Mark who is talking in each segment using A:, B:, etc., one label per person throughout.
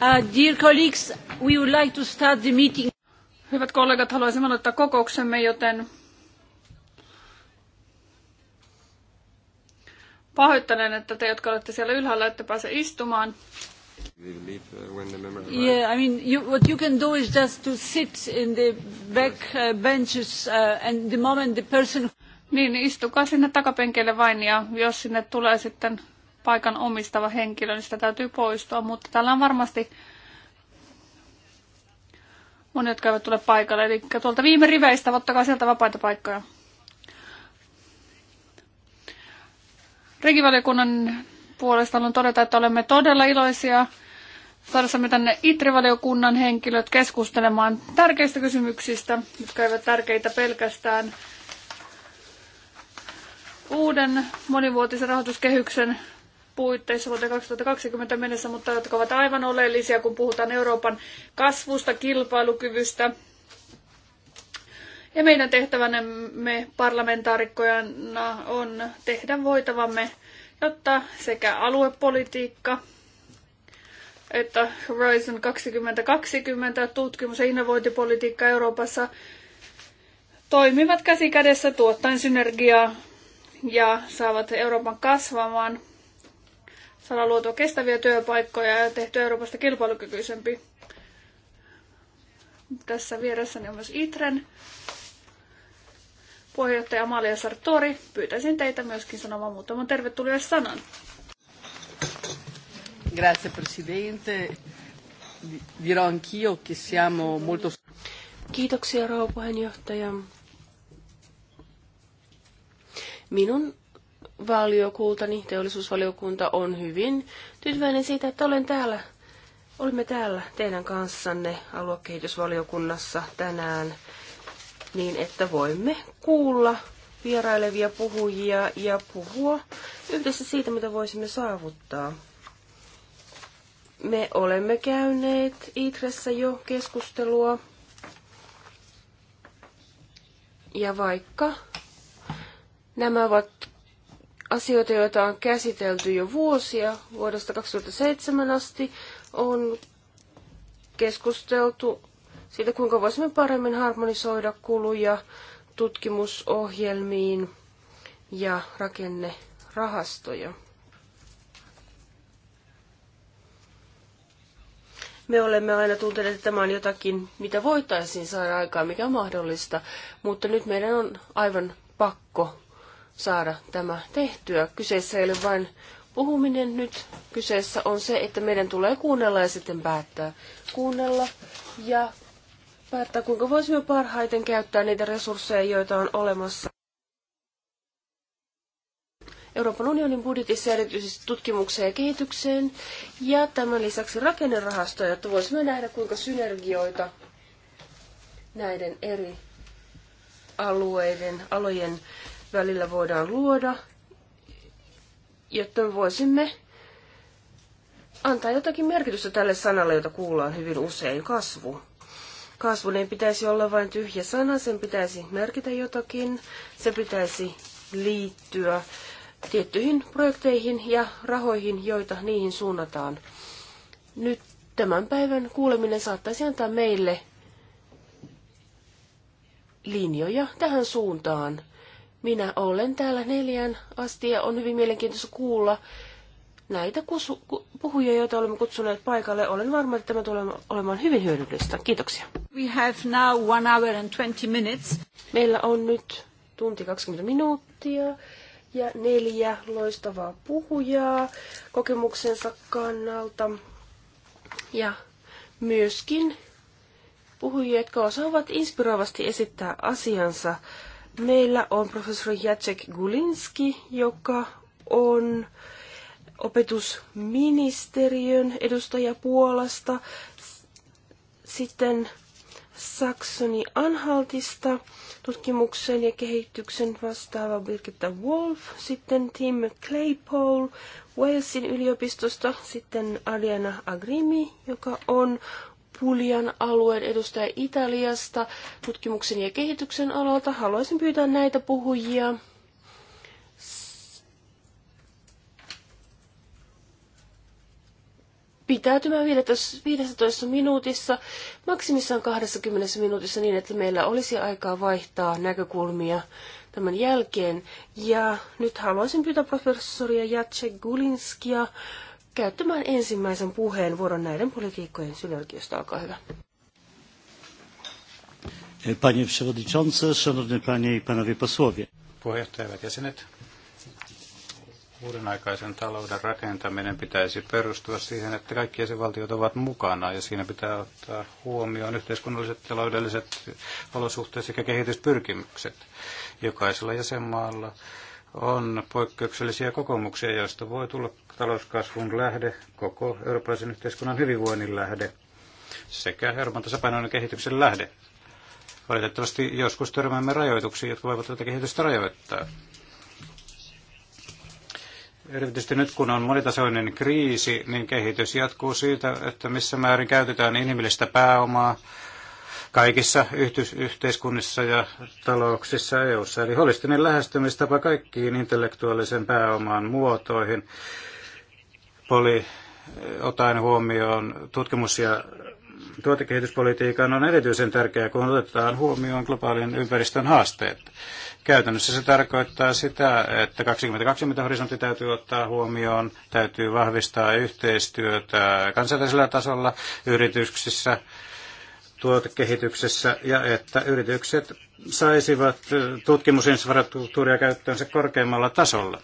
A: Uh, dear colleagues, we would like to start the Hyvät kollegat, haluaisimme aloittaa kokouksemme, joten
B: pahoittelen, että te, jotka olette siellä ylhäällä, ette pääse istumaan.
C: Yeah,
A: I mean, you, what you can do is just to sit in the back uh, benches uh, and the moment the person... Niin, istukaa sinne takapenkeille
B: vain ja jos sinne tulee sitten paikan omistava henkilö, niin sitä täytyy poistua. Mutta täällä on varmasti monet, jotka eivät tule paikalle. Eli tuolta viime riveistä, ottakaa sieltä vapaita paikkoja. Regivaliokunnan puolesta haluan todeta, että olemme todella iloisia saadessamme tänne ITRI-valiokunnan henkilöt keskustelemaan tärkeistä kysymyksistä, jotka eivät tärkeitä pelkästään uuden monivuotisen rahoituskehyksen puitteissa vuoteen 2020 mennessä, mutta jotka ovat aivan oleellisia, kun puhutaan Euroopan kasvusta, kilpailukyvystä. Ja meidän tehtävänämme parlamentaarikkoina on tehdä voitavamme, jotta sekä aluepolitiikka että Horizon 2020 tutkimus- ja innovointipolitiikka Euroopassa toimivat käsi kädessä tuottaen synergiaa ja saavat Euroopan kasvamaan saada luotua kestäviä työpaikkoja ja tehtyä Euroopasta kilpailukykyisempi. Tässä vieressäni on myös ITREN puheenjohtaja Amalia Sartori. Pyytäisin teitä myöskin sanomaan muutaman tervetuliaan sanan.
A: Grazie Presidente.
D: Dirò anch'io che siamo molto... Kiitoksia rouva puheenjohtaja. Minun valiokultani, teollisuusvaliokunta, on hyvin tyytyväinen siitä, että olen täällä. Olimme täällä teidän kanssanne aluekehitysvaliokunnassa tänään niin, että voimme kuulla vierailevia puhujia ja puhua yhdessä siitä, mitä voisimme saavuttaa. Me olemme käyneet Itressä jo keskustelua. Ja vaikka nämä ovat asioita, joita on käsitelty jo vuosia vuodesta 2007 asti, on keskusteltu siitä, kuinka voisimme paremmin harmonisoida kuluja tutkimusohjelmiin ja rakennerahastoja. me olemme aina tunteneet, että tämä on jotakin, mitä voitaisiin saada aikaan, mikä on mahdollista, mutta nyt meidän on aivan pakko saada tämä tehtyä. Kyseessä ei ole vain puhuminen nyt. Kyseessä on se, että meidän tulee kuunnella ja sitten päättää. Kuunnella ja päättää, kuinka voisimme parhaiten käyttää niitä resursseja, joita on olemassa. Euroopan unionin budjetissa erityisesti tutkimukseen ja kehitykseen ja tämän lisäksi rakennerahastoja, jotta voisimme nähdä, kuinka synergioita näiden eri alueiden, alojen välillä voidaan luoda, jotta voisimme antaa jotakin merkitystä tälle sanalle, jota kuullaan hyvin usein, kasvu. Kasvun ei pitäisi olla vain tyhjä sana, sen pitäisi merkitä jotakin, se pitäisi liittyä tiettyihin projekteihin ja rahoihin, joita niihin suunnataan. Nyt tämän päivän kuuleminen saattaisi antaa meille linjoja tähän suuntaan. Minä olen täällä neljän asti ja on hyvin mielenkiintoista kuulla näitä puhujia, joita olemme kutsuneet paikalle. Olen varma, että tämä tulee olemaan hyvin hyödyllistä. Kiitoksia. We have now one hour and
A: 20 minutes.
D: Meillä on nyt tunti 20 minuuttia ja neljä loistavaa puhujaa kokemuksensa kannalta. Ja myöskin puhujia, jotka osaavat inspiroivasti esittää asiansa Meillä on professori Jacek Gulinski, joka on opetusministeriön edustaja Puolasta, sitten Saksoni Anhaltista, tutkimuksen ja kehityksen vastaava Birgitta Wolf, sitten Tim Claypole Walesin yliopistosta, sitten Ariana Agrimi, joka on Puljan alueen edustaja Italiasta tutkimuksen ja kehityksen alalta. Haluaisin pyytää näitä puhujia pitäytymään 15 minuutissa, maksimissaan 20 minuutissa niin, että meillä olisi aikaa vaihtaa näkökulmia tämän jälkeen. Ja nyt haluaisin pyytää professoria Jacek Gulinskia käyttämään ensimmäisen puheenvuoron näiden politiikkojen synergiasta. Olkaa hyvä.
C: E, panie Przewodniczący, szanowni Panie i Panowie Posłowie. Puheenjohtajat jäsenet, Uudenaikaisen aikaisen talouden rakentaminen pitäisi perustua siihen, että kaikki jäsenvaltiot ovat mukana ja siinä pitää ottaa huomioon yhteiskunnalliset, taloudelliset olosuhteet sekä kehityspyrkimykset. Jokaisella jäsenmaalla on poikkeuksellisia kokemuksia, joista voi tulla talouskasvun lähde, koko eurooppalaisen yhteiskunnan hyvinvoinnin lähde sekä Euroopan tasapainoinen kehityksen lähde. Valitettavasti joskus törmäämme rajoituksiin, jotka voivat tätä kehitystä rajoittaa. Erityisesti nyt kun on monitasoinen kriisi, niin kehitys jatkuu siitä, että missä määrin käytetään inhimillistä pääomaa kaikissa yhteiskunnissa ja talouksissa EU:ssa. Eli holistinen lähestymistapa kaikkiin intellektuaalisen pääoman muotoihin poli, eh, otaen huomioon tutkimus- ja tuotekehityspolitiikan on erityisen tärkeää, kun otetaan huomioon globaalin ympäristön haasteet. Käytännössä se tarkoittaa sitä, että 2020 horisontti täytyy ottaa huomioon, täytyy vahvistaa yhteistyötä kansainvälisellä tasolla yrityksissä, tuotekehityksessä ja että yritykset saisivat tutkimusinfrastruktuuria käyttöönsä korkeammalla tasolla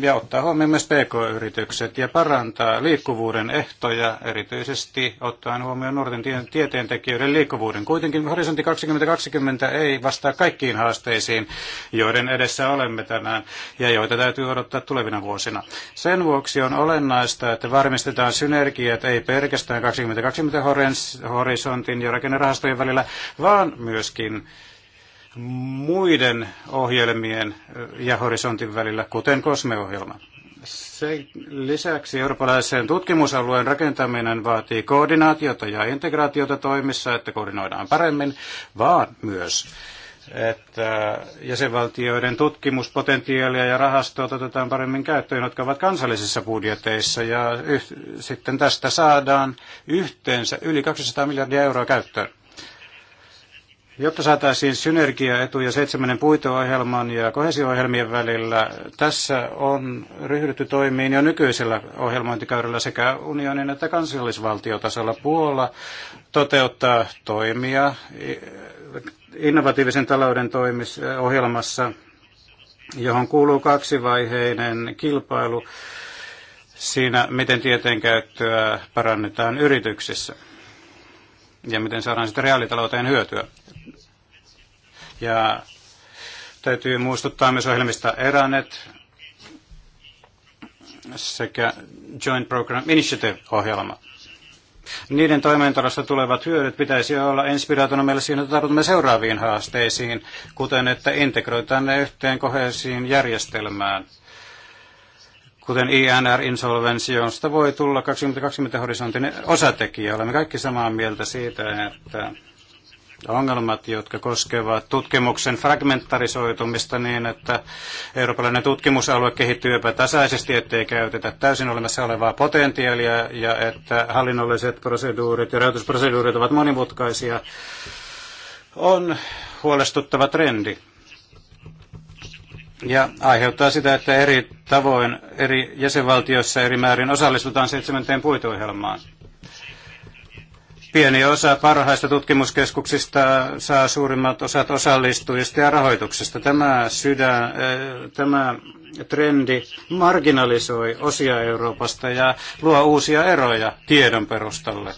C: ja ottaa huomioon myös PK-yritykset ja parantaa liikkuvuuden ehtoja, erityisesti ottaen huomioon nuorten tieteentekijöiden liikkuvuuden. Kuitenkin horisontti 2020 ei vastaa kaikkiin haasteisiin, joiden edessä olemme tänään ja joita täytyy odottaa tulevina vuosina. Sen vuoksi on olennaista, että varmistetaan synergiat ei pelkästään 2020 horisontin ja rakennerahastojen välillä, vaan myöskin muiden ohjelmien ja horisontin välillä, kuten kosmeohjelma. Sen lisäksi eurooppalaisen tutkimusalueen rakentaminen vaatii koordinaatiota ja integraatiota toimissa, että koordinoidaan paremmin, vaan myös että jäsenvaltioiden tutkimuspotentiaalia ja rahastoa otetaan paremmin käyttöön, jotka ovat kansallisissa budjeteissa, ja yh- sitten tästä saadaan yhteensä yli 200 miljardia euroa käyttöön. Jotta saataisiin synergiaetuja seitsemännen puiteohjelman ja kohesio-ohjelmien välillä, tässä on ryhdytty toimiin jo nykyisellä ohjelmointikaudella sekä unionin että kansallisvaltiotasolla. Puola toteuttaa toimia innovatiivisen talouden toimisohjelmassa, johon kuuluu kaksivaiheinen kilpailu siinä, miten tieteen käyttöä parannetaan yrityksissä ja miten saadaan sitä reaalitalouteen hyötyä. Ja täytyy muistuttaa myös ohjelmista Eranet sekä Joint Program Initiative-ohjelma. Niiden toimeentulosta tulevat hyödyt pitäisi olla inspiraationa meille siinä, että tartumme seuraaviin haasteisiin, kuten että integroitaan ne yhteen koheisiin järjestelmään. Kuten INR-insolvensiosta voi tulla 2020 horisontin osatekijä. Olemme kaikki samaa mieltä siitä, että ongelmat, jotka koskevat tutkimuksen fragmentarisoitumista niin, että eurooppalainen tutkimusalue kehittyy epätasaisesti, ettei käytetä täysin olemassa olevaa potentiaalia ja että hallinnolliset proseduurit ja rahoitusproseduurit ovat monimutkaisia, on huolestuttava trendi. Ja aiheuttaa sitä, että eri tavoin eri jäsenvaltioissa eri määrin osallistutaan seitsemänteen puitoihelmaan. Pieni osa parhaista tutkimuskeskuksista saa suurimmat osat osallistujista ja rahoituksesta. Tämä, sydän, eh, tämä trendi marginalisoi osia Euroopasta ja luo uusia eroja tiedon perustalle.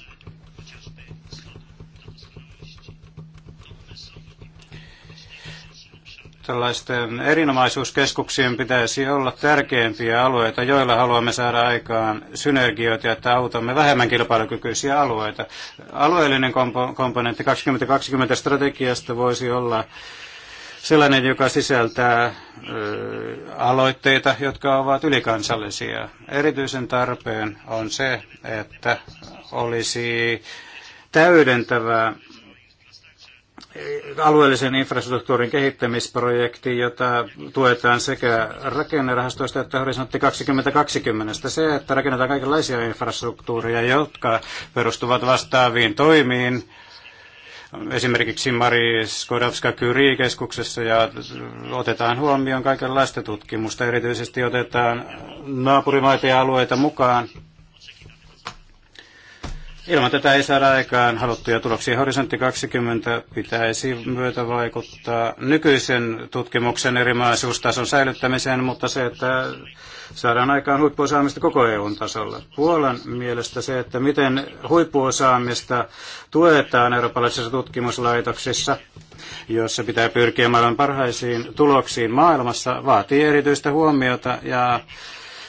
C: Tällaisten erinomaisuuskeskuksien pitäisi olla tärkeimpiä alueita, joilla haluamme saada aikaan synergioita, että autamme vähemmän kilpailukykyisiä alueita. Alueellinen komponentti 2020 strategiasta voisi olla sellainen, joka sisältää aloitteita, jotka ovat ylikansallisia. Erityisen tarpeen on se, että olisi täydentävää alueellisen infrastruktuurin kehittämisprojekti, jota tuetaan sekä rakennerahastoista että horisontti 2020. Se, että rakennetaan kaikenlaisia infrastruktuuria, jotka perustuvat vastaaviin toimiin, esimerkiksi Mari Skodowska Curie-keskuksessa ja otetaan huomioon kaikenlaista tutkimusta. Erityisesti otetaan naapurimaita ja alueita mukaan Ilman tätä ei saada aikaan haluttuja tuloksia. Horisontti 20 pitäisi myötä vaikuttaa nykyisen tutkimuksen erimaisuustason säilyttämiseen, mutta se, että saadaan aikaan huippuosaamista koko EUn tasolla. Puolan mielestä se, että miten huippuosaamista tuetaan eurooppalaisissa tutkimuslaitoksissa, jossa pitää pyrkiä maailman parhaisiin tuloksiin maailmassa, vaatii erityistä huomiota ja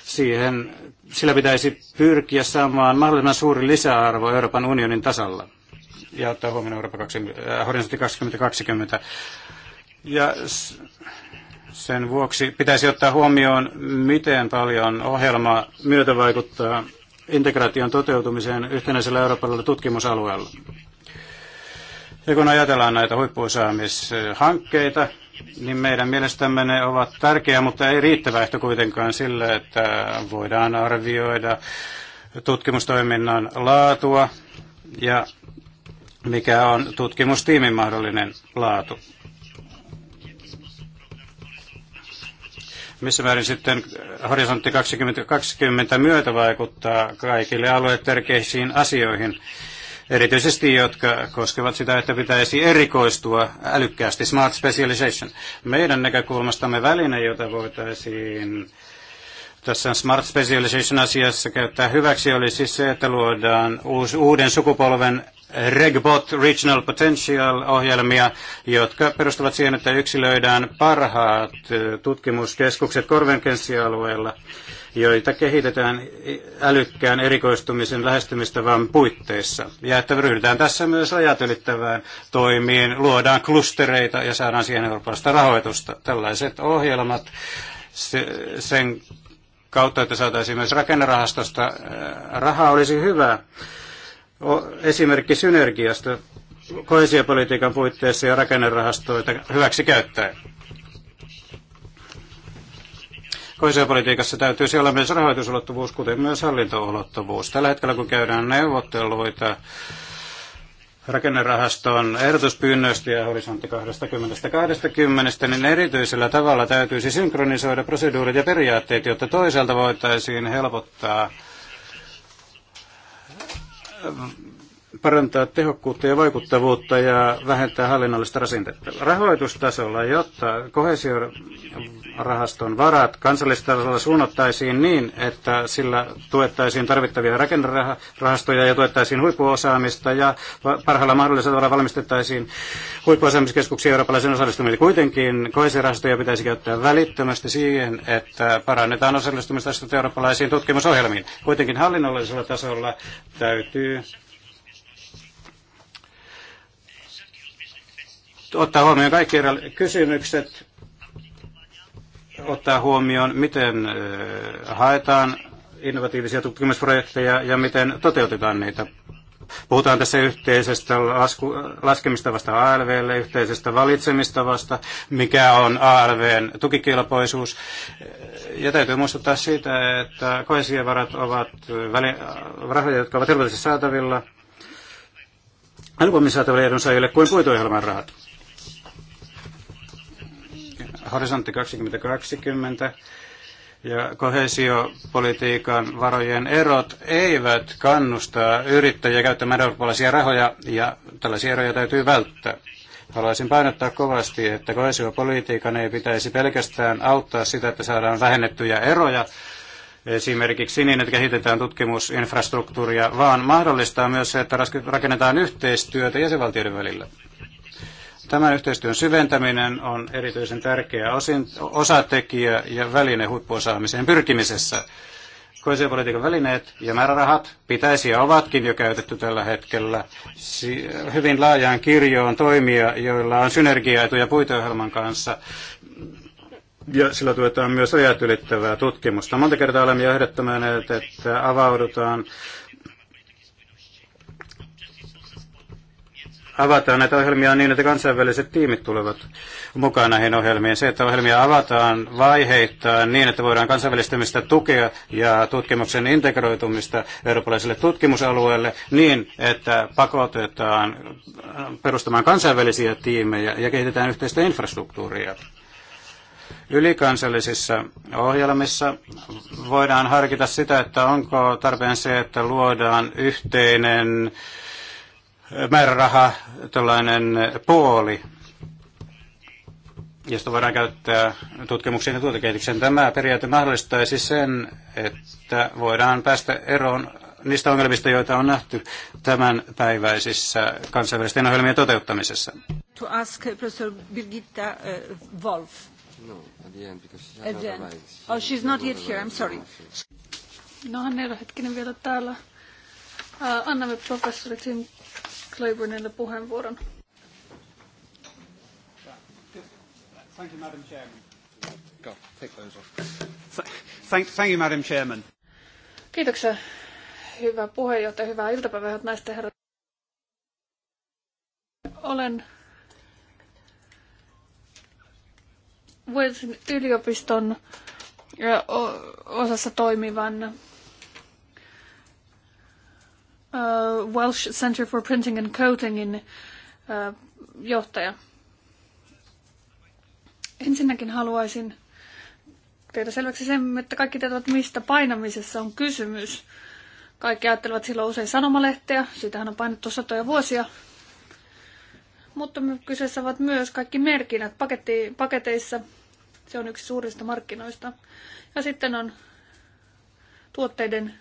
C: siihen sillä pitäisi pyrkiä saamaan mahdollisimman suuri lisäarvo Euroopan unionin tasalla ja ottaa huomioon Eurooppa 20, äh, horisontti 2020. Ja sen vuoksi pitäisi ottaa huomioon, miten paljon ohjelma myötä vaikuttaa integraation toteutumiseen yhtenäisellä eurooppalaisella tutkimusalueella. Ja kun ajatellaan näitä huippuosaamishankkeita, äh, niin meidän mielestämme ne ovat tärkeä, mutta ei riittävä ehto kuitenkaan sille, että voidaan arvioida tutkimustoiminnan laatua ja mikä on tutkimustiimin mahdollinen laatu. Missä määrin sitten horisontti 2020 myötä vaikuttaa kaikille alueet tärkeisiin asioihin erityisesti jotka koskevat sitä, että pitäisi erikoistua älykkäästi, smart specialization. Meidän näkökulmastamme väline, jota voitaisiin tässä Smart Specialization asiassa käyttää hyväksi oli siis se, että luodaan uusi, uuden sukupolven Regbot Regional Potential-ohjelmia, jotka perustuvat siihen, että yksilöidään parhaat tutkimuskeskukset konvergenssialueella joita kehitetään älykkään erikoistumisen lähestymistavan puitteissa. Ja että ryhdytään tässä myös rajat ylittävään toimiin, luodaan klustereita ja saadaan siihen eurooppalaista rahoitusta. Tällaiset ohjelmat sen kautta, että saataisiin myös rakennerahastosta äh, rahaa, olisi hyvä esimerkki synergiasta koesiopolitiikan puitteissa ja rakennerahastoita hyväksi käyttäen. Kohesiopolitiikassa täytyisi olla myös rahoitusulottuvuus, kuten myös hallintoulottuvuus. Tällä hetkellä, kun käydään neuvotteluita rakennerahaston ehdotuspyynnöistä ja horisontti 2020, niin erityisellä tavalla täytyisi synkronisoida proseduurit ja periaatteet, jotta toisaalta voitaisiin helpottaa ähm, parantaa tehokkuutta ja vaikuttavuutta ja vähentää hallinnollista rasitetta rahoitustasolla, jotta kohesio rahaston varat kansallistasolla suunnattaisiin niin, että sillä tuettaisiin tarvittavia rakennerahastoja ja tuettaisiin huippuosaamista ja parhaalla mahdollisella tavalla valmistettaisiin huippuosaamiskeskuksia eurooppalaisen osallistumisen. Kuitenkin koesirahastoja pitäisi käyttää välittömästi siihen, että parannetaan osallistumista eurooppalaisiin tutkimusohjelmiin. Kuitenkin hallinnollisella tasolla täytyy ottaa huomioon kaikki kysymykset, ottaa huomioon, miten haetaan innovatiivisia tutkimusprojekteja ja miten toteutetaan niitä. Puhutaan tässä yhteisestä lasku, laskemistavasta ALVlle, yhteisestä valitsemistavasta, mikä on ALVn tukikelpoisuus. Ja täytyy muistuttaa siitä, että koesievarat ovat väli, rahoja, jotka ovat helposti saatavilla, helpommin saatavilla edunsaajille kuin puitoihjelman rahat. Horisontti 2020 ja kohesiopolitiikan varojen erot eivät kannusta yrittäjiä käyttämään eurooppalaisia rahoja ja tällaisia eroja täytyy välttää. Haluaisin painottaa kovasti, että kohesiopolitiikan ei pitäisi pelkästään auttaa sitä, että saadaan vähennettyjä eroja, esimerkiksi niin, että kehitetään tutkimusinfrastruktuuria, vaan mahdollistaa myös se, että rakennetaan yhteistyötä jäsenvaltioiden välillä. Tämän yhteistyön syventäminen on erityisen tärkeä osatekijä ja väline huippuosaamiseen pyrkimisessä. Koesiopolitiikan välineet ja määrärahat pitäisi ja ovatkin jo käytetty tällä hetkellä hyvin laajaan kirjoon toimia, joilla on synergiaetuja puiteohjelman kanssa. Ja sillä tuetaan myös rajat ylittävää tutkimusta. Monta kertaa olemme johdettomaneet, että avaudutaan avataan näitä ohjelmia niin, että kansainväliset tiimit tulevat mukaan näihin ohjelmiin. Se, että ohjelmia avataan vaiheittain niin, että voidaan kansainvälistämistä tukea ja tutkimuksen integroitumista eurooppalaiselle tutkimusalueelle niin, että pakotetaan perustamaan kansainvälisiä tiimejä ja kehitetään yhteistä infrastruktuuria ylikansallisissa ohjelmissa voidaan harkita sitä, että onko tarpeen se, että luodaan yhteinen määräraha, tällainen puoli, josta voidaan käyttää tutkimuksiin ja tuotekehityksen. Tämä periaate mahdollistaisi sen, että voidaan päästä eroon niistä ongelmista, joita on nähty tämän päiväisissä kansainvälisten ohjelmien toteuttamisessa.
A: To ask eh, Professor Birgitta uh, Wolf.
D: No, at the end, because
A: she's not the end. Oh, she's not yet here, I'm sorry.
B: No, hän ei ole hetkinen vielä täällä. Uh, annamme professori Tim Claiborneille puheenvuoron.
C: Thank you, Madam Chairman. Thank, thank you, Madam Chairman.
B: Kiitoksia, hyvä puheenjohtaja. Hyvää iltapäivää, hyvät naisten herrat. Olen Walesin yliopiston osassa toimivan uh, Welsh Center for Printing and Coatingin uh, johtaja. Ensinnäkin haluaisin tehdä selväksi sen, että kaikki tietävät, mistä painamisessa on kysymys. Kaikki ajattelevat silloin usein sanomalehteä, siitähän on painettu satoja vuosia. Mutta kyseessä ovat myös kaikki merkinnät paketti, paketeissa. Se on yksi suurista markkinoista. Ja sitten on tuotteiden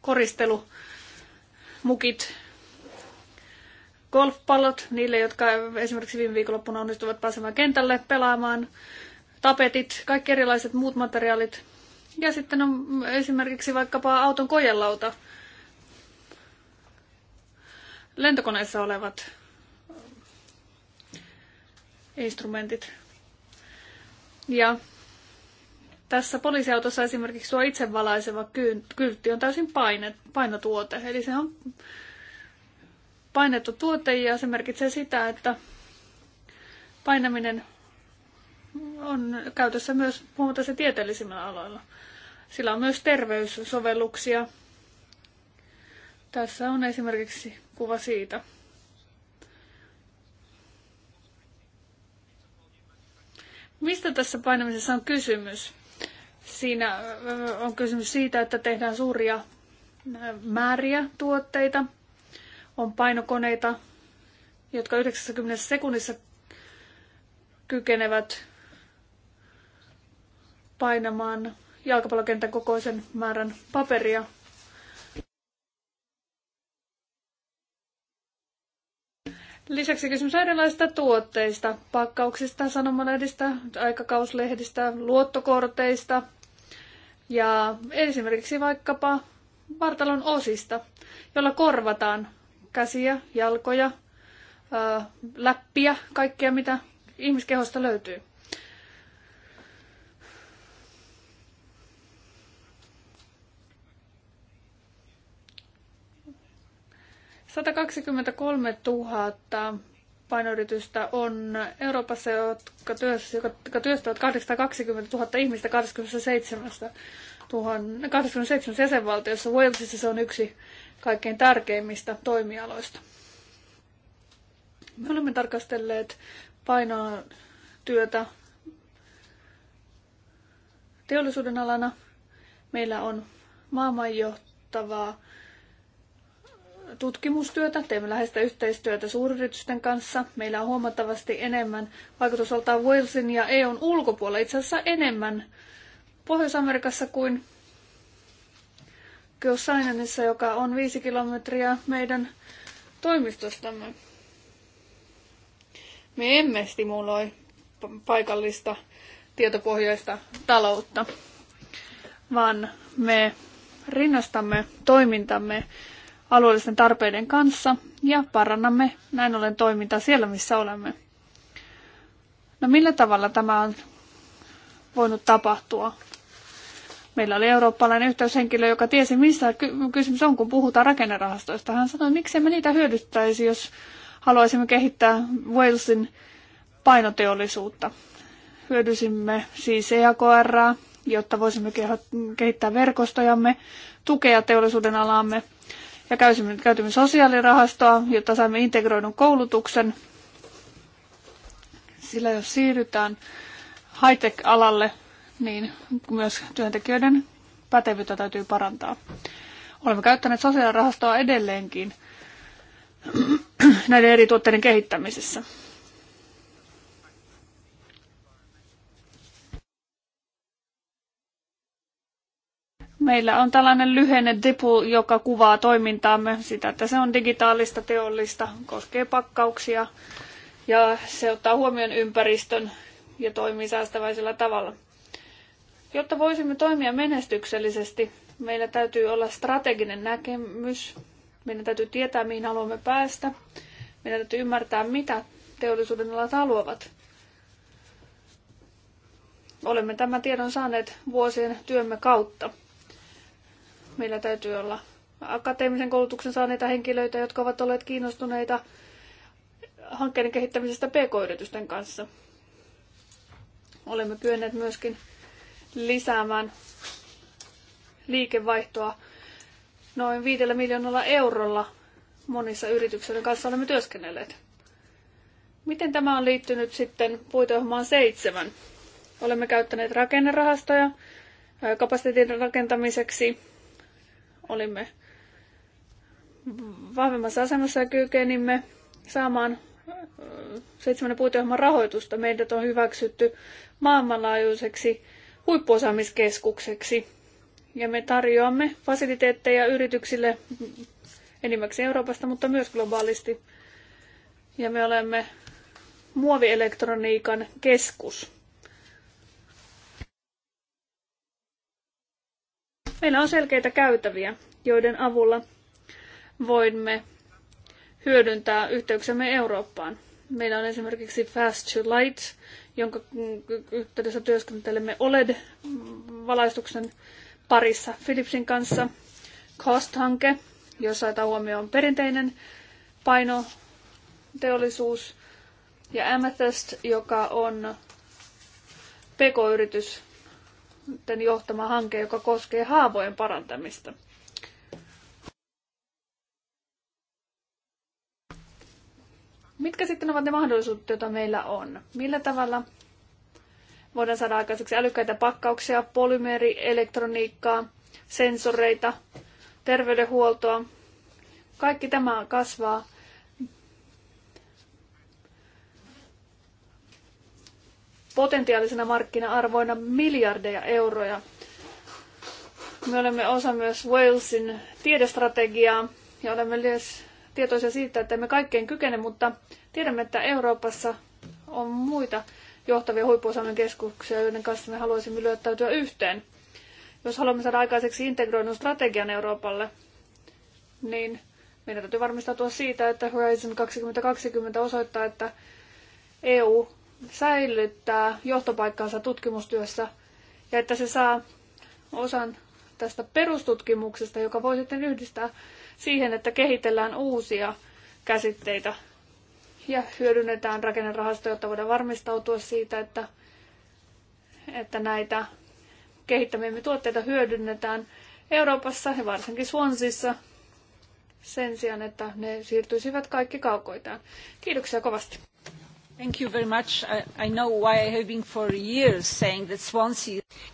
B: koristelu, mukit, golfpallot niille, jotka esimerkiksi viime viikonloppuna onnistuvat pääsemään kentälle pelaamaan, tapetit, kaikki erilaiset muut materiaalit. Ja sitten on esimerkiksi vaikkapa auton kojelauta, lentokoneessa olevat instrumentit. Ja tässä poliisiautossa esimerkiksi tuo valaiseva kyltti on täysin painet, painotuote. Eli se on painettu tuote ja se merkitsee sitä, että painaminen on käytössä myös huomattavasti tieteellisimmillä aloilla. Sillä on myös terveyssovelluksia. Tässä on esimerkiksi kuva siitä. Mistä tässä painamisessa on kysymys? Siinä on kysymys siitä, että tehdään suuria määriä tuotteita. On painokoneita, jotka 90 sekunnissa kykenevät painamaan jalkapallokentän kokoisen määrän paperia. Lisäksi kysymys erilaisista tuotteista, pakkauksista, sanomalehdistä, aikakauslehdistä, luottokorteista – ja esimerkiksi vaikkapa vartalon osista, jolla korvataan käsiä, jalkoja, ää, läppiä, kaikkea mitä ihmiskehosta löytyy. Satakaksikymmentäkolme tuhatta painoyritystä on Euroopassa, jotka, työssä, jotka työstävät 820 000 ihmistä 27, 000, 27 jäsenvaltiossa. Walesissa se on yksi kaikkein tärkeimmistä toimialoista. Me olemme tarkastelleet painotyötä teollisuuden alana. Meillä on maailmanjohtavaa tutkimustyötä, teemme läheistä yhteistyötä suuryritysten kanssa. Meillä on huomattavasti enemmän vaikutusaltaa Walesin ja EUn ulkopuolella, itse asiassa enemmän Pohjois-Amerikassa kuin Kyosainenissa, joka on viisi kilometriä meidän toimistostamme. Me emme stimuloi paikallista tietopohjaista taloutta, vaan me rinnastamme toimintamme alueellisten tarpeiden kanssa ja parannamme näin ollen toimintaa siellä, missä olemme. No millä tavalla tämä on voinut tapahtua? Meillä oli eurooppalainen yhteyshenkilö, joka tiesi, missä kysymys on, kun puhutaan rakennerahastoista. Hän sanoi, miksi me niitä hyödyttäisi, jos haluaisimme kehittää Walesin painoteollisuutta. Hyödysimme siis EAKR, jotta voisimme kehittää verkostojamme, tukea teollisuuden alaamme – ja käytimme, käytimme sosiaalirahastoa, jotta saimme integroidun koulutuksen. Sillä jos siirrytään high-tech-alalle, niin myös työntekijöiden pätevyyttä täytyy parantaa. Olemme käyttäneet sosiaalirahastoa edelleenkin näiden eri tuotteiden kehittämisessä. Meillä on tällainen lyhenne DIPU, joka kuvaa toimintaamme sitä, että se on digitaalista, teollista, koskee pakkauksia ja se ottaa huomioon ympäristön ja toimii säästäväisellä tavalla. Jotta voisimme toimia menestyksellisesti, meillä täytyy olla strateginen näkemys, meidän täytyy tietää, mihin haluamme päästä, meidän täytyy ymmärtää, mitä teollisuuden alat haluavat. Olemme tämän tiedon saaneet vuosien työmme kautta. Meillä täytyy olla akateemisen koulutuksen saaneita henkilöitä, jotka ovat olleet kiinnostuneita hankkeiden kehittämisestä pk-yritysten kanssa. Olemme pyönneet myöskin lisäämään liikevaihtoa noin viidellä miljoonalla eurolla monissa yrityksissä, kanssa olemme työskennelleet. Miten tämä on liittynyt sitten puiteohjelmaan seitsemän? Olemme käyttäneet rakennerahastoja kapasiteetin rakentamiseksi olimme vahvemmassa asemassa ja kykenimme saamaan seitsemän puutiohjelman rahoitusta. Meidät on hyväksytty maailmanlaajuiseksi huippuosaamiskeskukseksi ja me tarjoamme fasiliteetteja yrityksille enimmäkseen Euroopasta, mutta myös globaalisti. Ja me olemme muovielektroniikan keskus. Meillä on selkeitä käytäviä, joiden avulla voimme hyödyntää yhteyksemme Eurooppaan. Meillä on esimerkiksi Fast to Light, jonka yhteydessä työskentelemme
A: OLED-valaistuksen
B: parissa Philipsin kanssa. Cost-hanke, jossa otetaan huomioon perinteinen painoteollisuus. Ja Amethyst, joka on PK-yritys, Nuorten johtama hanke, joka koskee haavojen parantamista. Mitkä sitten ovat ne mahdollisuudet, joita meillä on? Millä tavalla voidaan saada aikaiseksi älykkäitä pakkauksia, polymeerielektroniikkaa, sensoreita, terveydenhuoltoa. Kaikki tämä kasvaa potentiaalisina markkina-arvoina miljardeja euroja. Me olemme osa myös Walesin tiedestrategiaa ja olemme myös tietoisia siitä, että emme kaikkeen kykene, mutta tiedämme, että Euroopassa on muita johtavia huippuosaamisen keskuksia, joiden kanssa me haluaisimme lyöttäytyä yhteen. Jos haluamme saada aikaiseksi integroidun strategian Euroopalle, niin meidän täytyy varmistautua siitä, että Horizon 2020 osoittaa, että EU säilyttää johtopaikkansa tutkimustyössä ja että se saa osan tästä perustutkimuksesta, joka voi sitten yhdistää siihen, että kehitellään uusia käsitteitä ja hyödynnetään rakennerahastoja, jotta voidaan varmistautua siitä, että, että näitä kehittämiemme tuotteita hyödynnetään Euroopassa ja varsinkin Suonsissa sen sijaan, että ne siirtyisivät kaikki kaukoitaan. Kiitoksia kovasti.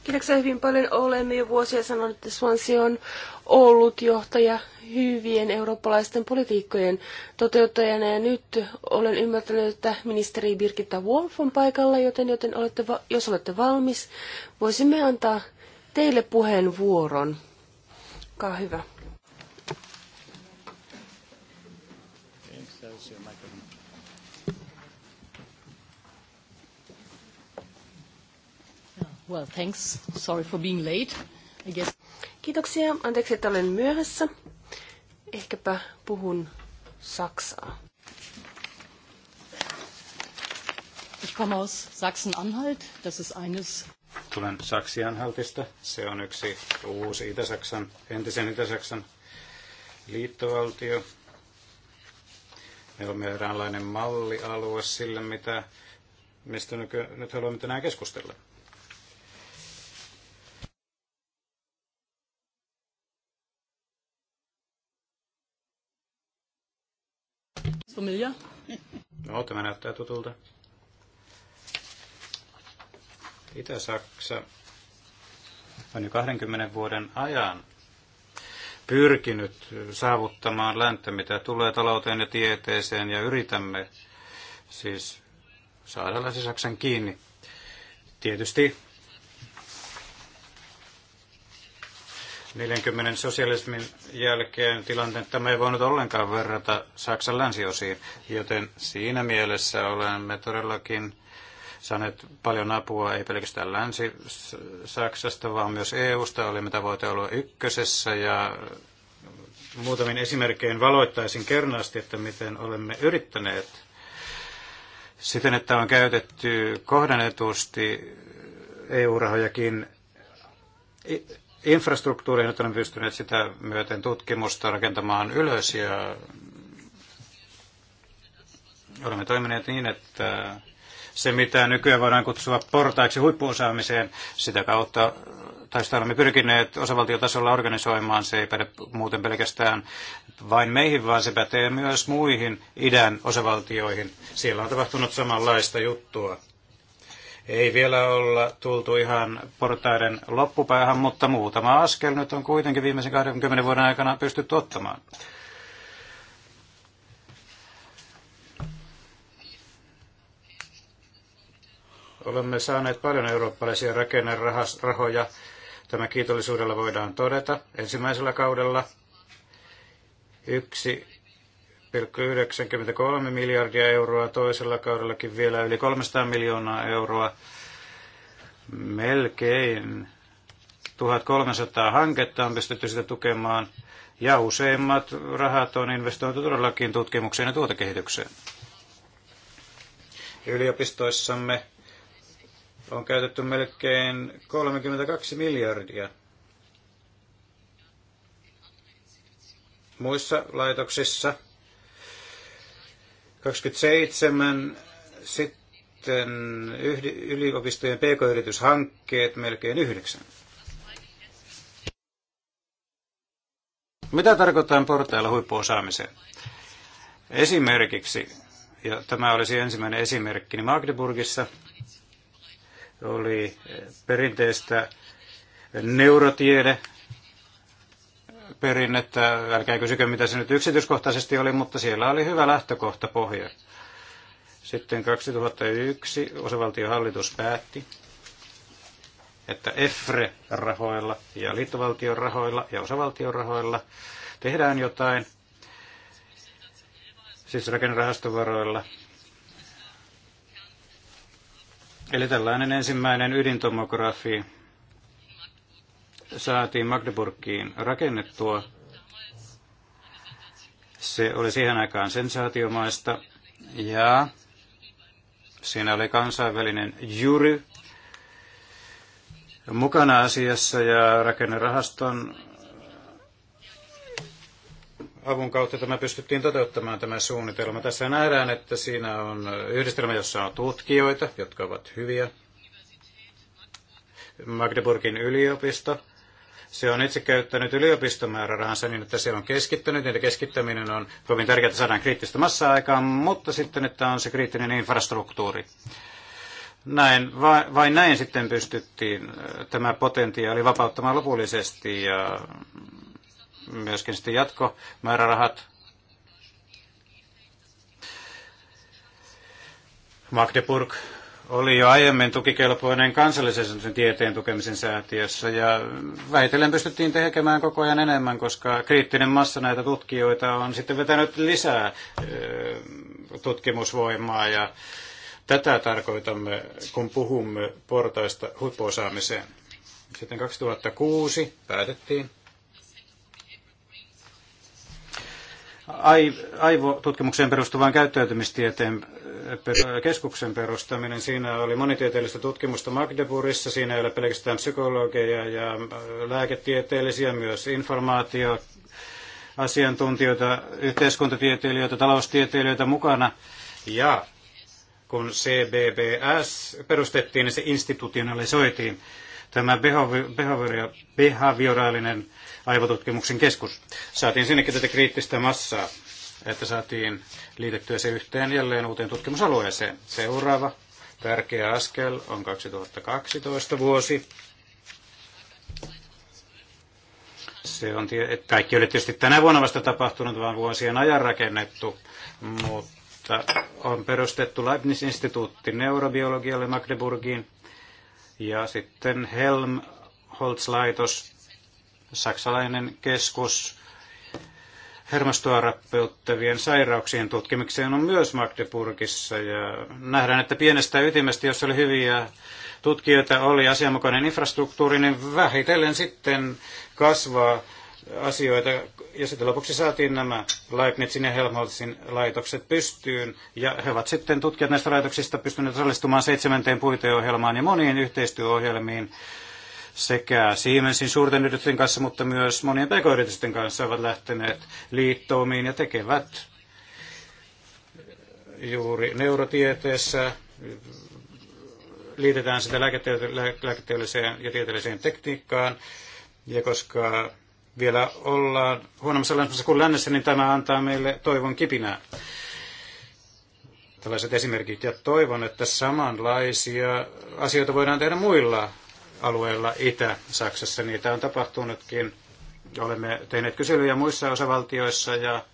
A: Kiitoksia
D: hyvin paljon. Olemme jo vuosia sanoneet, että Swansea on ollut johtaja hyvien eurooppalaisten politiikkojen toteuttajana. Ja nyt olen ymmärtänyt, että ministeri Birgitta Wolf on paikalla, joten, joten olette jos olette valmis, voisimme antaa teille puheenvuoron. Olkaa hyvä. Well, thanks. Sorry for being late. I guess. Kiitoksia. Anteeksi, että olen myöhässä. Ehkäpä puhun saksaa.
A: Ich komme aus Sachsen-Anhalt. Das ist eines
C: Tulen Saksi-Anhaltista. Se on yksi uusi Itä-Saksan, entisen Itä-Saksan liittovaltio. Meillä on eräänlainen mallialue sille, mitä, mistä nyt haluamme tänään keskustella. familiar? No, tämä näyttää tutulta. Itä-Saksa on jo 20 vuoden ajan pyrkinyt saavuttamaan länttä, mitä tulee talouteen ja tieteeseen, ja yritämme siis saada Länsi-Saksan kiinni. Tietysti 40 sosialismin jälkeen tilanteen tämä ei voinut ollenkaan verrata Saksan länsiosiin, joten siinä mielessä olemme todellakin saaneet paljon apua ei pelkästään Länsi-Saksasta, vaan myös EU-sta. Olimme tavoite olla ykkösessä ja muutamin esimerkkein valoittaisin kernaasti, että miten olemme yrittäneet siten, että on käytetty kohdennetusti EU-rahojakin infrastruktuuriin, nyt olemme pystyneet sitä myöten tutkimusta rakentamaan ylös ja olemme toimineet niin, että se mitä nykyään voidaan kutsua portaiksi huippuosaamiseen, sitä kautta tai sitä olemme pyrkineet osavaltiotasolla organisoimaan, se ei päde muuten pelkästään vain meihin, vaan se pätee myös muihin idän osavaltioihin. Siellä on tapahtunut samanlaista juttua ei vielä olla tultu ihan portaiden loppupäähän, mutta muutama askel nyt on kuitenkin viimeisen 20 vuoden aikana pystytty ottamaan. Olemme saaneet paljon eurooppalaisia rakennerahoja. Tämä kiitollisuudella voidaan todeta. Ensimmäisellä kaudella yksi 1,93 miljardia euroa, toisella kaudellakin vielä yli 300 miljoonaa euroa. Melkein 1300 hanketta on pystytty sitä tukemaan ja useimmat rahat on investoitu todellakin tutkimukseen ja tuotekehitykseen. Yliopistoissamme on käytetty melkein 32 miljardia. Muissa laitoksissa 27 sitten yliopistojen pk-yrityshankkeet melkein yhdeksän. Mitä tarkoittaa portailla huippuosaamiseen? Esimerkiksi, ja tämä olisi ensimmäinen esimerkki, niin Magdeburgissa oli perinteistä neurotiede perinnettä. Älkää kysykö, mitä se nyt yksityiskohtaisesti oli, mutta siellä oli hyvä lähtökohta pohja. Sitten 2001 osavaltiohallitus päätti, että EFRE-rahoilla ja liittovaltion rahoilla ja osavaltion rahoilla tehdään jotain, siis rakennerahastovaroilla. Eli tällainen ensimmäinen ydintomografia saatiin Magdeburgiin rakennettua, se oli siihen aikaan sensaatiomaista ja siinä oli kansainvälinen jury mukana asiassa ja rakennerahaston avun kautta tämä pystyttiin toteuttamaan tämä suunnitelma. Tässä nähdään, että siinä on yhdistelmä, jossa on tutkijoita, jotka ovat hyviä. Magdeburgin yliopisto, se on itse käyttänyt yliopistomäärärahansa niin, että se on keskittänyt. Niiden keskittäminen on kovin tärkeää, että saadaan kriittistä massaa aikaan, mutta sitten, että on se kriittinen infrastruktuuri. Näin, vain näin sitten pystyttiin äh, tämä potentiaali vapauttamaan lopullisesti ja myöskin sitten jatkomäärärahat Magdeburg oli jo aiemmin tukikelpoinen kansallisen tieteen tukemisen säätiössä ja väitellen pystyttiin tekemään koko ajan enemmän, koska kriittinen massa näitä tutkijoita on sitten vetänyt lisää tutkimusvoimaa ja tätä tarkoitamme, kun puhumme portaista huippuosaamiseen. Sitten 2006 päätettiin aivotutkimukseen perustuvaan käyttäytymistieteen keskuksen perustaminen. Siinä oli monitieteellistä tutkimusta Magdeburgissa. Siinä ei ole pelkästään psykologeja ja äh, lääketieteellisiä, myös informaatio, asiantuntijoita, yhteiskuntatieteilijöitä, taloustieteilijöitä mukana. Ja kun CBBS perustettiin, niin se institutionalisoitiin tämä behavioraalinen aivotutkimuksen keskus. Saatiin sinnekin tätä kriittistä massaa että saatiin liitettyä se yhteen jälleen uuteen tutkimusalueeseen. Seuraava tärkeä askel on 2012 vuosi. Se on, kaikki oli tietysti tänä vuonna vasta tapahtunut, vaan vuosien ajan rakennettu, mutta on perustettu Leibniz-instituutti neurobiologialle Magdeburgiin ja sitten Helmholtz-laitos, saksalainen keskus hermostoa rappeuttavien sairauksien tutkimukseen on myös Magdeburgissa. Ja nähdään, että pienestä ytimestä, jossa oli hyviä tutkijoita, oli asianmukainen infrastruktuuri, niin vähitellen sitten kasvaa asioita. Ja sitten lopuksi saatiin nämä Leibnizin ja Helmholtzin laitokset pystyyn. Ja he ovat sitten tutkijat näistä laitoksista pystyneet osallistumaan seitsemänteen puiteohjelmaan ja moniin yhteistyöohjelmiin sekä Siemensin suurten yritysten kanssa, mutta myös monien pk-yritysten kanssa ovat lähteneet liittoumiin ja tekevät juuri neurotieteessä liitetään sitä lääketieteelliseen ja tieteelliseen tekniikkaan. Ja koska vielä ollaan huonommassa lämpössä kuin lännessä, niin tämä antaa meille toivon kipinää. Tällaiset esimerkit. Ja toivon, että samanlaisia asioita voidaan tehdä muilla alueella Itä-Saksassa. Niitä on tapahtunutkin. Olemme tehneet kyselyjä muissa osavaltioissa ja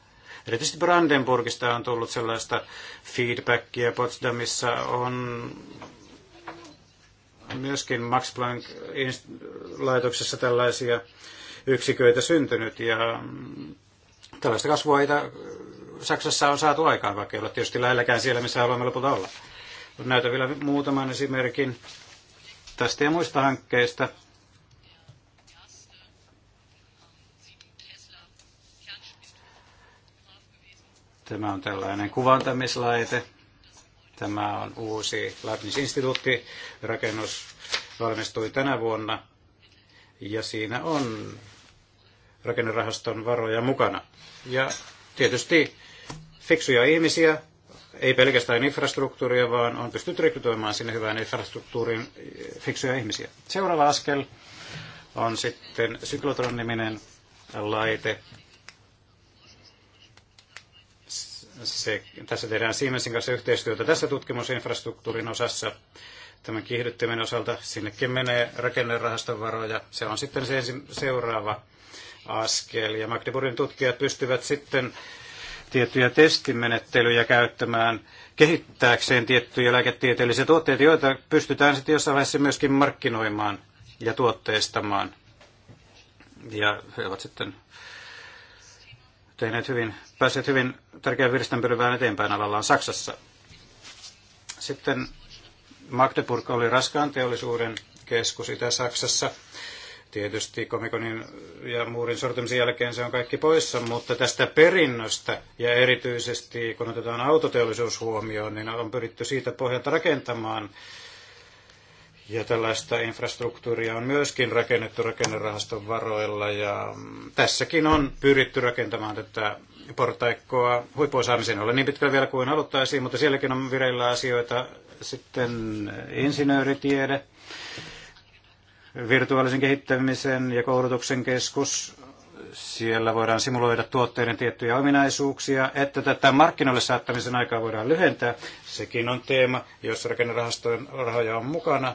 C: erityisesti Brandenburgista on tullut sellaista feedbackia. Potsdamissa on myöskin Max Planck-laitoksessa tällaisia yksiköitä syntynyt ja tällaista kasvua ei Saksassa on saatu aikaan, vaikka ei ole tietysti lähelläkään siellä, missä haluamme lopulta olla. Näytän vielä muutaman esimerkin tästä ja muista hankkeista. Tämä on tällainen kuvantamislaite. Tämä on uusi Leibniz instituutti. Rakennus valmistui tänä vuonna ja siinä on rakennerahaston varoja mukana. Ja tietysti fiksuja ihmisiä ei pelkästään infrastruktuuria, vaan on pystytty rekrytoimaan sinne hyvään infrastruktuuriin eh, fiksuja ihmisiä. Seuraava askel on sitten syklotroniminen laite. Se, tässä tehdään Siemensin kanssa yhteistyötä tässä tutkimusinfrastruktuurin osassa. Tämän kiihdyttimen osalta sinnekin menee rakennerahaston varoja. Se on sitten se seuraava askel. Ja Magdeburgin tutkijat pystyvät sitten tiettyjä testimenettelyjä käyttämään kehittääkseen tiettyjä lääketieteellisiä tuotteita, joita pystytään sitten jossain vaiheessa myöskin markkinoimaan ja tuotteistamaan. Ja he ovat sitten tehneet hyvin, päässeet hyvin tärkeän virstanpylvään eteenpäin alallaan Saksassa. Sitten Magdeburg oli raskaan teollisuuden keskus Itä-Saksassa. Tietysti komikonin ja muurin sortumisen jälkeen se on kaikki poissa, mutta tästä perinnöstä ja erityisesti kun otetaan autoteollisuus huomioon, niin on pyritty siitä pohjalta rakentamaan ja tällaista infrastruktuuria on myöskin rakennettu rakennerahaston varoilla ja mm, tässäkin on pyritty rakentamaan tätä portaikkoa huippuosaamisen ole niin pitkällä vielä kuin haluttaisiin, mutta sielläkin on vireillä asioita. Sitten insinööritiede, virtuaalisen kehittämisen ja koulutuksen keskus. Siellä voidaan simuloida tuotteiden tiettyjä ominaisuuksia, että tätä markkinoille saattamisen aikaa voidaan lyhentää. Sekin on teema, jossa rakennerahastojen rahoja on mukana.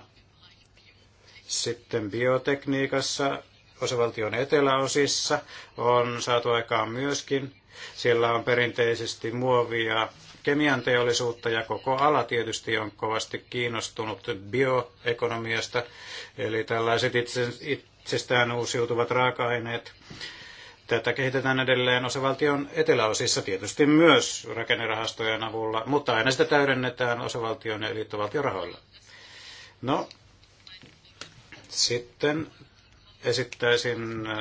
C: Sitten biotekniikassa osavaltion eteläosissa on saatu aikaan myöskin. Siellä on perinteisesti muovia kemian teollisuutta ja koko ala tietysti on kovasti kiinnostunut bioekonomiasta, eli tällaiset itse, itsestään uusiutuvat raaka-aineet. Tätä kehitetään edelleen osavaltion eteläosissa tietysti myös rakennerahastojen avulla, mutta aina sitä täydennetään osavaltion ja liittovaltion rahoilla. No, sitten esittäisin äh,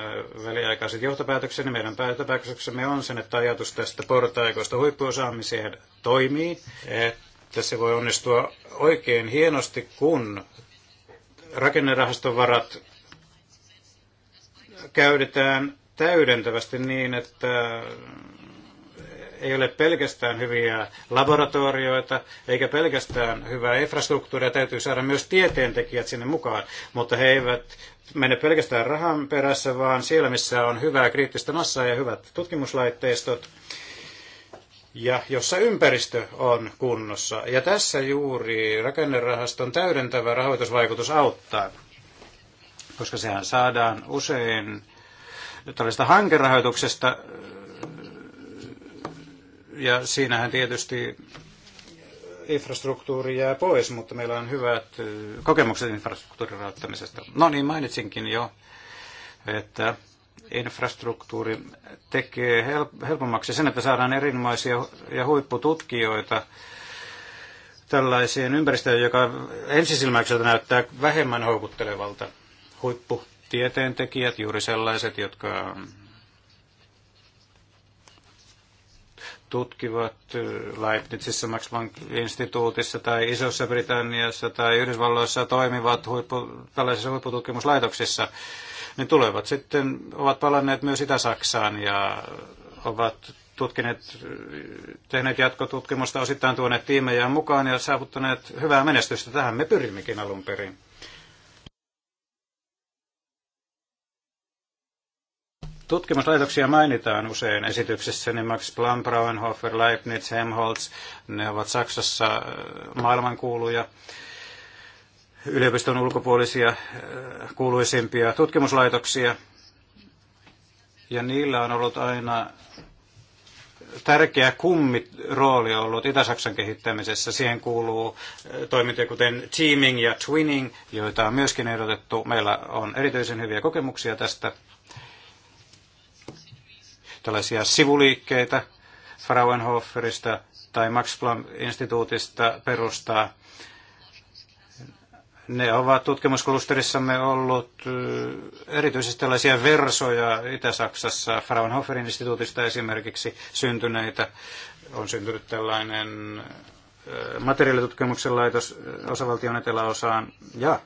C: väliaikaiset johtopäätökseni. Meidän päätöpäätöksemme on sen, että ajatus tästä portaikoista huippuosaamiseen toimii, että se voi onnistua oikein hienosti, kun rakennerahaston varat käydetään täydentävästi niin, että ei ole pelkästään hyviä laboratorioita eikä pelkästään hyvää infrastruktuuria. Täytyy saada myös tieteentekijät sinne mukaan, mutta he eivät mene pelkästään rahan perässä, vaan siellä, missä on hyvää kriittistä massaa ja hyvät tutkimuslaitteistot ja jossa ympäristö on kunnossa. Ja tässä juuri rakennerahaston täydentävä rahoitusvaikutus auttaa, koska sehän saadaan usein tällaista hankerahoituksesta ja siinähän tietysti infrastruktuuri jää pois, mutta meillä on hyvät kokemukset infrastruktuurin rahoittamisesta. No niin, mainitsinkin jo, että infrastruktuuri tekee helpommaksi sen, että saadaan erinomaisia ja huippututkijoita tällaiseen ympäristöön, joka ensisilmäykseltä näyttää vähemmän houkuttelevalta. Huipputieteentekijät, juuri sellaiset, jotka tutkivat Leibnizissä, Max Planck-instituutissa tai Isossa Britanniassa tai Yhdysvalloissa toimivat huippu, tällaisissa huippututkimuslaitoksissa, niin tulevat sitten, ovat palanneet myös Itä-Saksaan ja ovat tutkineet, tehneet jatkotutkimusta, osittain tuoneet tiimejään mukaan ja saavuttaneet hyvää menestystä. Tähän me pyrimmekin alun perin. Tutkimuslaitoksia mainitaan usein esityksessä, niin Max Planck, Braunhofer, Leibniz, Helmholtz, ne ovat Saksassa äh, maailmankuuluja yliopiston ulkopuolisia äh, kuuluisimpia tutkimuslaitoksia. Ja niillä on ollut aina tärkeä kummi rooli ollut Itä-Saksan kehittämisessä. Siihen kuuluu äh, toimintoja kuten teaming ja twinning, joita on myöskin ehdotettu. Meillä on erityisen hyviä kokemuksia tästä tällaisia sivuliikkeitä Frauenhoferista tai Max Planck-instituutista perustaa. Ne ovat tutkimusklusterissamme ollut erityisesti tällaisia versoja Itä-Saksassa, Fraunhoferin instituutista esimerkiksi syntyneitä. On syntynyt tällainen materiaalitutkimuksen laitos osavaltion eteläosaan ja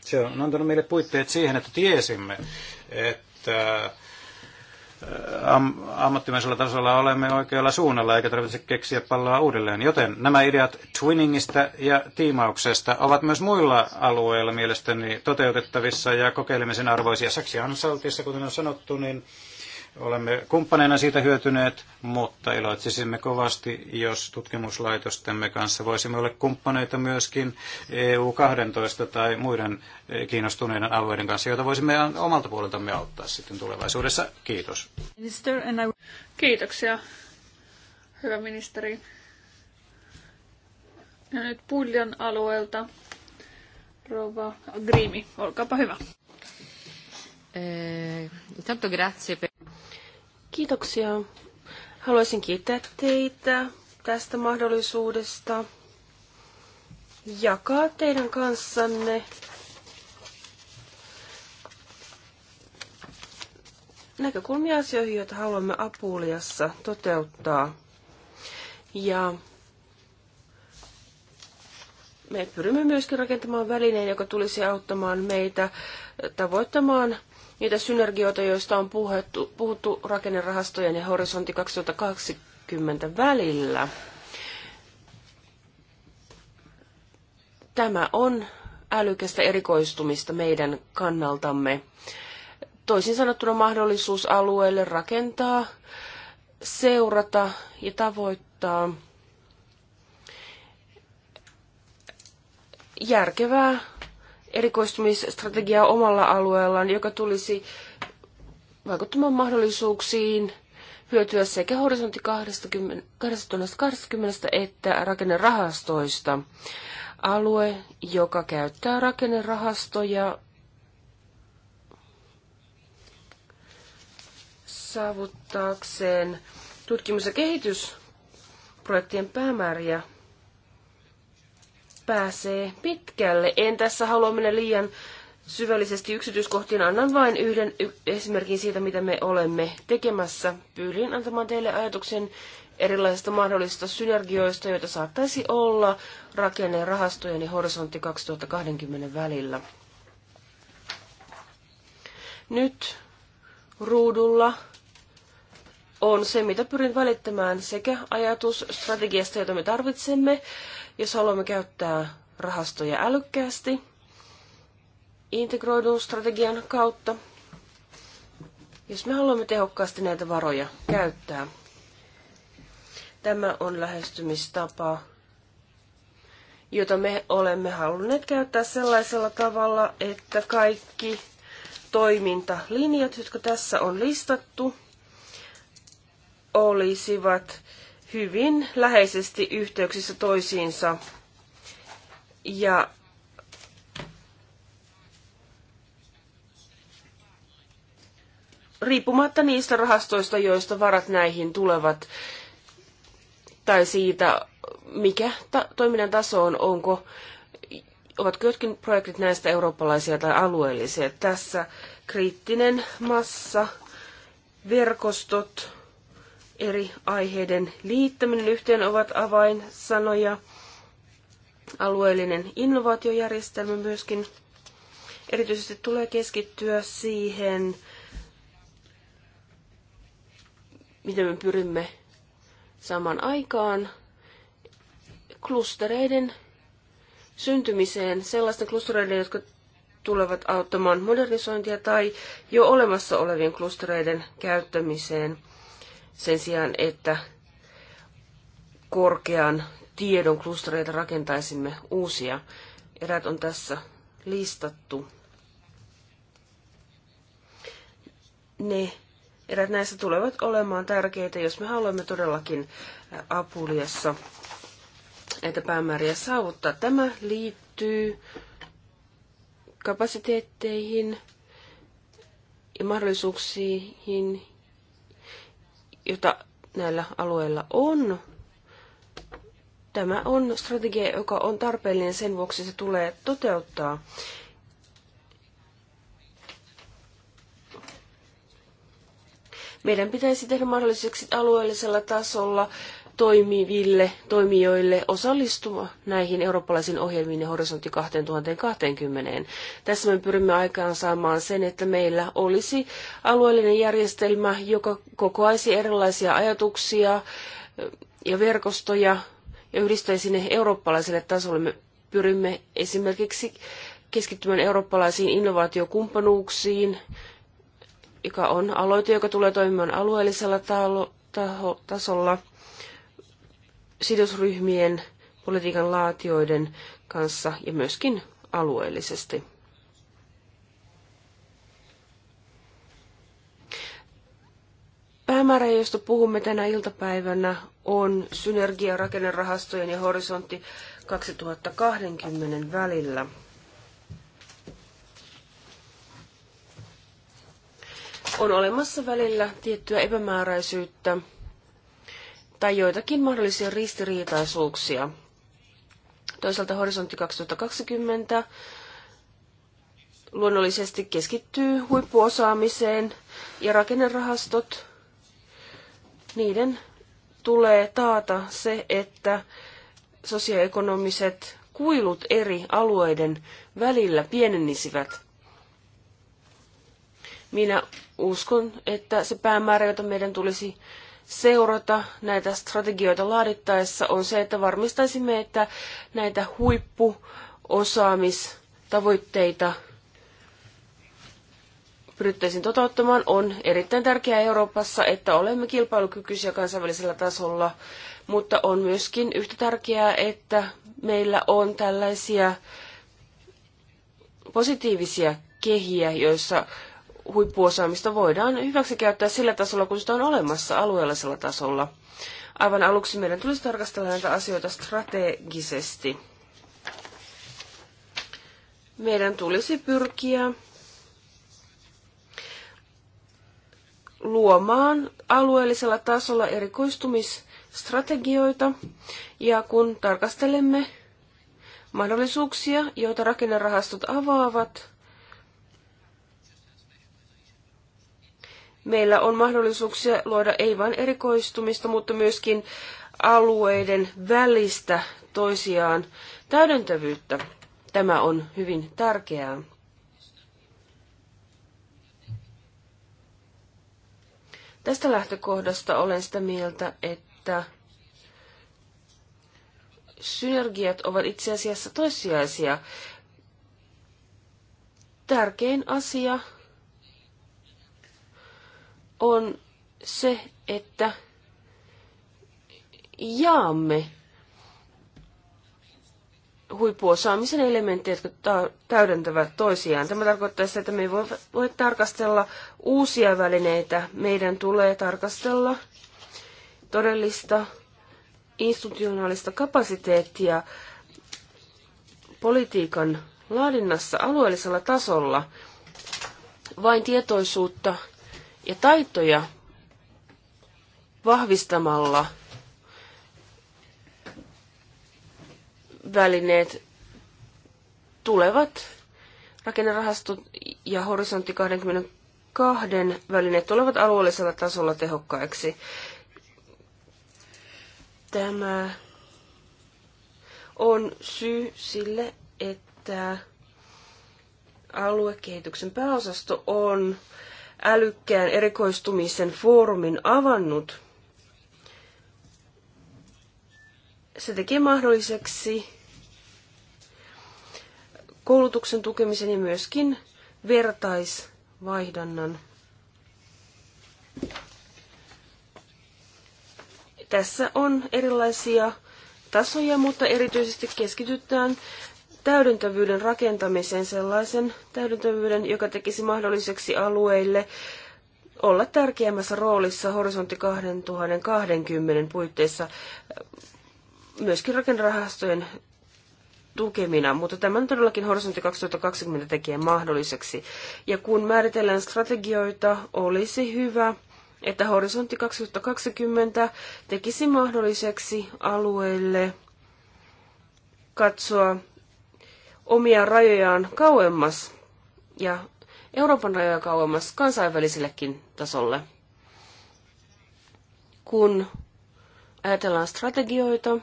C: se on antanut meille puitteet siihen, että tiesimme, että Äh, am, ammattimaisella tasolla olemme oikealla suunnalla, eikä tarvitse keksiä palloa uudelleen. Joten nämä ideat twinningistä ja tiimauksesta ovat myös muilla alueilla mielestäni toteutettavissa ja kokeilemisen arvoisia. Saksi Hansaltissa, kuten on sanottu, niin Olemme kumppaneina siitä hyötyneet, mutta iloitsisimme kovasti, jos tutkimuslaitostemme kanssa voisimme olla kumppaneita myöskin EU-12 tai muiden kiinnostuneiden alueiden kanssa, joita voisimme omalta puoleltamme auttaa sitten tulevaisuudessa. Kiitos.
B: Kiitoksia, hyvä ministeri. Ja nyt Puljan alueelta rouva Grimi, olkaapa hyvä.
D: Eh, intanto grazie Kiitoksia. Haluaisin kiittää teitä tästä mahdollisuudesta jakaa teidän kanssanne näkökulmia asioihin, joita haluamme Apuliassa toteuttaa. Ja me pyrimme myöskin rakentamaan välineen, joka tulisi auttamaan meitä tavoittamaan niitä synergioita, joista on puhuttu, puhuttu rakennerahastojen ja horisontti 2020 välillä. Tämä on älykästä erikoistumista meidän kannaltamme. Toisin sanottuna mahdollisuus alueelle rakentaa, seurata ja tavoittaa järkevää erikoistumisstrategiaa omalla alueellaan, joka tulisi vaikuttamaan mahdollisuuksiin hyötyä sekä horisontti 2020 että rakennerahastoista. Alue, joka käyttää rakennerahastoja, saavuttaakseen tutkimus- ja kehitysprojektien päämääriä pääsee pitkälle. En tässä halua mennä liian syvällisesti yksityiskohtiin. Annan vain yhden esimerkin siitä, mitä me olemme tekemässä. Pyydin antamaan teille ajatuksen erilaisista mahdollisista synergioista, joita saattaisi olla rahastojen ja horisontti 2020 välillä. Nyt ruudulla on se, mitä pyrin välittämään sekä ajatus strategiasta, jota me tarvitsemme, jos haluamme käyttää rahastoja älykkäästi integroidun strategian kautta, jos me haluamme tehokkaasti näitä varoja käyttää, tämä on lähestymistapa, jota me olemme halunneet käyttää sellaisella tavalla, että kaikki toimintalinjat, jotka tässä on listattu, olisivat hyvin läheisesti yhteyksissä toisiinsa. Ja riippumatta niistä rahastoista, joista varat näihin tulevat, tai siitä, mikä ta- toiminnan taso on, onko, ovatko jotkin projektit näistä eurooppalaisia tai alueellisia. Tässä kriittinen massa, verkostot, eri aiheiden liittäminen yhteen ovat avainsanoja. Alueellinen innovaatiojärjestelmä myöskin erityisesti tulee keskittyä siihen, miten me pyrimme saman aikaan klustereiden syntymiseen, sellaisten klustereiden, jotka tulevat auttamaan modernisointia tai jo olemassa olevien klustereiden käyttämiseen – sen sijaan, että korkean tiedon klustereita rakentaisimme uusia. Erät on tässä listattu. Ne erät näistä tulevat olemaan tärkeitä, jos me haluamme todellakin äh, Apuliassa näitä päämääriä saavuttaa. Tämä liittyy kapasiteetteihin ja mahdollisuuksiin, jota näillä alueilla on. Tämä on strategia, joka on tarpeellinen sen vuoksi, se tulee toteuttaa. Meidän pitäisi tehdä mahdolliseksi alueellisella tasolla toimiville toimijoille osallistua näihin eurooppalaisiin ohjelmiin ja horisontti 2020. Tässä me pyrimme aikaan saamaan sen, että meillä olisi alueellinen järjestelmä, joka kokoaisi erilaisia ajatuksia ja verkostoja ja yhdistäisi ne eurooppalaiselle tasolle. Me pyrimme esimerkiksi keskittymään eurooppalaisiin innovaatiokumppanuuksiin, joka on aloite, joka tulee toimimaan alueellisella tasolla sidosryhmien, politiikan laatioiden kanssa ja myöskin alueellisesti. Päämäärä, josta puhumme tänä iltapäivänä, on synergia rakennerahastojen ja horisontti 2020 välillä. On olemassa välillä tiettyä epämääräisyyttä tai joitakin mahdollisia ristiriitaisuuksia. Toisaalta horisontti 2020 luonnollisesti keskittyy huippuosaamiseen ja rakennerahastot, niiden tulee taata se, että sosioekonomiset kuilut eri alueiden välillä pienenisivät. Minä uskon, että se päämäärä, jota meidän tulisi seurata näitä strategioita laadittaessa, on se, että varmistaisimme, että näitä huippuosaamistavoitteita pyrittäisiin toteuttamaan. On erittäin tärkeää Euroopassa, että olemme kilpailukykyisiä kansainvälisellä tasolla, mutta on myöskin yhtä tärkeää, että meillä on tällaisia positiivisia kehiä, joissa huippuosaamista voidaan hyväksikäyttää sillä tasolla, kun sitä on olemassa alueellisella tasolla. Aivan aluksi meidän tulisi tarkastella näitä asioita strategisesti. Meidän tulisi pyrkiä luomaan alueellisella tasolla erikoistumisstrategioita. Ja kun tarkastelemme mahdollisuuksia, joita rakennerahastot avaavat, meillä on mahdollisuuksia luoda ei vain erikoistumista, mutta myöskin alueiden välistä toisiaan täydentävyyttä. Tämä on hyvin tärkeää. Tästä lähtökohdasta olen sitä mieltä, että synergiat ovat itse asiassa toissijaisia. Tärkein asia on se, että jaamme huippuosaamisen elementtejä, jotka ta- täydentävät toisiaan. Tämä tarkoittaa sitä, että me ei voi, voi tarkastella uusia välineitä. Meidän tulee tarkastella todellista institutionaalista kapasiteettia politiikan laadinnassa alueellisella tasolla. Vain tietoisuutta ja taitoja vahvistamalla välineet tulevat, Rakennerahasto ja horisontti 22 välineet tulevat alueellisella tasolla tehokkaiksi. Tämä on syy sille, että aluekehityksen pääosasto on älykkään erikoistumisen foorumin avannut, se tekee mahdolliseksi koulutuksen tukemisen ja myöskin vertaisvaihdannan. Tässä on erilaisia tasoja, mutta erityisesti keskitytään täydentävyyden rakentamiseen, sellaisen täydentävyyden, joka tekisi mahdolliseksi alueille olla tärkeämmässä roolissa horisontti 2020 puitteissa myöskin rakennerahastojen tukemina, mutta tämän todellakin horisontti 2020 tekee mahdolliseksi. Ja kun määritellään strategioita, olisi hyvä, että horisontti 2020 tekisi mahdolliseksi alueille katsoa omia rajojaan kauemmas ja Euroopan rajoja kauemmas kansainvälisellekin tasolle. Kun ajatellaan strategioita,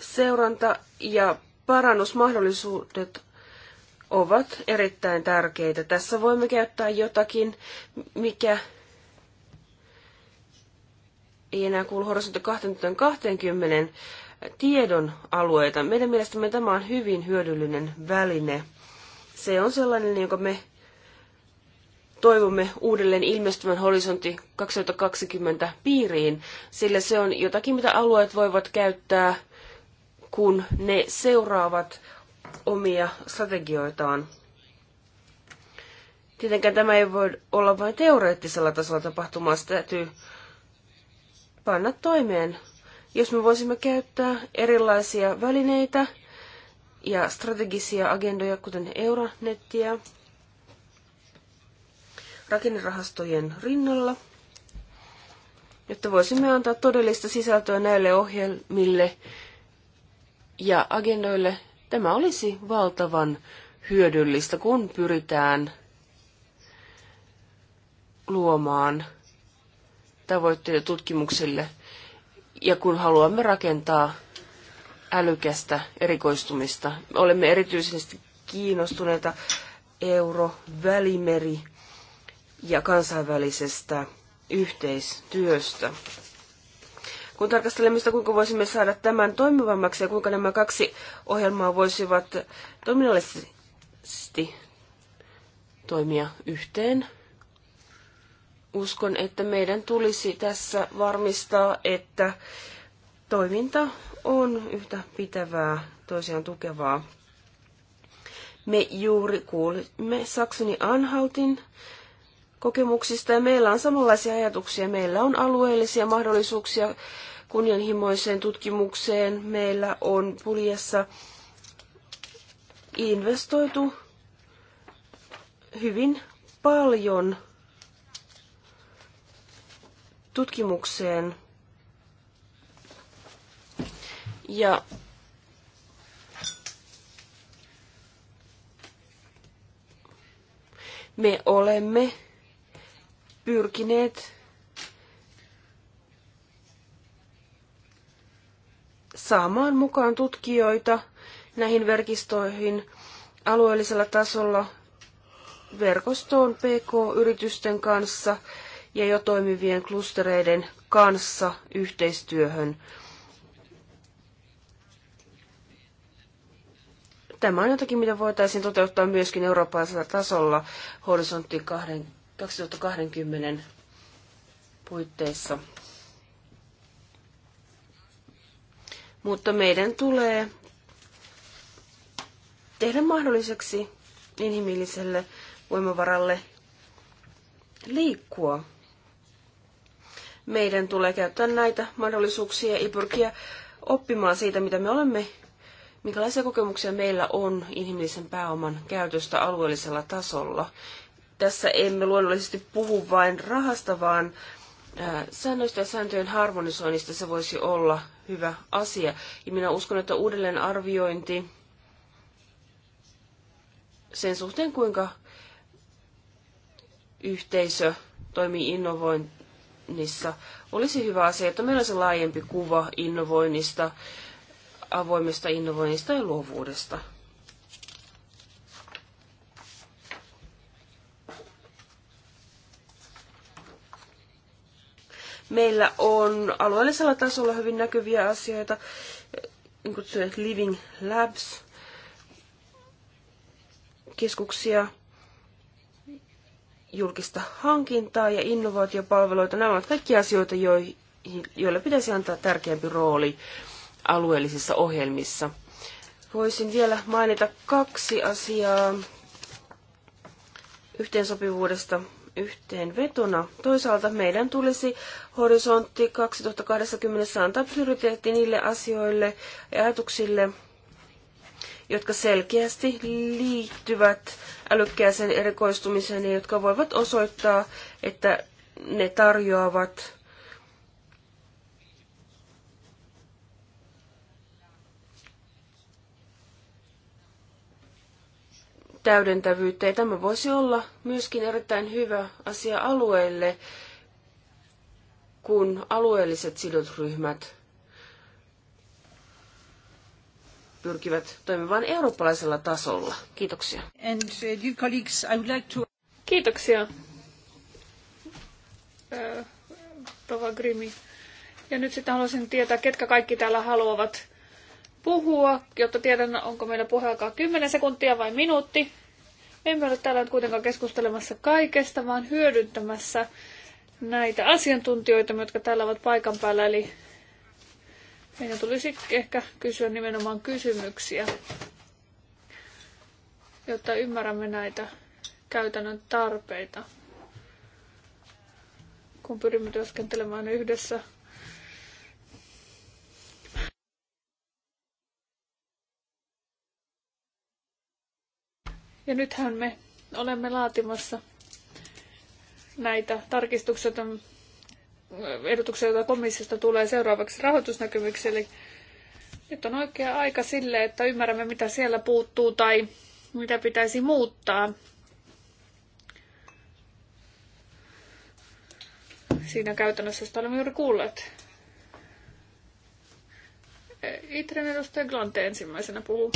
D: seuranta ja parannusmahdollisuudet ovat erittäin tärkeitä. Tässä voimme käyttää jotakin, mikä ei enää kuulu horisontti 2020 tiedon alueita. Meidän mielestämme tämä on hyvin hyödyllinen väline. Se on sellainen, jonka me toivomme uudelleen ilmestyvän horisontti 2020 piiriin, sillä se on jotakin, mitä alueet voivat käyttää, kun ne seuraavat omia strategioitaan. Tietenkään tämä ei voi olla vain teoreettisella tasolla tapahtumaa, sitä täytyy panna toimeen. Jos me voisimme käyttää erilaisia välineitä ja strategisia agendoja, kuten euronettiä, rakennerahastojen rinnalla, jotta voisimme antaa todellista sisältöä näille ohjelmille ja agendoille, tämä olisi valtavan hyödyllistä, kun pyritään luomaan tavoitteita tutkimukselle. Ja kun haluamme rakentaa älykästä erikoistumista, olemme erityisesti kiinnostuneita euro-välimeri ja kansainvälisestä yhteistyöstä. Kun tarkastelemme sitä, kuinka voisimme saada tämän toimivammaksi ja kuinka nämä kaksi ohjelmaa voisivat toiminnallisesti toimia yhteen, uskon, että meidän tulisi tässä varmistaa, että toiminta on yhtä pitävää, toisiaan tukevaa. Me juuri kuulimme Saksoni Anhaltin kokemuksista ja meillä on samanlaisia ajatuksia. Meillä on alueellisia mahdollisuuksia kunnianhimoiseen tutkimukseen. Meillä on puljessa investoitu hyvin paljon tutkimukseen. Ja me olemme pyrkineet saamaan mukaan tutkijoita näihin verkistoihin alueellisella tasolla verkostoon PK-yritysten kanssa – ja jo toimivien klustereiden kanssa yhteistyöhön. Tämä on jotakin, mitä voitaisiin toteuttaa myöskin eurooppalaisella tasolla horisontti 2020 puitteissa. Mutta meidän tulee tehdä mahdolliseksi inhimilliselle voimavaralle liikkua. Meidän tulee käyttää näitä mahdollisuuksia ja pyrkiä oppimaan siitä, mitä me olemme, minkälaisia kokemuksia meillä on inhimillisen pääoman käytöstä alueellisella tasolla. Tässä emme luonnollisesti puhu vain rahasta, vaan säännöistä ja sääntöjen harmonisoinnista se voisi olla hyvä asia. Ja minä uskon, että uudelleen arviointi sen suhteen, kuinka yhteisö toimii innovoin, innovoinnissa olisi hyvä asia, että meillä on se laajempi kuva innovoinnista, avoimesta innovoinnista ja luovuudesta. Meillä on alueellisella tasolla hyvin näkyviä asioita, niin kutsuja Living Labs, keskuksia, julkista hankintaa ja innovaatiopalveluita. Nämä ovat kaikki asioita, joille pitäisi antaa tärkeämpi rooli alueellisissa ohjelmissa. Voisin vielä mainita kaksi asiaa yhteensopivuudesta yhteenvetona. Toisaalta meidän tulisi horisontti 2020 antaa prioriteetti niille asioille ja ajatuksille, jotka selkeästi liittyvät älykkääseen erikoistumiseen ja jotka voivat osoittaa, että ne tarjoavat täydentävyyttä. Ja tämä voisi olla myöskin erittäin hyvä asia alueelle, kun alueelliset sidosryhmät pyrkivät toimimaan eurooppalaisella tasolla. Kiitoksia. And, uh, dear colleagues, I would like to... Kiitoksia.
A: Tova Grimi. Ja nyt
B: sitten haluaisin tietää, ketkä kaikki täällä haluavat puhua, jotta tiedän, onko meillä puheaikaa 10 sekuntia vai minuutti. Me emme ole täällä nyt kuitenkaan keskustelemassa kaikesta, vaan hyödyntämässä näitä asiantuntijoita, jotka täällä ovat paikan päällä. Eli meidän tulisi ehkä kysyä nimenomaan kysymyksiä, jotta ymmärrämme näitä käytännön tarpeita, kun pyrimme työskentelemään yhdessä Ja nythän me olemme laatimassa näitä tarkistuksia, ehdotuksia, joita komissiosta tulee seuraavaksi rahoitusnäkymiksi. Eli nyt on oikea aika sille, että ymmärrämme, mitä siellä puuttuu tai mitä pitäisi muuttaa. Siinä käytännössä sitä olemme juuri kuulleet. Itren edustaja Glante ensimmäisenä puhuu.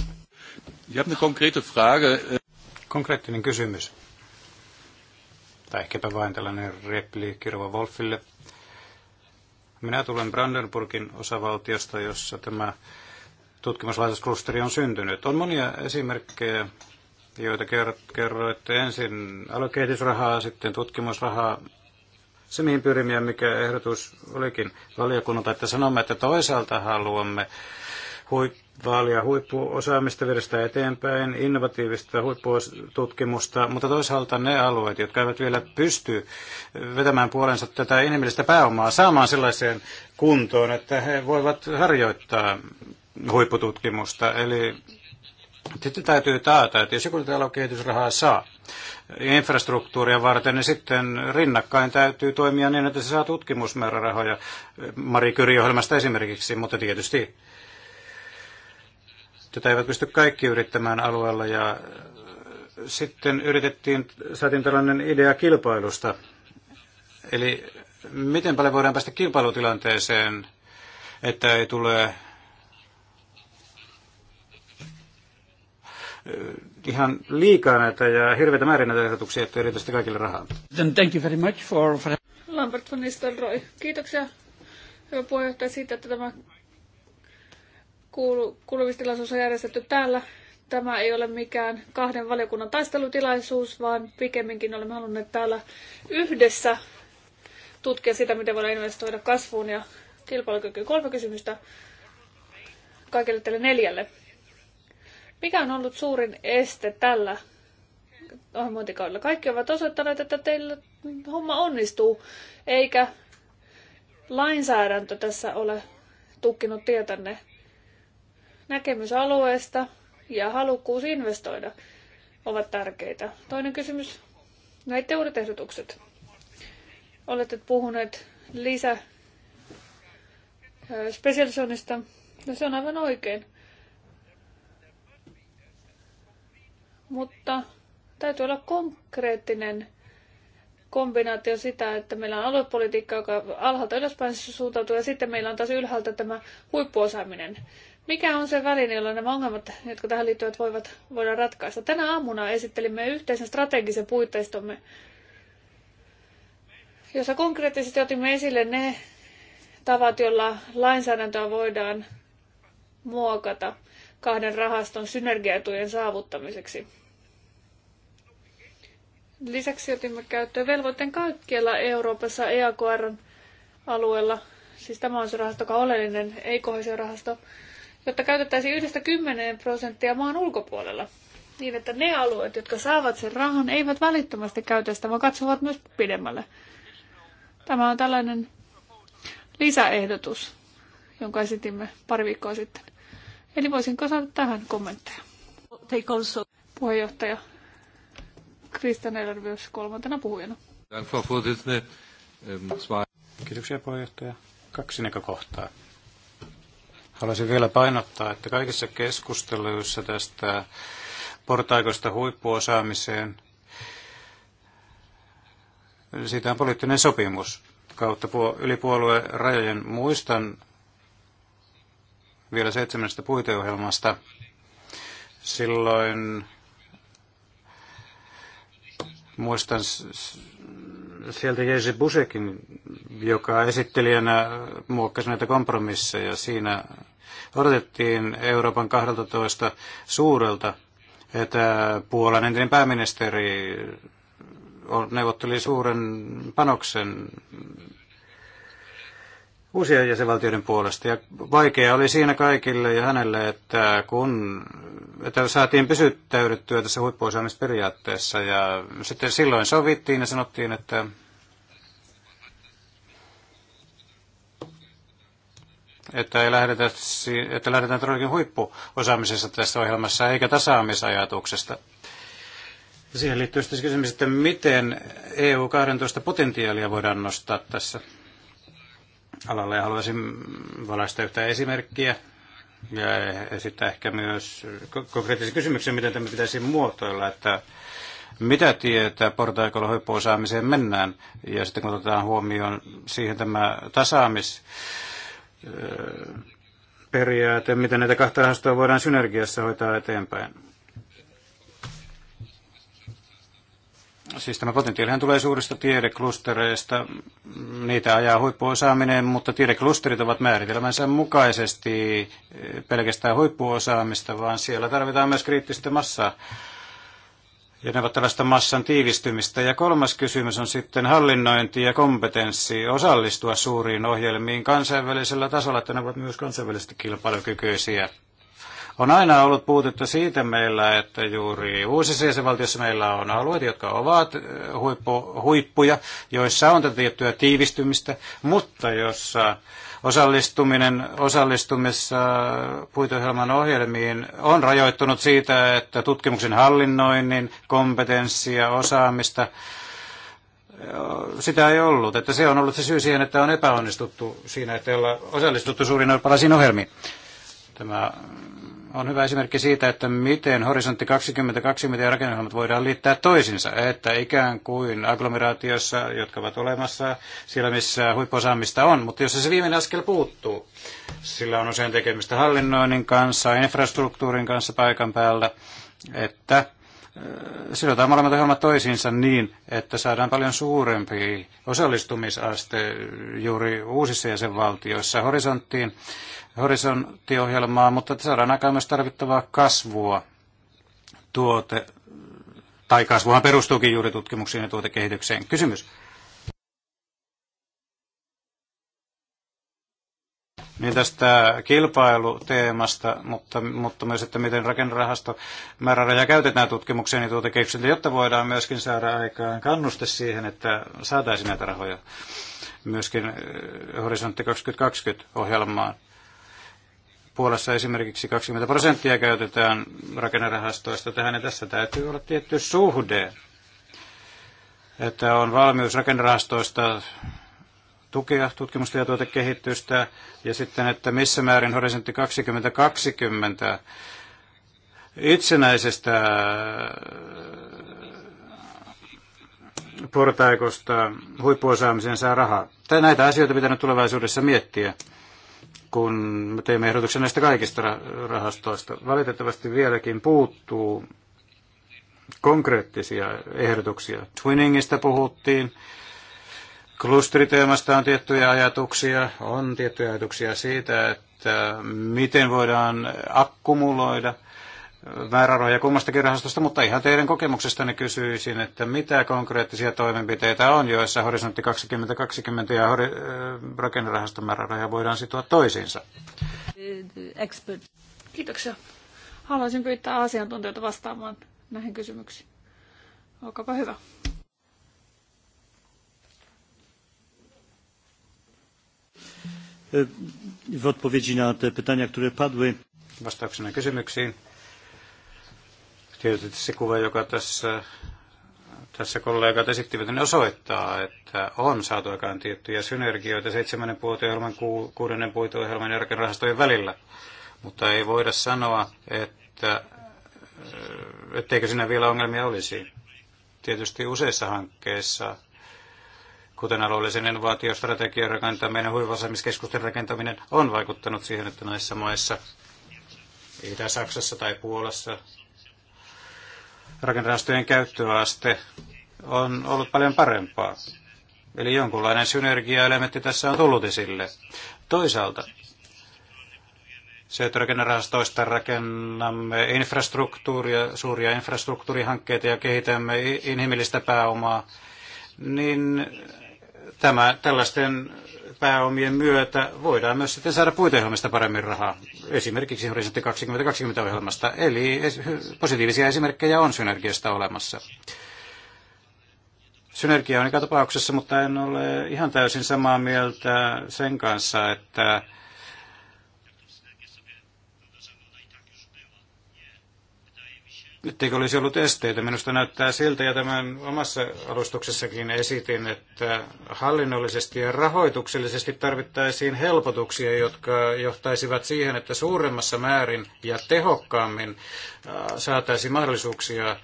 C: Konkreettinen kysymys. Tai ehkäpä vain tällainen repliikki Wolfille. Minä tulen Brandenburgin osavaltiosta, jossa tämä tutkimuslaitosklusteri on syntynyt. On monia esimerkkejä, joita kerroitte. Ensin alokehitysrahaa, sitten tutkimusrahaa, se mihin pyrimme ja mikä ehdotus olikin valiokunnalta, että sanomme, että toisaalta haluamme huip, vaalia huippuosaamista viedä eteenpäin, innovatiivista huippututkimusta, mutta toisaalta ne alueet, jotka eivät vielä pysty vetämään puolensa tätä inhimillistä pääomaa saamaan sellaiseen kuntoon, että he voivat harjoittaa huippututkimusta. Eli sitten täytyy taata, että jos joku on kehitysrahaa saa infrastruktuuria varten, niin sitten rinnakkain täytyy toimia niin, että se saa tutkimusmäärärahoja Marie Curie-ohjelmasta esimerkiksi, mutta tietysti Tätä eivät pysty kaikki yrittämään alueella ja äh, sitten yritettiin, saatiin tällainen idea kilpailusta. Eli miten paljon voidaan päästä kilpailutilanteeseen, että ei tule äh, ihan liikaa näitä ja hirveitä määrin näitä ehdotuksia, että erityisesti kaikille rahaa.
A: Thank you very much for...
B: Lambert von Nistelrooy, kiitoksia hyvä puheenjohtaja siitä, että tämä kuulumistilaisuus on järjestetty täällä. Tämä ei ole mikään kahden valiokunnan taistelutilaisuus, vaan pikemminkin olemme halunneet täällä yhdessä tutkia sitä, miten voidaan investoida kasvuun ja kilpailukykyyn. Kolme kysymystä kaikille tälle neljälle. Mikä on ollut suurin este tällä ohjelmointikaudella? Kaikki ovat osoittaneet, että teillä homma onnistuu, eikä lainsäädäntö tässä ole tukkinut tietänne näkemys alueesta ja halukkuus investoida ovat tärkeitä. Toinen kysymys, näitä uudet ehdotukset. Olette puhuneet lisä specialisoinnista, no se on aivan oikein. Mutta täytyy olla konkreettinen kombinaatio sitä, että meillä on aluepolitiikka, joka alhaalta ylöspäin suuntautuu, ja sitten meillä on taas ylhäältä tämä huippuosaaminen. Mikä on se väline, jolla nämä ongelmat, jotka tähän liittyvät, voivat, voidaan ratkaista? Tänä aamuna esittelimme yhteisen strategisen puitteistomme, jossa konkreettisesti otimme esille ne tavat, joilla lainsäädäntöä voidaan muokata kahden rahaston synergiaetujen saavuttamiseksi. Lisäksi otimme käyttöön velvoitteen kaikkialla Euroopassa eakr alueella. Siis tämä on se rahasto, joka on oleellinen, ei rahasto jotta käytettäisiin yhdestä kymmeneen prosenttia maan ulkopuolella. Niin, että ne alueet, jotka saavat sen rahan, eivät välittömästi käytä sitä, vaan katsovat myös pidemmälle. Tämä on tällainen lisäehdotus, jonka esitimme pari viikkoa sitten. Eli voisinko saada tähän kommentteja? Puheenjohtaja Kristian Elervius kolmantena puhujana.
C: Ähm, Kiitoksia puheenjohtaja. Kaksi näkökohtaa. Haluaisin vielä painottaa, että kaikissa keskusteluissa tästä portaikosta huippuosaamiseen, siitä on poliittinen sopimus kautta yli puolueen rajojen. Muistan vielä seitsemästä puiteohjelmasta. Silloin muistan sieltä Jerzy Busekin, joka esittelijänä muokkasi näitä kompromisseja. Siinä odotettiin Euroopan 12 suurelta, että Puolan entinen pääministeri neuvotteli suuren panoksen uusien jäsenvaltioiden puolesta. Ja vaikea oli siinä kaikille ja hänelle, että kun että saatiin pysyttäydyttyä tässä huippuosaamisperiaatteessa ja sitten silloin sovittiin ja sanottiin, että että, ei lähdetä, että lähdetään todellakin huippuosaamisessa tässä ohjelmassa eikä tasaamisajatuksesta. Siihen liittyy sitten kysymys, että miten EU-12 potentiaalia voidaan nostaa tässä alalle ja haluaisin valaista yhtä esimerkkiä ja esittää ehkä myös konkreettisen kysymyksen, miten tämä pitäisi muotoilla, että mitä tietää portaikolla huippuosaamiseen mennään. Ja sitten kun otetaan huomioon siihen tämä tasaamis periaate, miten näitä kahta rahastoa voidaan synergiassa hoitaa eteenpäin. Siis tämä potentiaalihan tulee suurista tiedeklustereista. Niitä ajaa huippuosaaminen, mutta tiedeklusterit ovat määritelmänsä mukaisesti eh, pelkästään huippuosaamista, vaan siellä tarvitaan myös kriittistä massaa. Ja ne ovat tällaista massan tiivistymistä. Ja kolmas kysymys on sitten hallinnointi ja kompetenssi osallistua suuriin ohjelmiin kansainvälisellä tasolla, että ne ovat myös kansainvälisesti kilpailukykyisiä. On aina ollut puutetta siitä meillä, että juuri uusissa jäsenvaltioissa meillä on alueita, jotka ovat eh, huippu, huippuja, joissa on tätä tiettyä tiivistymistä, mutta jossa osallistuminen osallistumissa puitohjelman ohjelmiin on rajoittunut siitä, että tutkimuksen hallinnoinnin kompetenssia, osaamista, eh, sitä ei ollut. Että se on ollut se syy siihen, että on epäonnistuttu siinä, että ei olla osallistuttu suurin osallisin ohjelmiin. Tämä on hyvä esimerkki siitä, että miten horisontti 2020 ja rakennelmat voidaan liittää toisinsa, että ikään kuin agglomeraatiossa, jotka ovat olemassa siellä, missä huippuosaamista on, mutta jos se viimeinen askel puuttuu, sillä on usein tekemistä hallinnoinnin kanssa, infrastruktuurin kanssa paikan päällä, että sidotaan molemmat ohjelmat toisiinsa niin, että saadaan paljon suurempi osallistumisaste juuri uusissa jäsenvaltioissa horisonttiin, horisonttiohjelmaa, mutta saadaan aikaan myös tarvittavaa kasvua tuote, tai kasvuhan perustuukin juuri tutkimuksiin ja tuotekehitykseen. Kysymys. niin tästä kilpailuteemasta, mutta, mutta myös, että miten rakennerahasto määräraja käytetään tutkimukseen ja niin jotta voidaan myöskin saada aikaan kannuste siihen, että saataisiin näitä rahoja myöskin eh, Horisontti 2020-ohjelmaan. Puolassa esimerkiksi 20 prosenttia käytetään rakennerahastoista tähän, ja tässä täytyy olla tietty suhde, että on valmius rakennerahastoista tukea tutkimusta ja tuotekehitystä, ja sitten, että missä määrin horisontti 2020 itsenäisestä äh, portaikosta huippuosaamiseen saa rahaa. Tai näitä asioita pitää nyt tulevaisuudessa miettiä, kun me teemme ehdotuksen näistä kaikista rahastoista. Valitettavasti vieläkin puuttuu konkreettisia ehdotuksia. Twinningistä puhuttiin, Klusteriteemasta on tiettyjä ajatuksia, on tiettyjä ajatuksia siitä, että miten voidaan akkumuloida määrärahoja kummastakin rahastosta, mutta ihan teidän kokemuksestanne kysyisin, että mitä konkreettisia toimenpiteitä on, joissa horisontti 2020 ja hori- äh, rakennerahaston määrärahoja voidaan sitoa toisiinsa?
B: Expert. Kiitoksia. Haluaisin pyytää asiantuntijoita vastaamaan näihin kysymyksiin. Olkaapa hyvä.
C: E, w odpowiedzi na te pytania, które padły. Vastauksena kysymyksiin. Tietysti se kuva, joka tässä, tässä kollegat esittivät, niin osoittaa, että on saatu aikaan tiettyjä synergioita seitsemännen puiteohjelman, ku, kuudennen puiteohjelman ja rakennerahastojen välillä. Mutta ei voida sanoa, että e, etteikö siinä vielä ongelmia olisi. Tietysti useissa hankkeissa kuten alueellisen innovaatiostrategian rakentaminen, huivasaamiskeskusten rakentaminen, on vaikuttanut siihen, että näissä maissa, Itä-Saksassa tai Puolassa, rakennerahastojen käyttöaste on ollut paljon parempaa. Eli jonkunlainen synergiaelementti tässä on tullut esille. Toisaalta se, että rakennerahastoista rakennamme infrastruktuuria, suuria infrastruktuurihankkeita ja kehitämme inhimillistä pääomaa, niin Tämä, tällaisten pääomien myötä voidaan myös sitten saada puiteohjelmista paremmin rahaa, esimerkiksi Horisontti 2020-ohjelmasta. Eli positiivisia esimerkkejä on synergiasta olemassa. Synergia on joka tapauksessa, mutta en ole ihan täysin samaa mieltä sen kanssa, että etteikö olisi ollut esteitä. Minusta näyttää siltä, ja tämän omassa alustuksessakin esitin, että hallinnollisesti ja rahoituksellisesti tarvittaisiin helpotuksia, jotka johtaisivat siihen, että suuremmassa määrin ja tehokkaammin saataisiin mahdollisuuksia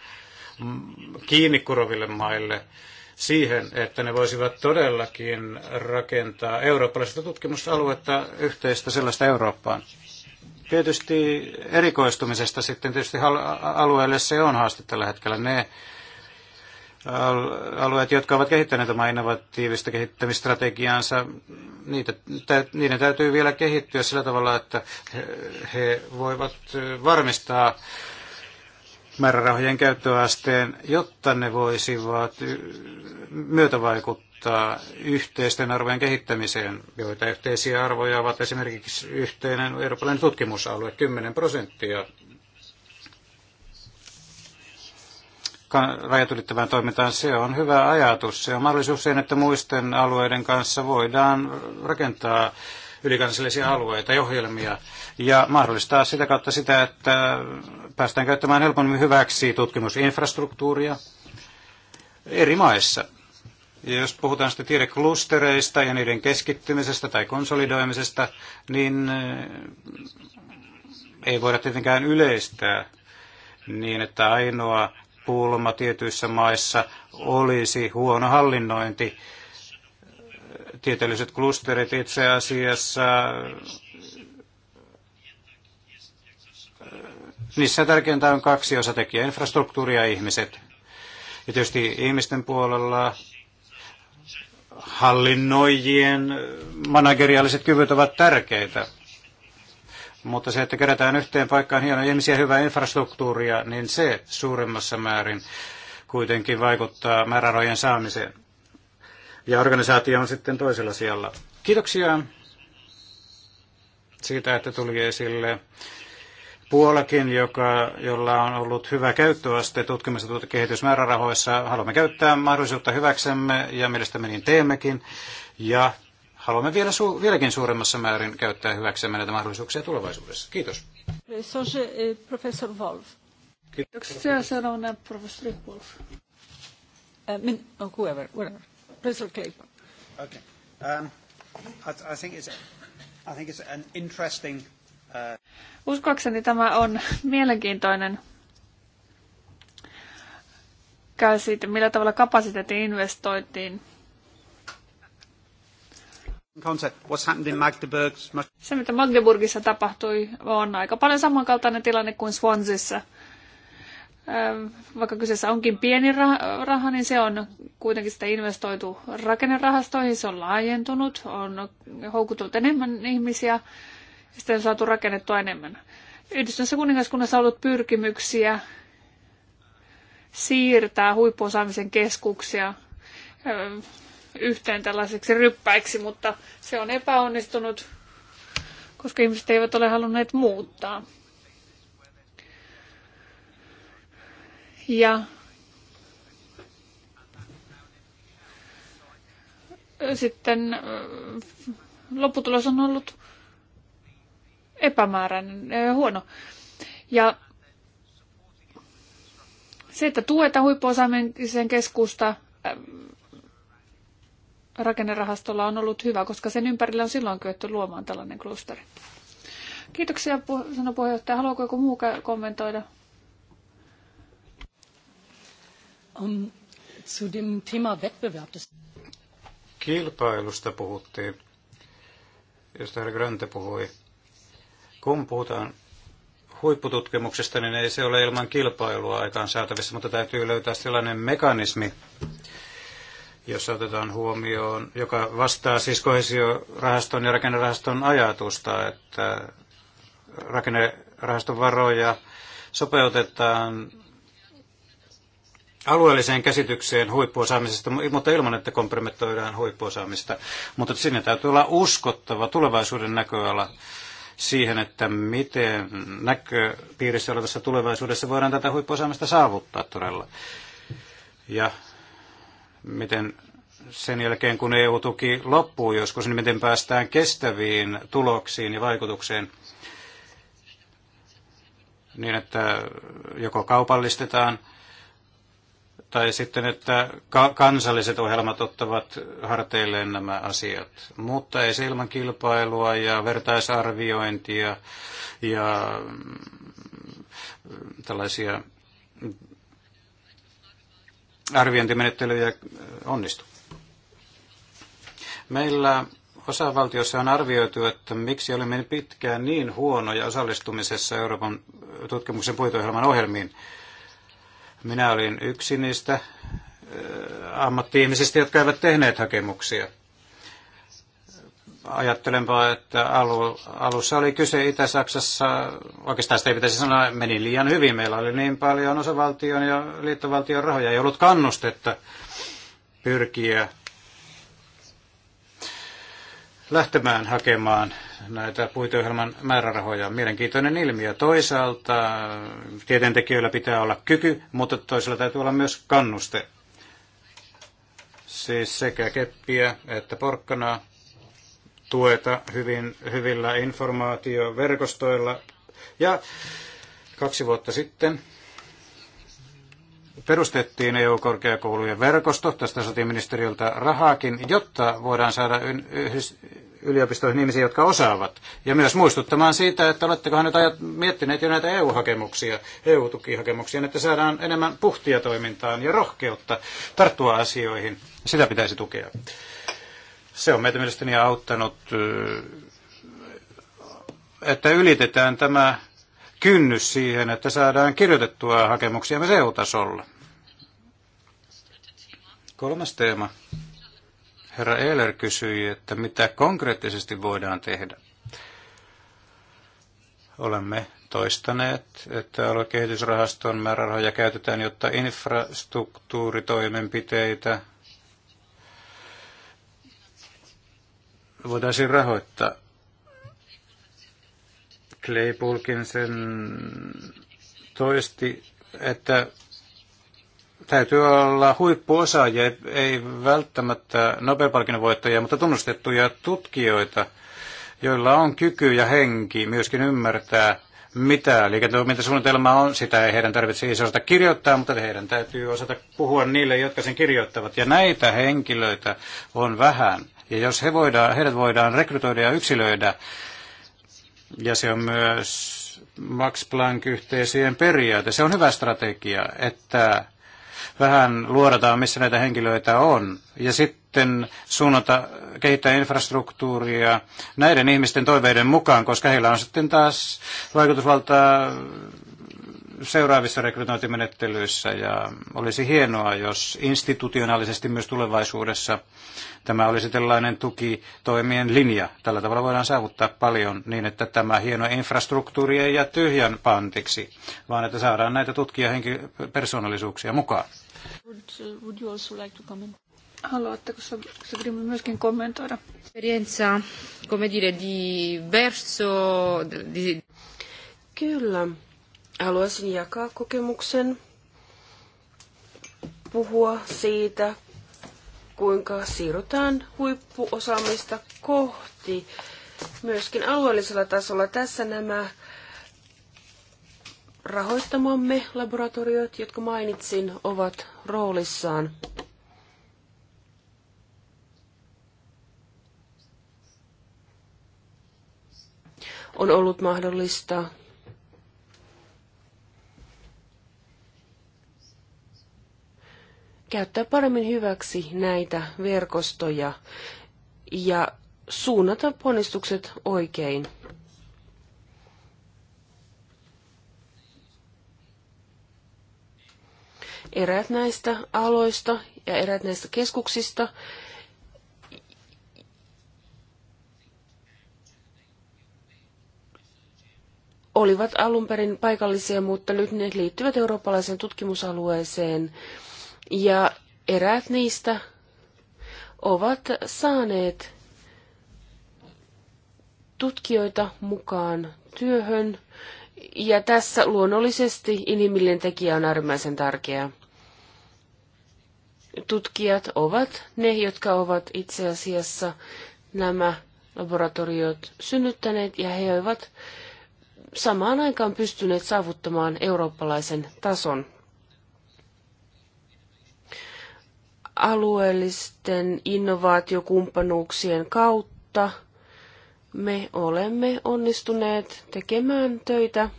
C: mm, kiinni kuroville maille siihen, että ne voisivat todellakin rakentaa eurooppalaisesta tutkimusaluetta yhteistä sellaista Eurooppaan, tietysti erikoistumisesta sitten tietysti alueelle se on haaste tällä hetkellä. Ne alueet, jotka ovat kehittäneet omaa innovatiivista kehittämistrategiaansa, niitä, niiden täytyy vielä kehittyä sillä tavalla, että he voivat varmistaa määrärahojen käyttöasteen, jotta ne voisivat myötävaikuttaa vaikuttaa yhteisten arvojen kehittämiseen, joita yhteisiä arvoja ovat esimerkiksi yhteinen eurooppalainen tutkimusalue, 10 prosenttia rajatulittavaan toimintaan, se on hyvä ajatus. Se on mahdollisuus siihen, että muisten alueiden kanssa voidaan rakentaa ylikansallisia alueita ja ohjelmia ja mahdollistaa sitä kautta sitä, että päästään käyttämään helpommin hyväksi tutkimusinfrastruktuuria eri maissa. Ja jos puhutaan sitten tiedeklustereista ja niiden keskittymisestä tai konsolidoimisesta, niin eh, ei voida tietenkään yleistää niin, että ainoa pulma tietyissä maissa olisi huono hallinnointi. Tieteelliset klusterit itse asiassa, eh, niissä tärkeintä on kaksi osatekijää, infrastruktuuri ja ihmiset. Ja tietysti ihmisten puolella hallinnoijien manageriaaliset kyvyt ovat tärkeitä. Mutta se, että kerätään yhteen paikkaan hienoja ihmisiä hyvää infrastruktuuria, niin se suurimmassa määrin kuitenkin vaikuttaa määrärojen saamiseen. Ja organisaatio on sitten toisella sijalla. Kiitoksia siitä, että tuli esille Puolakin, joka, jolla on ollut hyvä käyttöaste tutkimus- ja kehitysmäärärahoissa. Haluamme käyttää mahdollisuutta hyväksemme ja mielestämme niin teemmekin. Ja haluamme vielä su- vieläkin suuremmassa määrin käyttää hyväksemme näitä mahdollisuuksia tulevaisuudessa. Kiitos.
A: Eh, professor Wolf.
C: Kiitoksia
A: sanona professori Wolf. Eh, min, no, whoever, Professor Okay.
C: Um, I, I think it's, I think it's an interesting
B: Uskoakseni tämä on mielenkiintoinen käy siitä, millä tavalla kapasiteetin investointiin. Se, mitä Magdeburgissa tapahtui, on aika paljon samankaltainen tilanne kuin Swansissa. Äh, vaikka kyseessä onkin pieni raha, niin se on kuitenkin sitä investoitu rakennerahastoihin, se on laajentunut, on houkutellut enemmän ihmisiä sitä on saatu rakennettua enemmän. Yhdistyneessä kuningaskunnassa on ollut pyrkimyksiä siirtää huippuosaamisen keskuksia yhteen tällaiseksi ryppäiksi, mutta se on epäonnistunut, koska ihmiset eivät ole halunneet muuttaa. Ja sitten lopputulos on ollut epämääräinen, huono. Ja se, että tueta huippuosaamisen keskusta rakennerahastolla on ollut hyvä, koska sen ympärillä on silloin kyetty luomaan tällainen klusteri. Kiitoksia, sanoi puheenjohtaja. Haluaako joku muu kommentoida?
A: Um,
C: Kilpailusta puhuttiin, josta herra Grante puhui. Kun puhutaan huippututkimuksesta, niin ei se ole ilman kilpailua aikaan saatavissa, mutta täytyy löytää sellainen mekanismi, jossa otetaan huomioon, joka vastaa siis kohesiorahaston ja rakennerahaston ajatusta, että rakennerahaston varoja sopeutetaan alueelliseen käsitykseen huippuosaamisesta, mutta ilman, että kompromettoidaan huippuosaamista. Mutta sinne täytyy olla uskottava tulevaisuuden näköala siihen, että miten näköpiirissä olevassa tulevaisuudessa voidaan tätä huippuosaamista saavuttaa todella. Ja miten sen jälkeen, kun EU-tuki loppuu joskus, niin miten päästään kestäviin tuloksiin ja vaikutukseen niin, että joko kaupallistetaan – tai sitten, että kansalliset ohjelmat ottavat harteilleen nämä asiat. Mutta ei se ilman kilpailua ja vertaisarviointia ja mm, tällaisia arviointimenettelyjä äh, onnistu. Meillä osavaltiossa on arvioitu, että miksi olemme pitkään niin huonoja osallistumisessa Euroopan tutkimuksen puitoohjelman ohjelmiin. Minä olin yksi niistä ammatti-ihmisistä, jotka eivät tehneet hakemuksia. Ajattelenpa, että alu, alussa oli kyse Itä-Saksassa, oikeastaan sitä ei pitäisi sanoa, meni liian hyvin. Meillä oli niin paljon osavaltion ja liittovaltion rahoja, ei ollut kannustetta pyrkiä lähtemään hakemaan näitä puiteohjelman määrärahoja. Mielenkiintoinen ilmiö. Toisaalta tieteentekijöillä pitää olla kyky, mutta toisaalta täytyy olla myös kannuste. Siis sekä keppiä että porkkanaa tueta hyvin, hyvillä informaatioverkostoilla. Ja kaksi vuotta sitten perustettiin EU-korkeakoulujen verkosto, tästä saatiin ministeriöltä rahaakin, jotta voidaan saada yliopistoihin ihmisiä, jotka osaavat. Ja myös muistuttamaan siitä, että olettekohan nyt ajat, miettineet jo näitä EU-hakemuksia, EU-tukihakemuksia, että saadaan enemmän puhtia toimintaan ja rohkeutta tarttua asioihin. Sitä pitäisi tukea. Se on meitä mielestäni auttanut, että ylitetään tämä kynnys siihen, että saadaan kirjoitettua hakemuksia myös EU-tasolla. Kolmas teema Herra Eiler kysyi, että mitä konkreettisesti voidaan tehdä. Olemme toistaneet, että aluekehitysrahaston määrärahoja käytetään, jotta infrastruktuuritoimenpiteitä voitaisiin rahoittaa. Clay sen toisti, että täytyy olla huippuosaajia, ei välttämättä Nobelpalkinnon voittajia, mutta tunnustettuja tutkijoita, joilla on kyky ja henki myöskin ymmärtää, mitä liiketoimintasuunnitelma on. Sitä ei heidän tarvitse osata kirjoittaa, mutta heidän täytyy osata puhua niille, jotka sen kirjoittavat. Ja näitä henkilöitä on vähän. Ja jos he voidaan, heidät voidaan rekrytoida ja yksilöidä, ja se on myös Max Planck-yhteisöjen periaate. Se on hyvä strategia, että vähän luodataan, missä näitä henkilöitä on, ja sitten suunnata, kehittää infrastruktuuria näiden ihmisten toiveiden mukaan, koska heillä on sitten taas vaikutusvaltaa seuraavissa rekrytointimenettelyissä ja olisi hienoa, jos institutionaalisesti myös tulevaisuudessa tämä olisi tällainen tukitoimien linja. Tällä tavalla voidaan saavuttaa paljon niin, että tämä hieno infrastruktuuri ei jää tyhjän pantiksi, vaan että saadaan näitä tutkijapersoonallisuuksia mukaan.
A: Would, uh, would you also like to comment? Haluatteko myöskin kommentoida?
D: Esperienza, come dire, di verso... Di... Kyllä. Haluaisin jakaa kokemuksen, puhua siitä, kuinka siirrytään huippuosaamista kohti myöskin alueellisella tasolla. Tässä nämä rahoittamamme laboratoriot, jotka mainitsin, ovat roolissaan. On ollut mahdollista käyttää paremmin hyväksi näitä verkostoja ja suunnata ponnistukset oikein. eräät näistä aloista ja eräät näistä keskuksista olivat alun perin paikallisia, mutta nyt ne liittyvät eurooppalaiseen tutkimusalueeseen. Ja eräät niistä ovat saaneet tutkijoita mukaan työhön. Ja tässä luonnollisesti inhimillinen tekijä on äärimmäisen tärkeä tutkijat ovat ne, jotka ovat itse asiassa nämä laboratoriot synnyttäneet ja he ovat samaan aikaan pystyneet saavuttamaan eurooppalaisen tason. Alueellisten innovaatiokumppanuuksien kautta me olemme onnistuneet tekemään töitä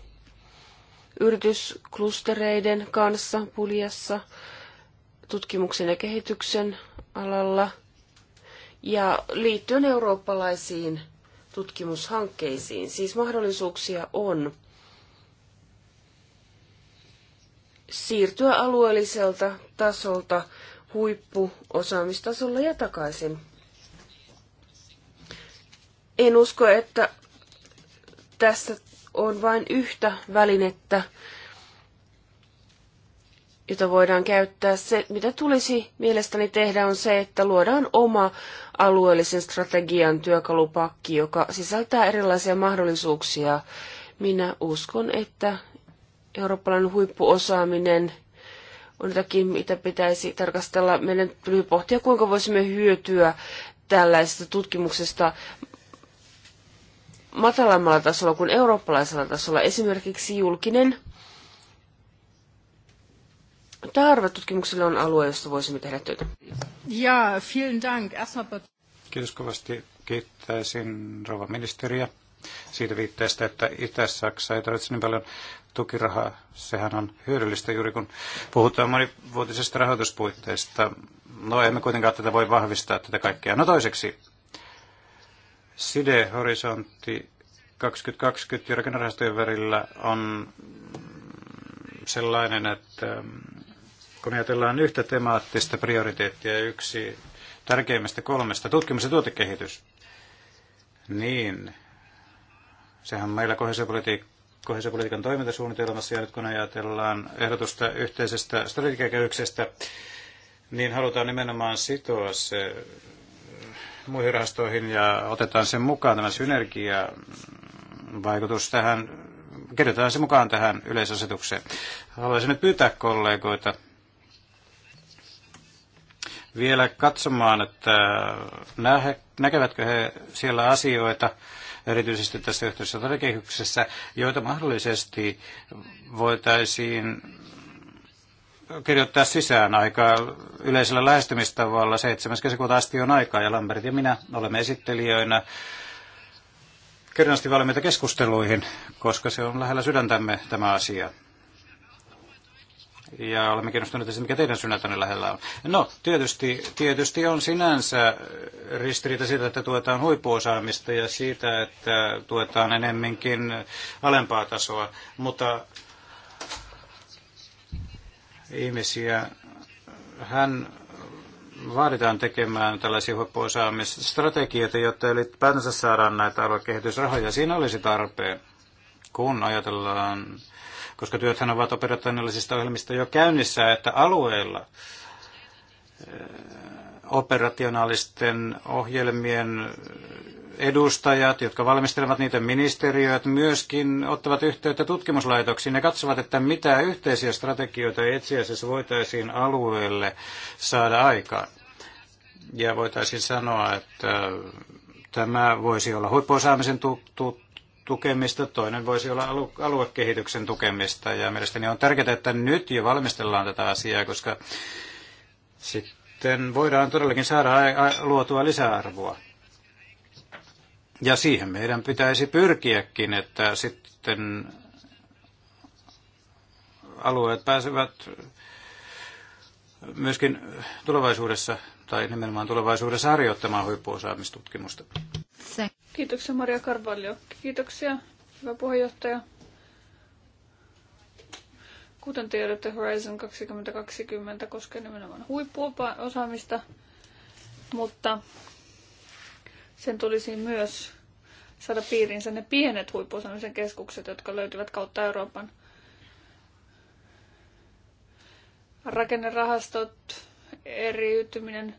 D: yritysklustereiden kanssa Puljassa – tutkimuksen ja kehityksen alalla ja liittyen eurooppalaisiin tutkimushankkeisiin. Siis mahdollisuuksia on siirtyä alueelliselta tasolta huippuosaamistasolla ja takaisin. En usko, että tässä on vain yhtä välinettä jota voidaan käyttää. Se, mitä tulisi mielestäni tehdä, on se, että luodaan oma alueellisen strategian työkalupakki, joka sisältää erilaisia mahdollisuuksia. Minä uskon, että eurooppalainen huippuosaaminen on jotakin, mitä pitäisi tarkastella. Meidän tulee pohtia, kuinka voisimme hyötyä tällaisesta tutkimuksesta matalammalla tasolla kuin eurooppalaisella tasolla. Esimerkiksi julkinen Tarvetutkimukselle on alue, josta voisimme tehdä työtä.
A: Ja, vielen dank.
C: Kiitos kovasti. Kiittäisin rouva ministeriä siitä viitteestä, että Itä-Saksa ei tarvitse niin paljon tukirahaa. Sehän on hyödyllistä juuri kun puhutaan monivuotisesta rahoituspuitteista. No emme kuitenkaan tätä voi vahvistaa tätä kaikkea. No toiseksi, side horisontti 2020 ja rakennerahastojen välillä on sellainen, että kun ajatellaan yhtä temaattista prioriteettia, yksi tärkeimmistä kolmesta, tutkimus- ja tuotekehitys, niin sehän meillä kohesiopolitiikan toimintasuunnitelmassa, ja nyt kun ajatellaan ehdotusta yhteisestä strategiakehyksestä, niin halutaan nimenomaan sitoa se muihin rahastoihin ja otetaan sen mukaan tämä vaikutus tähän, kirjoitetaan se mukaan tähän yleisasetukseen. Haluaisin nyt pyytää kollegoita vielä katsomaan, että nähe, näkevätkö he siellä asioita, erityisesti tässä yhteydessä kehyksessä, joita mahdollisesti voitaisiin kirjoittaa sisään aika yleisellä lähestymistavalla. 7. kesäkuuta asti on aikaa ja Lambert ja minä olemme esittelijöinä kerrasti valmiita keskusteluihin, koska se on lähellä sydäntämme tämä asia ja olemme kiinnostuneet siitä, mikä teidän synnätänne lähellä on. No, tietysti, tietysti on sinänsä ristiriita siitä, että tuetaan huippuosaamista ja siitä, että tuetaan enemminkin alempaa tasoa, mutta ihmisiä hän vaaditaan tekemään tällaisia huippuosaamistrategioita, jotta ylipäätänsä saadaan näitä aluekehitysrahoja. Siinä olisi tarpeen, kun ajatellaan koska työthän ovat operationaalisista ohjelmista jo käynnissä, että alueilla eh, operationaalisten ohjelmien edustajat, jotka valmistelevat niitä ministeriöt, myöskin ottavat yhteyttä tutkimuslaitoksiin ja katsovat, että mitä yhteisiä strategioita itse asiassa voitaisiin alueelle saada aikaan. Ja voitaisiin sanoa, että tämä voisi olla huippuosaamisen tu- tu- tukemista, toinen voisi olla aluekehityksen tukemista. Ja mielestäni on tärkeää, että nyt jo valmistellaan tätä asiaa, koska sitten voidaan todellakin saada luotua lisäarvoa. Ja siihen meidän pitäisi pyrkiäkin, että sitten alueet pääsevät myöskin tulevaisuudessa tai nimenomaan tulevaisuudessa harjoittamaan huippuosaamistutkimusta.
B: Kiitoksia Maria Carvalho. Kiitoksia, hyvä puheenjohtaja. Kuten tiedätte, Horizon 2020 koskee nimenomaan huippuosaamista, mutta sen tulisi myös saada piirinsä ne pienet huippuosaamisen keskukset, jotka löytyvät kautta Euroopan. Rakennerahastot, eriytyminen,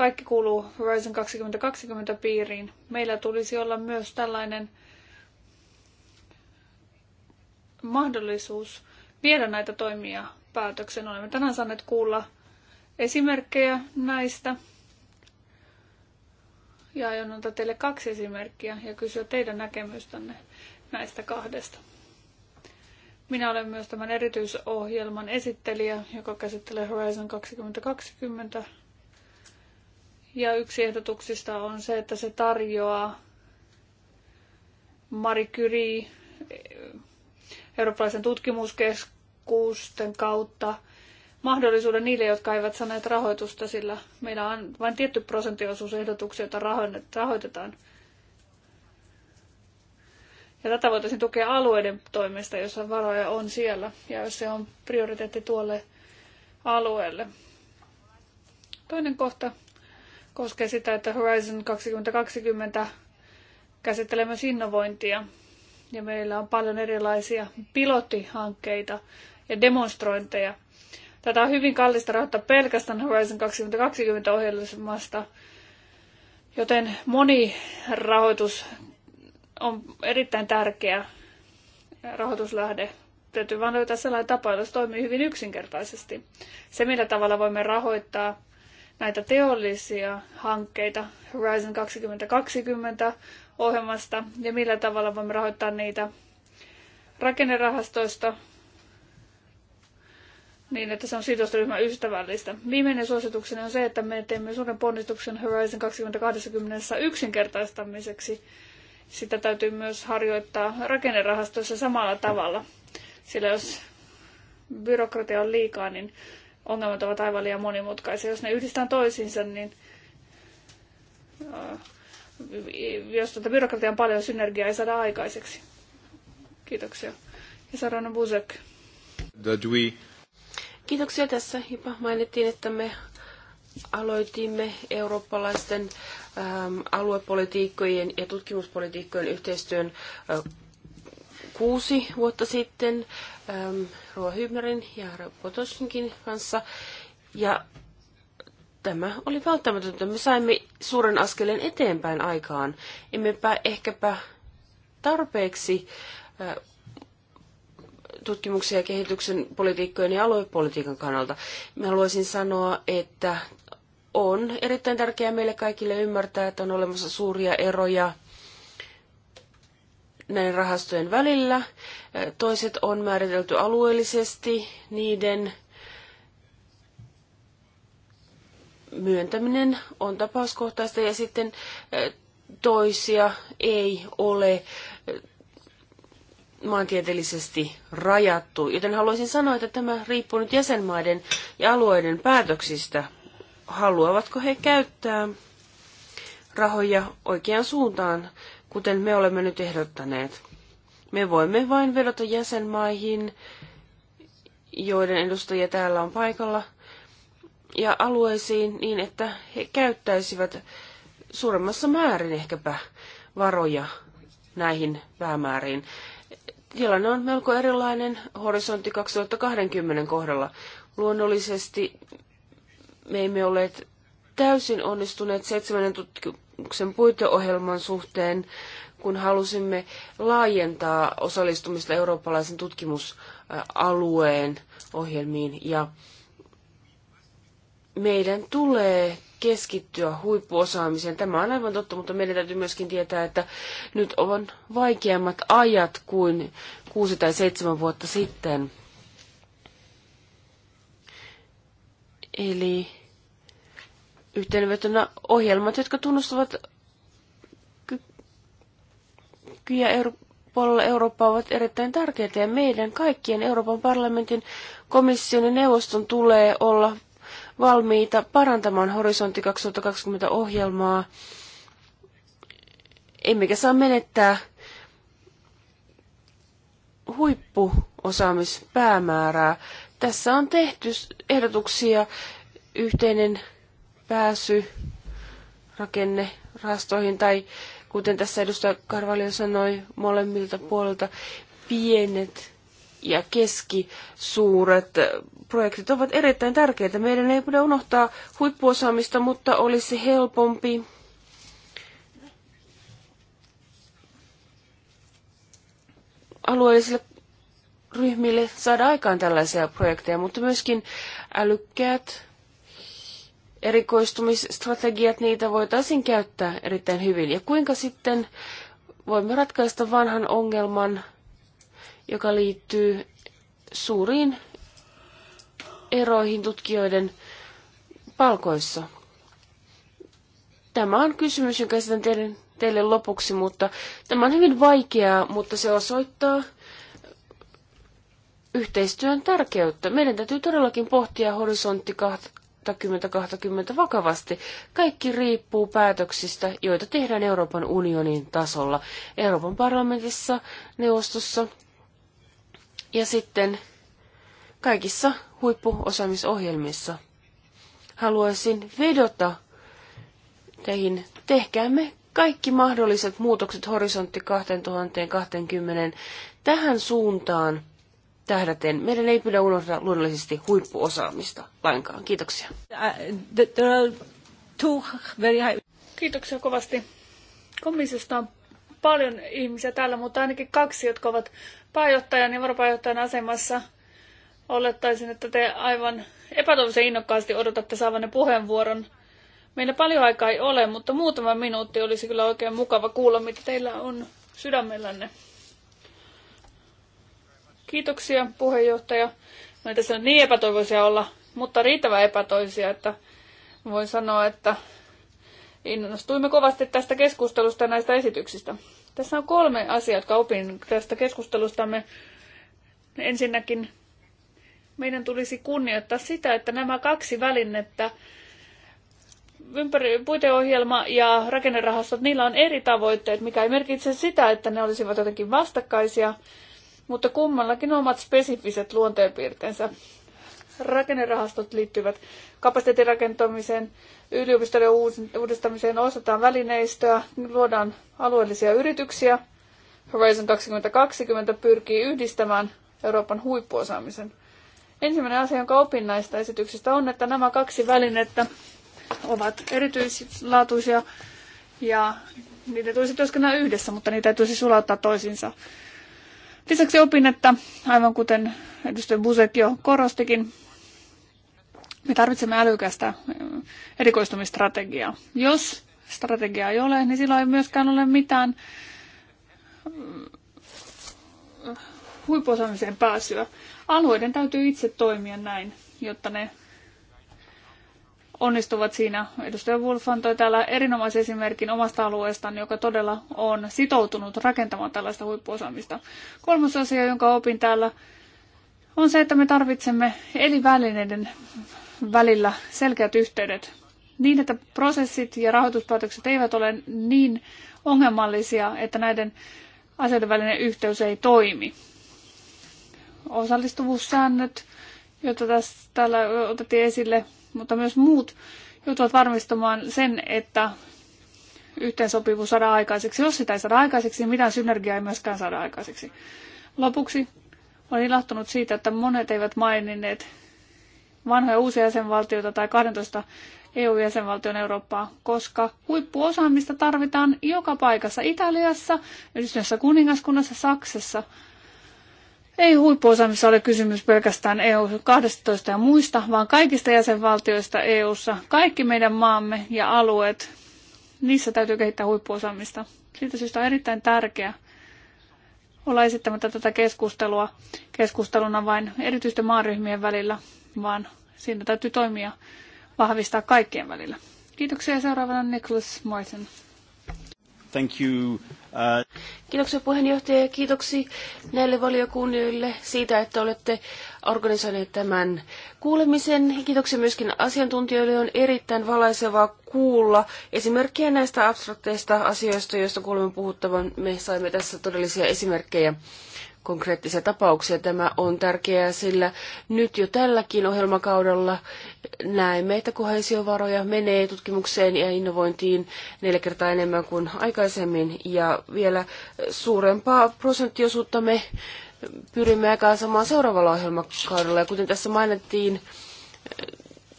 B: kaikki kuuluu Horizon 2020 piiriin. Meillä tulisi olla myös tällainen mahdollisuus viedä näitä toimia päätöksen. Olemme tänään saaneet kuulla esimerkkejä näistä. Ja aion antaa teille kaksi esimerkkiä ja kysyä teidän näkemystänne näistä kahdesta. Minä olen myös tämän erityisohjelman esittelijä, joka käsittelee Horizon 2020 ja yksi ehdotuksista on se, että se tarjoaa Marie Curie eh, eurooppalaisen tutkimuskeskusten kautta mahdollisuuden niille, jotka eivät saaneet rahoitusta, sillä meillä on vain tietty prosenttiosuus ehdotuksia, joita rahoitetaan. Ja tätä voitaisiin tukea alueiden toimesta, jossa varoja on siellä ja jos se on prioriteetti tuolle alueelle. Toinen kohta koskee sitä, että Horizon 2020 käsittelee myös innovointia. Ja meillä on paljon erilaisia pilottihankkeita ja demonstrointeja. Tätä on hyvin kallista rahoittaa pelkästään Horizon 2020 ohjelmasta, joten moni rahoitus on erittäin tärkeä rahoituslähde. Täytyy vain löytää sellainen tapa, jolla se toimii hyvin yksinkertaisesti. Se, millä tavalla voimme rahoittaa näitä teollisia hankkeita Horizon 2020 ohjelmasta ja millä tavalla voimme rahoittaa niitä rakennerahastoista niin, että se on sidosryhmän ystävällistä. Viimeinen suositukseni on se, että me teemme suuren ponnistuksen Horizon 2020 yksinkertaistamiseksi. Sitä täytyy myös harjoittaa rakennerahastoissa samalla tavalla, sillä jos byrokratia on liikaa, niin ongelmat ovat aivan liian monimutkaisia. Jos ne yhdistetään toisiinsa, niin äh, jos tuota byrokratiaa on paljon, synergiaa ei saada
D: aikaiseksi. Kiitoksia. Ja Sarana Buzek. Kiitoksia tässä. Jopa mainittiin, että me aloitimme eurooppalaisten äm, aluepolitiikkojen ja tutkimuspolitiikkojen yhteistyön äh, kuusi vuotta sitten ähm, Ruo Hybnerin ja Potoskinkin kanssa. Ja tämä oli välttämätöntä. Me saimme suuren askeleen eteenpäin aikaan. Emmepä ehkäpä tarpeeksi äh, tutkimuksen ja kehityksen politiikkojen ja aluepolitiikan kannalta. Mä haluaisin sanoa, että on erittäin tärkeää meille kaikille ymmärtää, että on olemassa suuria eroja näiden rahastojen välillä. Toiset on määritelty alueellisesti, niiden myöntäminen on tapauskohtaista ja sitten eh, toisia ei ole eh, maantieteellisesti rajattu. Joten haluaisin sanoa, että tämä riippuu nyt jäsenmaiden ja alueiden päätöksistä. Haluavatko he käyttää rahoja oikeaan suuntaan kuten me olemme nyt ehdottaneet. Me voimme vain vedota jäsenmaihin, joiden edustajia täällä on paikalla, ja alueisiin niin, että he käyttäisivät suuremmassa määrin ehkäpä varoja näihin päämääriin. Tilanne on melko erilainen horisontti 2020 kohdalla. Luonnollisesti me emme ole täysin onnistuneet seitsemännen tutkimus koulutuksen puiteohjelman suhteen, kun halusimme laajentaa osallistumista eurooppalaisen tutkimusalueen ohjelmiin. Ja meidän tulee keskittyä huippuosaamiseen. Tämä on aivan totta, mutta meidän täytyy myöskin tietää, että nyt on vaikeammat ajat kuin kuusi tai seitsemän vuotta sitten. Eli yhteenvetona ohjelmat, jotka tunnustavat kykyjä puolella Eurooppaa ovat erittäin tärkeitä ja meidän kaikkien Euroopan parlamentin, komission ja neuvoston tulee olla valmiita parantamaan Horisontti 2020 ohjelmaa. Emmekä saa menettää huippuosaamispäämäärää. Tässä on tehty ehdotuksia yhteinen pääsy rakennerahastoihin tai kuten tässä edustaja Karvalio sanoi, molemmilta puolilta pienet ja keskisuuret projektit ovat erittäin tärkeitä. Meidän ei pidä unohtaa huippuosaamista, mutta olisi helpompi alueellisille ryhmille saada aikaan tällaisia projekteja, mutta myöskin älykkäät erikoistumisstrategiat, niitä voitaisiin käyttää erittäin hyvin. Ja kuinka sitten voimme ratkaista vanhan ongelman, joka liittyy suuriin eroihin tutkijoiden palkoissa. Tämä on kysymys, jonka esitän teille, teille lopuksi, mutta tämä on hyvin vaikeaa, mutta se osoittaa yhteistyön tärkeyttä. Meidän täytyy todellakin pohtia horisontti 2020 vakavasti. Kaikki riippuu päätöksistä, joita tehdään Euroopan unionin tasolla, Euroopan parlamentissa, neuvostossa ja sitten kaikissa huippuosaamisohjelmissa. Haluaisin vedota teihin, tehkäämme kaikki mahdolliset muutokset horisontti 2020 tähän suuntaan, tähdäten. Meidän ei pidä unohtaa luonnollisesti huippuosaamista lainkaan. Kiitoksia.
B: Kiitoksia kovasti. Komissiosta on paljon ihmisiä täällä, mutta ainakin kaksi, jotka ovat pääjohtajan ja varapääjohtajan asemassa. Olettaisin, että te aivan epätoivoisen innokkaasti odotatte saavanne puheenvuoron. Meillä paljon aikaa ei ole, mutta muutama minuutti olisi kyllä oikein mukava kuulla, mitä teillä on sydämellänne. Kiitoksia puheenjohtaja. Mä tässä on niin epätoivoisia olla, mutta riittävän epätoisia, että voin sanoa, että innostuimme kovasti tästä keskustelusta ja näistä esityksistä. Tässä on kolme asiaa, jotka opin tästä keskustelustamme. Ensinnäkin meidän tulisi kunnioittaa sitä, että nämä kaksi välinettä, ympäri, puiteohjelma ja rakennerahastot, niillä on eri tavoitteet, mikä ei merkitse sitä, että ne olisivat jotenkin vastakkaisia, mutta kummallakin on omat spesifiset luonteenpiirteensä. Rakennerahastot liittyvät kapasiteetin rakentamiseen, yliopistojen uudistamiseen ostetaan välineistöä, luodaan alueellisia yrityksiä. Horizon 2020 pyrkii yhdistämään Euroopan huippuosaamisen. Ensimmäinen asia, jonka opin näistä esityksistä, on, että nämä kaksi välinettä ovat erityislaatuisia ja niitä tulisi työskennellä yhdessä, mutta niitä ei tulisi sulauttaa toisiinsa. Lisäksi opin, että aivan kuten edustaja Busek jo korostikin, me tarvitsemme älykästä erikoistumistrategiaa. Jos strategiaa ei ole, niin silloin ei myöskään ole mitään mm, huippuosaamiseen pääsyä. Alueiden täytyy itse toimia näin, jotta ne onnistuvat siinä. Edustaja Wolf antoi täällä erinomaisen esimerkin omasta alueestaan, joka todella on sitoutunut rakentamaan tällaista huippuosaamista. Kolmas asia, jonka opin täällä, on se, että me tarvitsemme eli välineiden välillä selkeät yhteydet niin, että prosessit ja rahoituspäätökset eivät ole niin ongelmallisia, että näiden asioiden välinen yhteys ei toimi. Osallistuvuussäännöt, joita tässä täällä otettiin esille, mutta myös muut joutuvat varmistamaan sen, että yhteensopivuus saadaan aikaiseksi. Jos sitä ei saada aikaiseksi, niin mitään synergiaa ei myöskään saada aikaiseksi. Lopuksi olen ilahtunut siitä, että monet eivät maininneet vanhoja uusia jäsenvaltioita tai 12 EU-jäsenvaltion Eurooppaa, koska huippuosaamista tarvitaan joka paikassa Italiassa, Yhdistyneessä kuningaskunnassa, Saksassa – ei huippuosaamisessa ole kysymys pelkästään EU-12 ja muista, vaan kaikista jäsenvaltioista EU:ssa. Kaikki meidän maamme ja alueet, niissä täytyy kehittää huippuosaamista. Siitä syystä on erittäin tärkeää olla esittämättä tätä keskustelua keskusteluna vain erityisten maaryhmien välillä, vaan siinä täytyy toimia vahvistaa kaikkien välillä. Kiitoksia seuraavana
D: Nicholas Martin.
C: Thank you. Kiitoksia
D: puheenjohtaja ja kiitoksi näille valiokunnille siitä, että olette organisoineet tämän kuulemisen. Kiitoksia myöskin asiantuntijoille. On erittäin valaisevaa kuulla esimerkkejä näistä abstrakteista asioista, joista kuulemme puhuttavan. Me saimme tässä todellisia esimerkkejä konkreettisia tapauksia. Tämä on tärkeää, sillä nyt jo tälläkin ohjelmakaudella näemme, että kohesiovaroja menee tutkimukseen ja innovointiin neljä kertaa enemmän kuin aikaisemmin. Ja vielä suurempaa prosenttiosuutta me pyrimme aikaan samaan seuraavalla ohjelmakaudella. Ja kuten tässä mainittiin,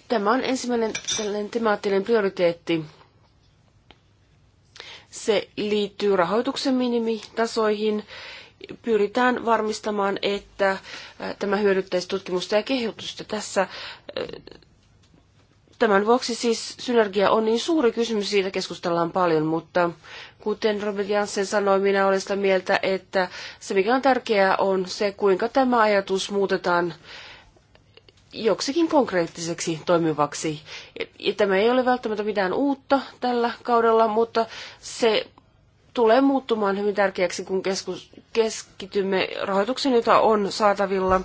D: tämä on ensimmäinen tällainen temaattinen prioriteetti se liittyy rahoituksen minimitasoihin pyritään varmistamaan, että äh, tämä hyödyttäisi tutkimusta ja kehitystä tässä. Äh, tämän vuoksi siis synergia on niin suuri kysymys, siitä keskustellaan paljon, mutta kuten Robert Janssen sanoi, minä olen sitä mieltä, että se mikä on tärkeää on se, kuinka tämä ajatus muutetaan joksikin konkreettiseksi toimivaksi. Tämä ei ole välttämättä mitään uutta tällä kaudella, mutta se tulee muuttumaan hyvin tärkeäksi, kun keskus, keskitymme rahoituksen, jota on saatavilla,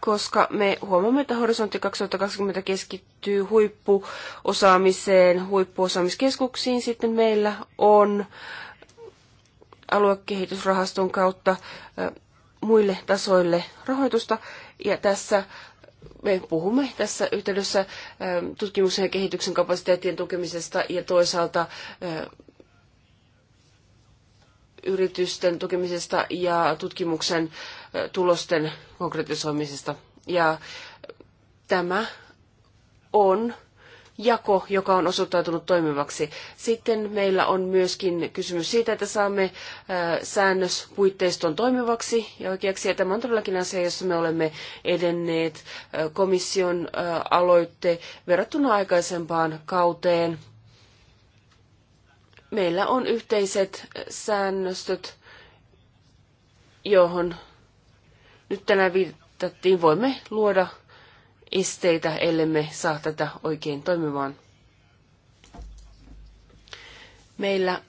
D: koska me huomaamme, että horisontti 2020 keskittyy huippuosaamiseen, huippuosaamiskeskuksiin. Sitten meillä on aluekehitysrahaston kautta muille tasoille rahoitusta. Ja tässä me puhumme tässä yhteydessä tutkimuksen ja kehityksen kapasiteettien tukemisesta ja toisaalta yritysten tukemisesta ja tutkimuksen tulosten konkretisoimisesta. Ja tämä on jako, joka on osoittautunut toimivaksi. Sitten meillä on myöskin kysymys siitä, että saamme äh, säännös puitteiston toimivaksi ja oikeaksi. Ja tämä on todellakin asia, jossa me olemme edenneet äh, komission äh, aloitte verrattuna aikaisempaan kauteen. Meillä on yhteiset säännöstöt, johon nyt tänään viitattiin, voimme luoda esteitä, ellemme saa tätä oikein toimimaan. Meillä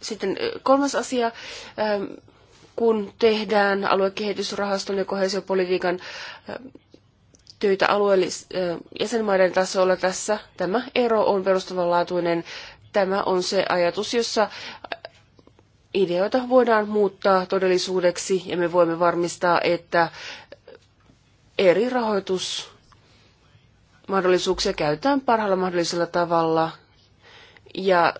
D: Sitten kolmas asia, ähm, kun tehdään aluekehitysrahaston ja kohesiopolitiikan ähm, töitä alueellis- jäsenmaiden tasolla tässä, tämä ero on perustavanlaatuinen. Tämä on se ajatus, jossa ideoita voidaan muuttaa todellisuudeksi ja me voimme varmistaa, että eri rahoitusmahdollisuuksia käytetään parhaalla mahdollisella tavalla. Ja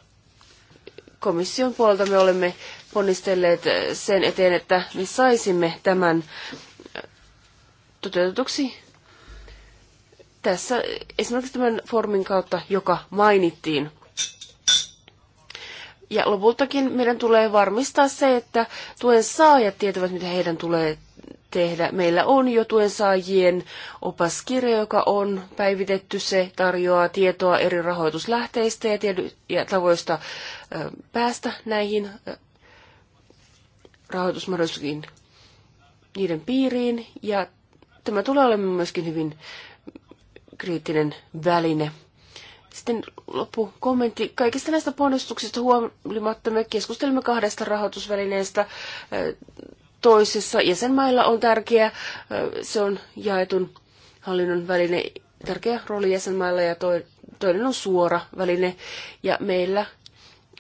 D: komission puolelta me olemme ponnistelleet sen eteen, että me saisimme tämän toteutetuksi tässä esimerkiksi tämän formin kautta, joka mainittiin. Ja lopultakin meidän tulee varmistaa se, että tuen saajat tietävät, mitä heidän tulee tehdä. Meillä on jo tuen saajien opaskirja, joka on päivitetty. Se tarjoaa tietoa eri rahoituslähteistä ja, ja tavoista ö, päästä näihin rahoitusmahdollisuuksiin niiden piiriin. Ja tämä tulee olemaan myöskin hyvin kriittinen väline sitten loppu kommentti Kaikista näistä ponnistuksista huolimatta me keskustelimme kahdesta rahoitusvälineestä toisessa. Jäsenmailla on tärkeä, se on jaetun hallinnon väline, tärkeä rooli jäsenmailla ja toinen on suora väline. Ja meillä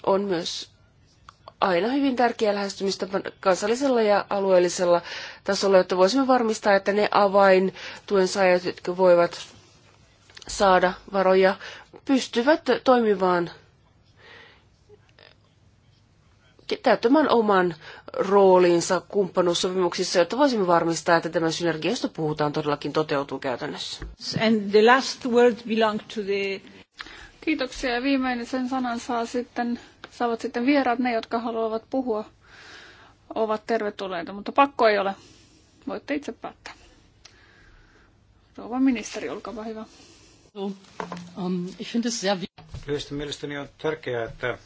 D: on myös aina hyvin tärkeä lähestymistä kansallisella ja alueellisella tasolla, jotta voisimme varmistaa, että ne avain tuen saajat, jotka voivat saada varoja, pystyvät toimimaan täyttämään oman roolinsa kumppanuussopimuksissa, jotta voisimme varmistaa, että tämä synergia, josta puhutaan, todellakin toteutuu käytännössä. And the last
A: word to the... Kiitoksia ja viimeinen sen sanan saa sitten,
B: saavat sitten vieraat, ne jotka haluavat puhua ovat tervetulleita, mutta pakko ei ole. Voitte itse päättää. Rouva ministeri, olkaa hyvä.
A: Ähm,
C: Lyhyesti mielestäni on tärkeää, että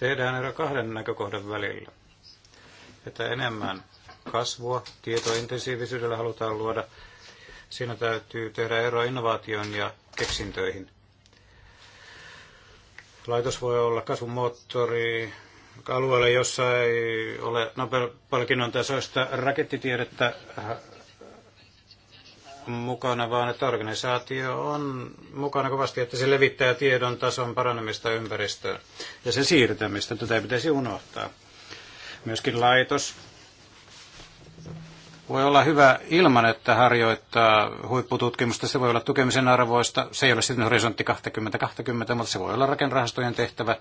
C: tehdään ero kahden näkökohdan välillä. Että enemmän kasvua tietointensiivisyydellä halutaan luoda. Siinä täytyy tehdä ero innovaation ja keksintöihin. Laitos voi olla kasvumoottori alueelle, jossa ei ole Nobel-palkinnon tasoista rakettitiedettä mukana, vaan että organisaatio on mukana kovasti, että se levittää tiedon tason paranemista ympäristöön ja sen siirtämistä. Tätä ei pitäisi unohtaa. Myöskin laitos voi olla hyvä ilman, että harjoittaa huippututkimusta. Se voi olla tukemisen arvoista. Se ei ole sitten horisontti 2020, mutta se voi olla rakenrahastojen tehtävä.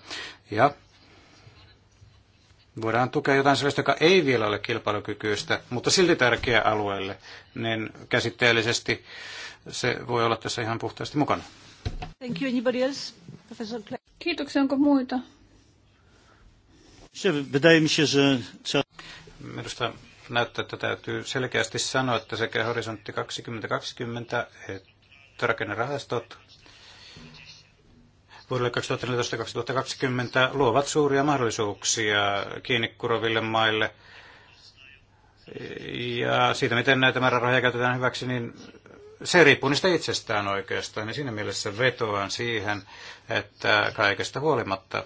C: Ja voidaan tukea jotain sellaista, joka ei vielä ole kilpailukykyistä, mutta silti tärkeä alueelle, niin käsitteellisesti se voi olla tässä ihan puhtaasti mukana.
A: Thank you. Anybody else? Professor Clay. Kiitoksia. Onko muita?
C: Minusta näyttää, että täytyy selkeästi sanoa, että sekä horisontti 2020 että rakennerahastot vuodelle 2014-2020 luovat suuria mahdollisuuksia kiinnikuroville maille. Ja siitä, miten näitä määrärahoja käytetään hyväksi, niin se riippuu niistä itsestään oikeastaan. Ja niin siinä mielessä vetoan siihen, että kaikesta huolimatta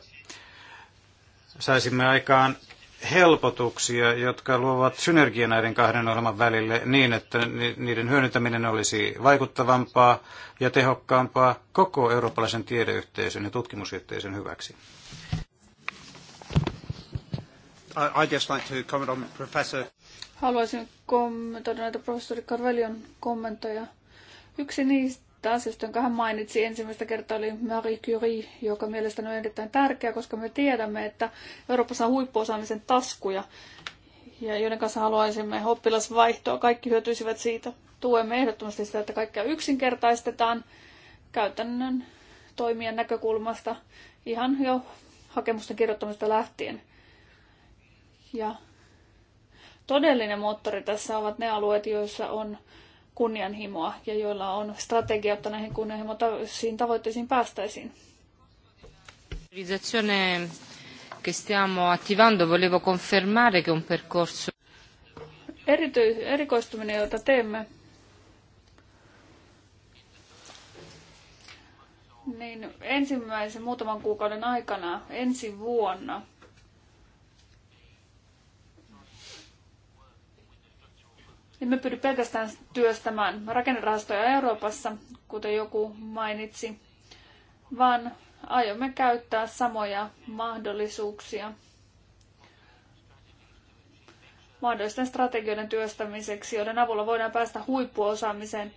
C: saisimme aikaan helpotuksia, jotka luovat synergia näiden kahden ohjelman välille niin, että niiden hyödyntäminen olisi vaikuttavampaa ja tehokkaampaa koko eurooppalaisen tiedeyhteisön ja tutkimusyhteisön hyväksi. I, I just like to comment on professor.
B: Haluaisin kommentoida näitä professori Carvelion kommentteja. Yksi niistä taas, just jonka hän mainitsi ensimmäistä kertaa, oli Marie Curie, joka mielestäni on erittäin tärkeä, koska me tiedämme, että Euroopassa on huippuosaamisen taskuja, ja joiden kanssa haluaisimme oppilasvaihtoa. Kaikki hyötyisivät siitä. Tuemme ehdottomasti sitä, että kaikkea yksinkertaistetaan käytännön toimien näkökulmasta ihan jo hakemusten kirjoittamista lähtien. Ja todellinen moottori tässä ovat ne alueet, joissa on kunnianhimoa ja joilla on strategia, jotta näihin kunnianhimoisiin tavoitteisiin päästäisiin.
D: che stiamo attivando, volevo confermare che un percorso
B: erity, erikoistuminen, jota teemme, niin ensimmäisen muutaman kuukauden aikana ensi vuonna – emme niin pyydy pelkästään työstämään rakennerahastoja Euroopassa, kuten joku mainitsi, vaan aiomme käyttää samoja mahdollisuuksia mahdollisten strategioiden työstämiseksi, joiden avulla voidaan päästä huippuosaamiseen,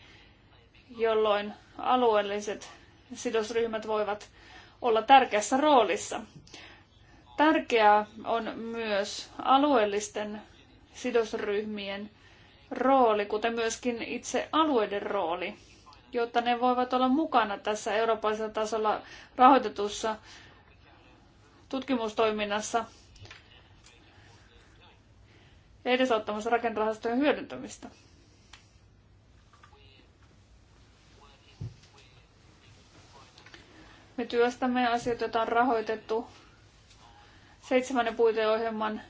B: jolloin alueelliset sidosryhmät voivat olla tärkeässä roolissa. Tärkeää on myös alueellisten sidosryhmien rooli, kuten myöskin itse alueiden rooli, jotta ne voivat olla mukana tässä eurooppalaisella tasolla rahoitetussa tutkimustoiminnassa ja edesauttamassa rakennerahastojen hyödyntämistä. Me työstämme asioita, joita on rahoitettu seitsemännen puiteohjelman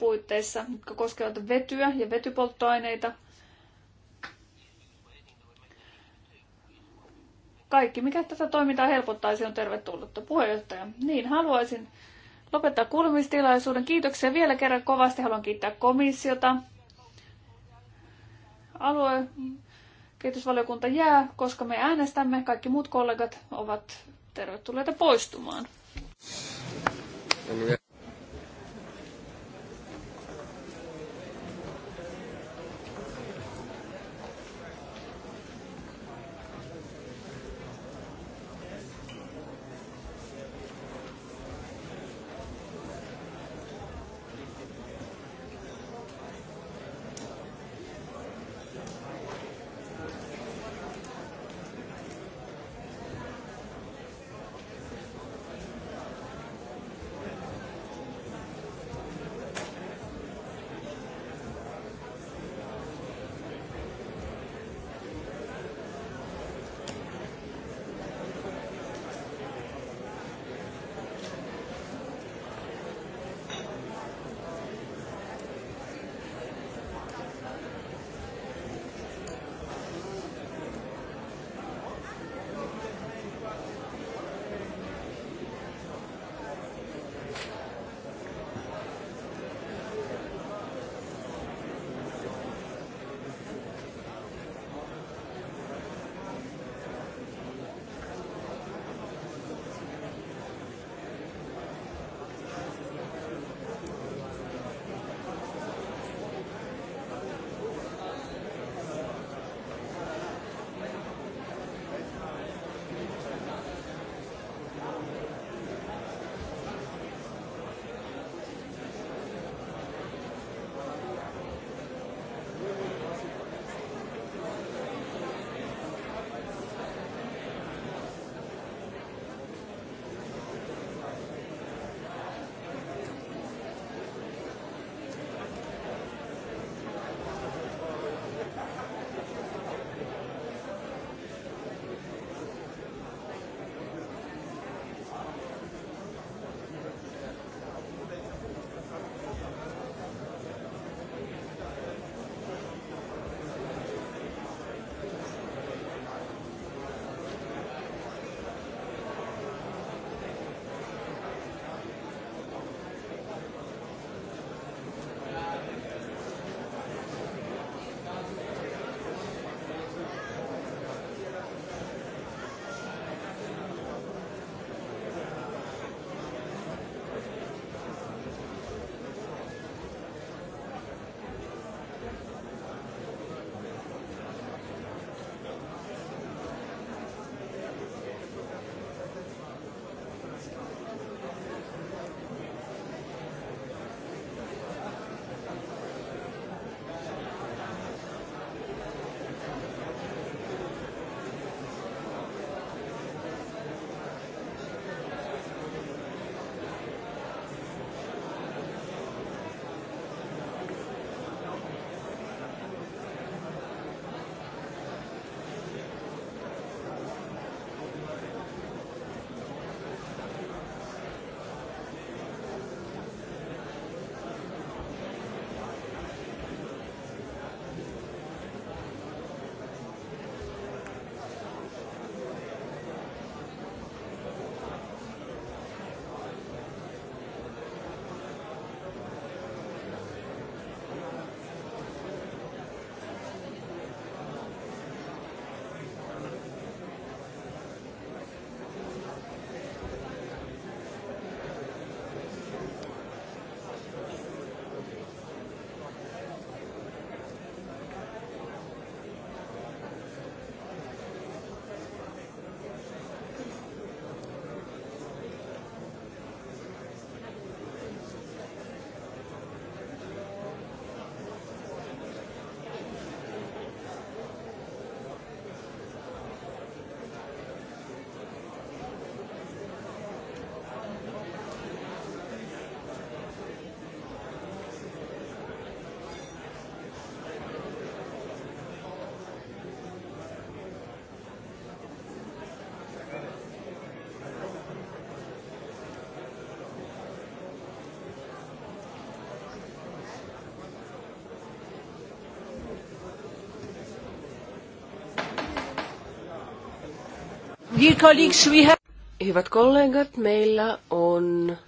B: puitteissa, jotka koskevat vetyä ja vetypolttoaineita. Kaikki, mikä tätä toimintaa helpottaisi, on tervetullutta. Puheenjohtaja, niin haluaisin lopettaa kuulemistilaisuuden. Kiitoksia vielä kerran kovasti. Haluan kiittää komissiota. Alue kehitysvaliokunta jää, koska me äänestämme. Kaikki muut kollegat ovat tervetulleita poistumaan.
D: Hyvät kollegat, meillä on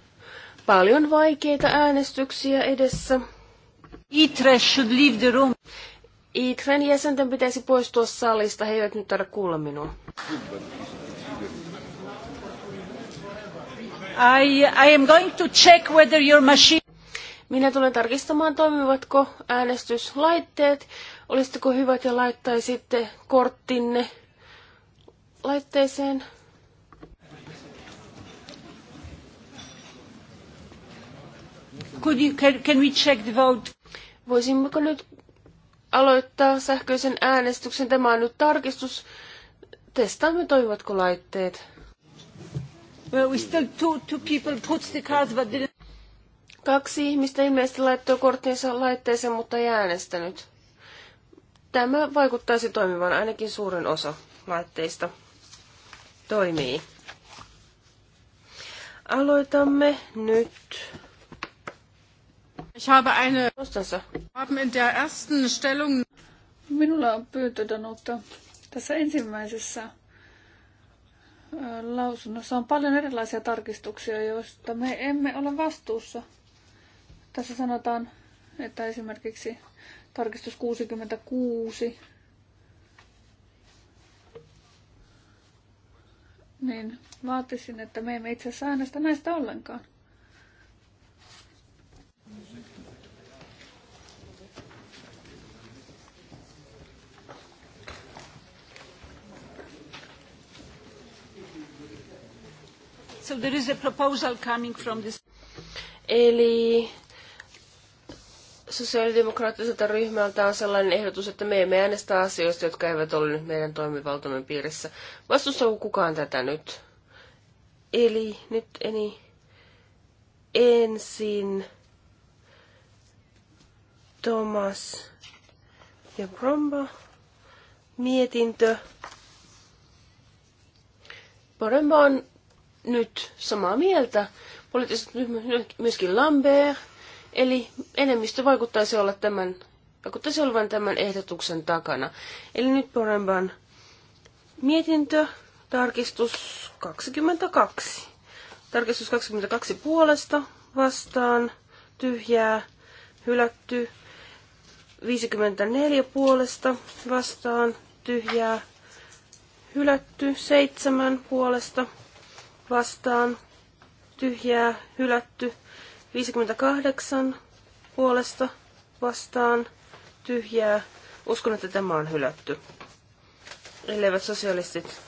D: paljon vaikeita äänestyksiä edessä. Itre should leave the room. Itren jäsenten pitäisi poistua salista, he eivät nyt taida kuulla minua. I, I am going to check whether your machine... Minä tulen tarkistamaan, toimivatko äänestyslaitteet. Olisitteko hyvät ja laittaisitte korttinne laitteeseen. Could you, can, can we check the vote? Voisimmeko nyt aloittaa sähköisen äänestyksen? Tämä on nyt tarkistus. Testaamme, toimivatko laitteet. Well, we still two, two people puts the cards, but Kaksi ihmistä ilmeisesti laittoi korttinsa laitteeseen, mutta ei äänestänyt. Tämä vaikuttaisi toimivan ainakin suurin osa laitteista toimii. Aloitamme nyt. Ich habe eine haben in der
B: ersten Stellung Minulla on pyyntö Danuta. Tässä ensimmäisessä lausunnossa on paljon erilaisia tarkistuksia, joista me emme ole vastuussa. Tässä sanotaan, että esimerkiksi tarkistus 66 niin vaatisin, että me emme itse asiassa äänestä näistä ollenkaan.
A: So there is a proposal coming from
D: this. Eli sosiaalidemokraattiselta ryhmältä on sellainen ehdotus, että me emme äänestä asioista, jotka eivät ole nyt meidän toimivaltamme piirissä. Vastustaako kukaan tätä nyt? Eli nyt eni ensin Thomas ja Bromba mietintö. Bromba on nyt samaa mieltä. Poliittiset myöskin Lambert Eli enemmistö vaikuttaisi olla tämän, vaikuttaisi olevan tämän ehdotuksen takana. Eli nyt Poremban mietintö, tarkistus 22. Tarkistus 22 puolesta vastaan, tyhjää, hylätty. 54 puolesta vastaan, tyhjää, hylätty. 7 puolesta vastaan, tyhjää, hylätty. 58 puolesta vastaan tyhjää. Uskon, että tämä on hylätty. Elleivät sosialistit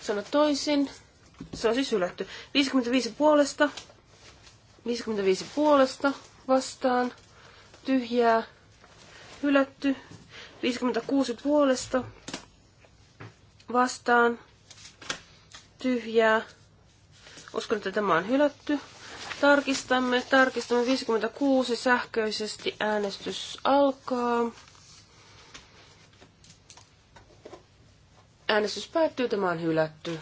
D: sano toisin. Se on siis hylätty. 55 puolesta. 55 puolesta vastaan tyhjää. Hylätty. 56 puolesta vastaan tyhjää. Uskon, että tämä on hylätty. Tarkistamme, tarkistamme 56 sähköisesti. Äänestys alkaa. Äänestys päättyy, tämä on hylätty.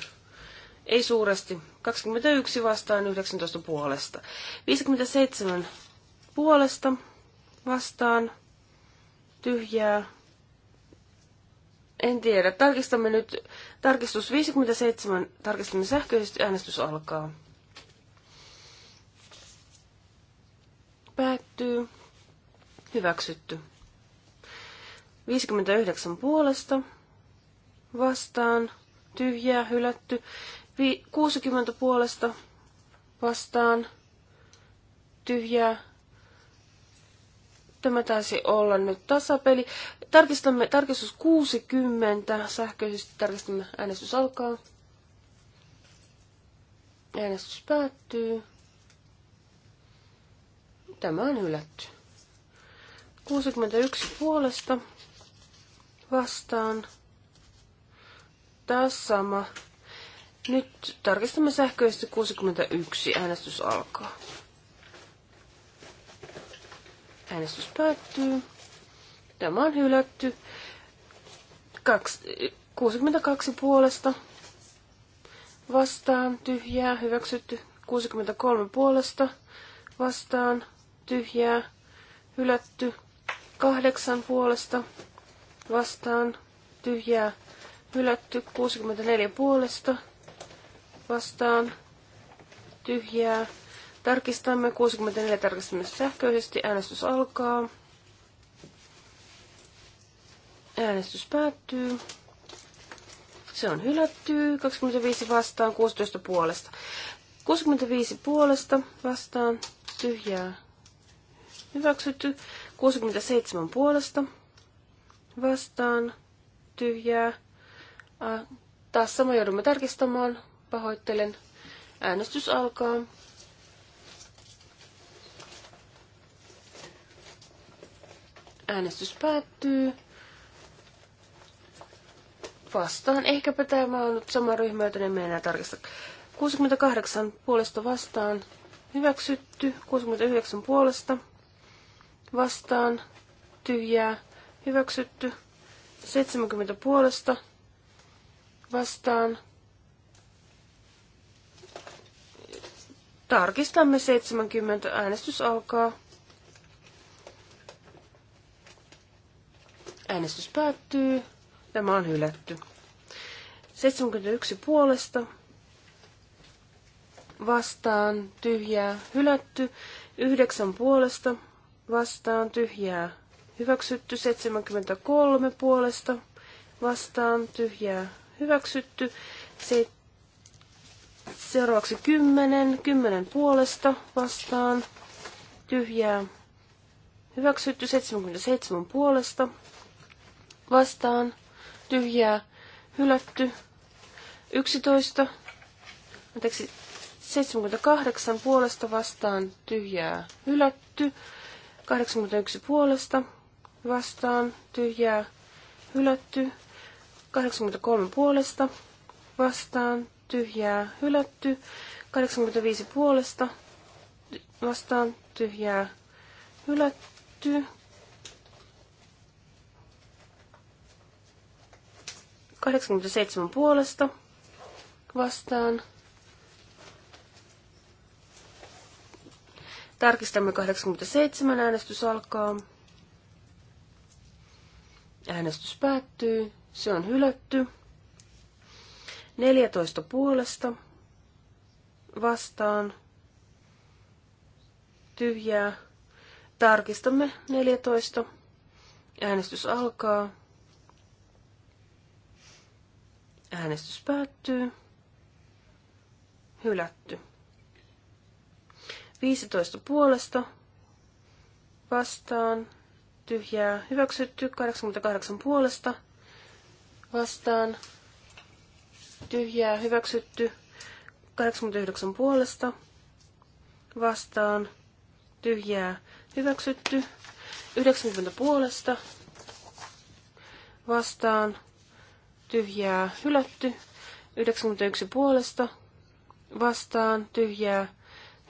D: Ei suuresti. 21 vastaan 19 puolesta. 57 puolesta vastaan tyhjää. En tiedä. Tarkistamme nyt. Tarkistus 57. Tarkistamme sähköisesti. Äänestys alkaa. Päättyy. Hyväksytty. 59 puolesta. Vastaan. Tyhjää. Hylätty. 60 puolesta. Vastaan. Tyhjää. Tämä taisi olla nyt tasapeli. Tarkistamme tarkistus 60. Sähköisesti tarkistamme äänestys alkaa. Äänestys päättyy. Tämä on hylätty. 61 puolesta vastaan. Taas sama. Nyt tarkistamme sähköisesti 61. Äänestys alkaa. Äänestys päättyy. Tämä on hylätty. 62 puolesta vastaan tyhjää hyväksytty. 63 puolesta vastaan tyhjää, hylätty. Kahdeksan puolesta vastaan, tyhjää, hylätty. 64 puolesta vastaan, tyhjää. Tarkistamme 64 tarkistamme sähköisesti. Äänestys alkaa. Äänestys päättyy. Se on hylätty. 25 vastaan, 16 puolesta. 65 puolesta vastaan, tyhjää Hyväksytty 67 puolesta. Vastaan tyhjää. Ää, taas sama joudumme tarkistamaan. Pahoittelen. Äänestys alkaa. Äänestys päättyy. Vastaan. Ehkäpä tämä on nyt sama ryhmä, joten emme enää tarkista. 68 puolesta vastaan. Hyväksytty. 69 puolesta vastaan tyhjää hyväksytty. 70 puolesta vastaan. Tarkistamme 70. Äänestys alkaa. Äänestys päättyy. Tämä on hylätty. 71 puolesta vastaan tyhjää hylätty. 9 puolesta vastaan tyhjää hyväksytty, 73 puolesta vastaan tyhjää hyväksytty, se, seuraavaksi 10, 10 puolesta vastaan tyhjää hyväksytty, 77 puolesta vastaan tyhjää hylätty, 11, anteeksi, 78 puolesta vastaan tyhjää hylätty, 81 puolesta vastaan tyhjää hylätty. 83 puolesta vastaan tyhjää hylätty. 85 puolesta vastaan tyhjää hylätty. 87 puolesta vastaan Tarkistamme 87. Äänestys alkaa. Äänestys päättyy. Se on hylätty. 14 puolesta vastaan tyhjää. Tarkistamme 14. Äänestys alkaa. Äänestys päättyy. Hylätty. 15 puolesta vastaan tyhjää hyväksytty. 88 puolesta vastaan tyhjää hyväksytty. 89 puolesta vastaan tyhjää hyväksytty. 90 puolesta vastaan tyhjää hylätty. 91 puolesta vastaan tyhjää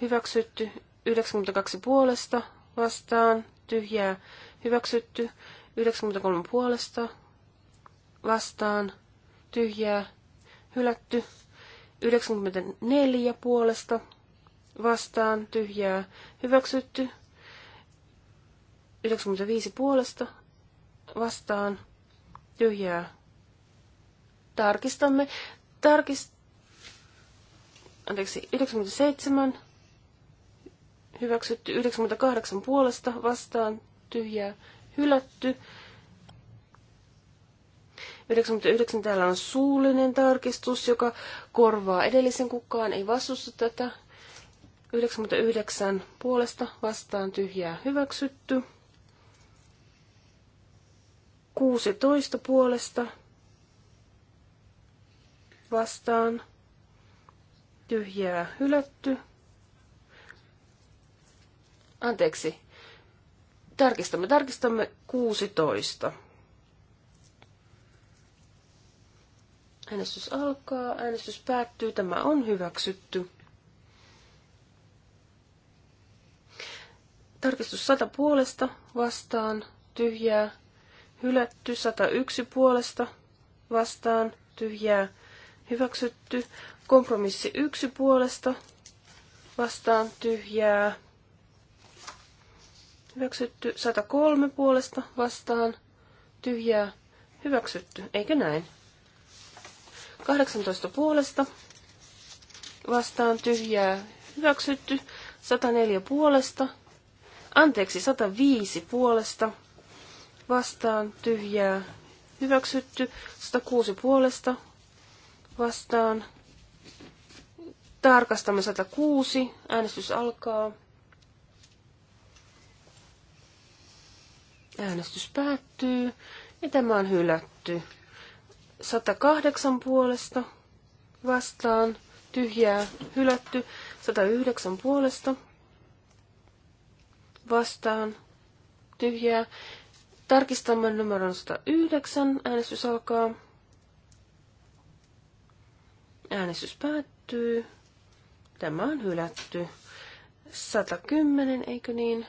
D: hyväksytty, 92 puolesta vastaan, tyhjää, hyväksytty, 93 puolesta vastaan, tyhjää, hylätty, 94 puolesta vastaan, tyhjää, hyväksytty, 95 puolesta vastaan, tyhjää, tarkistamme, tarkist, anteeksi, 97 hyväksytty 98 puolesta vastaan tyhjää hylätty. 99 täällä on suullinen tarkistus, joka korvaa edellisen kukaan, ei vastusta tätä. 99 puolesta vastaan tyhjää hyväksytty. 16 puolesta vastaan tyhjää hylätty. Anteeksi. Tarkistamme, tarkistamme 16. Äänestys alkaa, äänestys päättyy, tämä on hyväksytty. Tarkistus 100 puolesta vastaan, tyhjää, hylätty, 101 puolesta vastaan, tyhjää, hyväksytty, kompromissi 1 puolesta vastaan, tyhjää, Hyväksytty 103 puolesta vastaan. Tyhjää. Hyväksytty. Eikö näin? 18 puolesta vastaan tyhjää. Hyväksytty. 104 puolesta. Anteeksi, 105 puolesta vastaan tyhjää. Hyväksytty. 106 puolesta vastaan. Tarkastamme 106. Äänestys alkaa. Äänestys päättyy ja tämä on hylätty. 108 puolesta vastaan tyhjää hylätty. 109 puolesta vastaan tyhjää. Tarkistamme numeron 109. Äänestys alkaa. Äänestys päättyy. Tämä on hylätty. 110, eikö niin?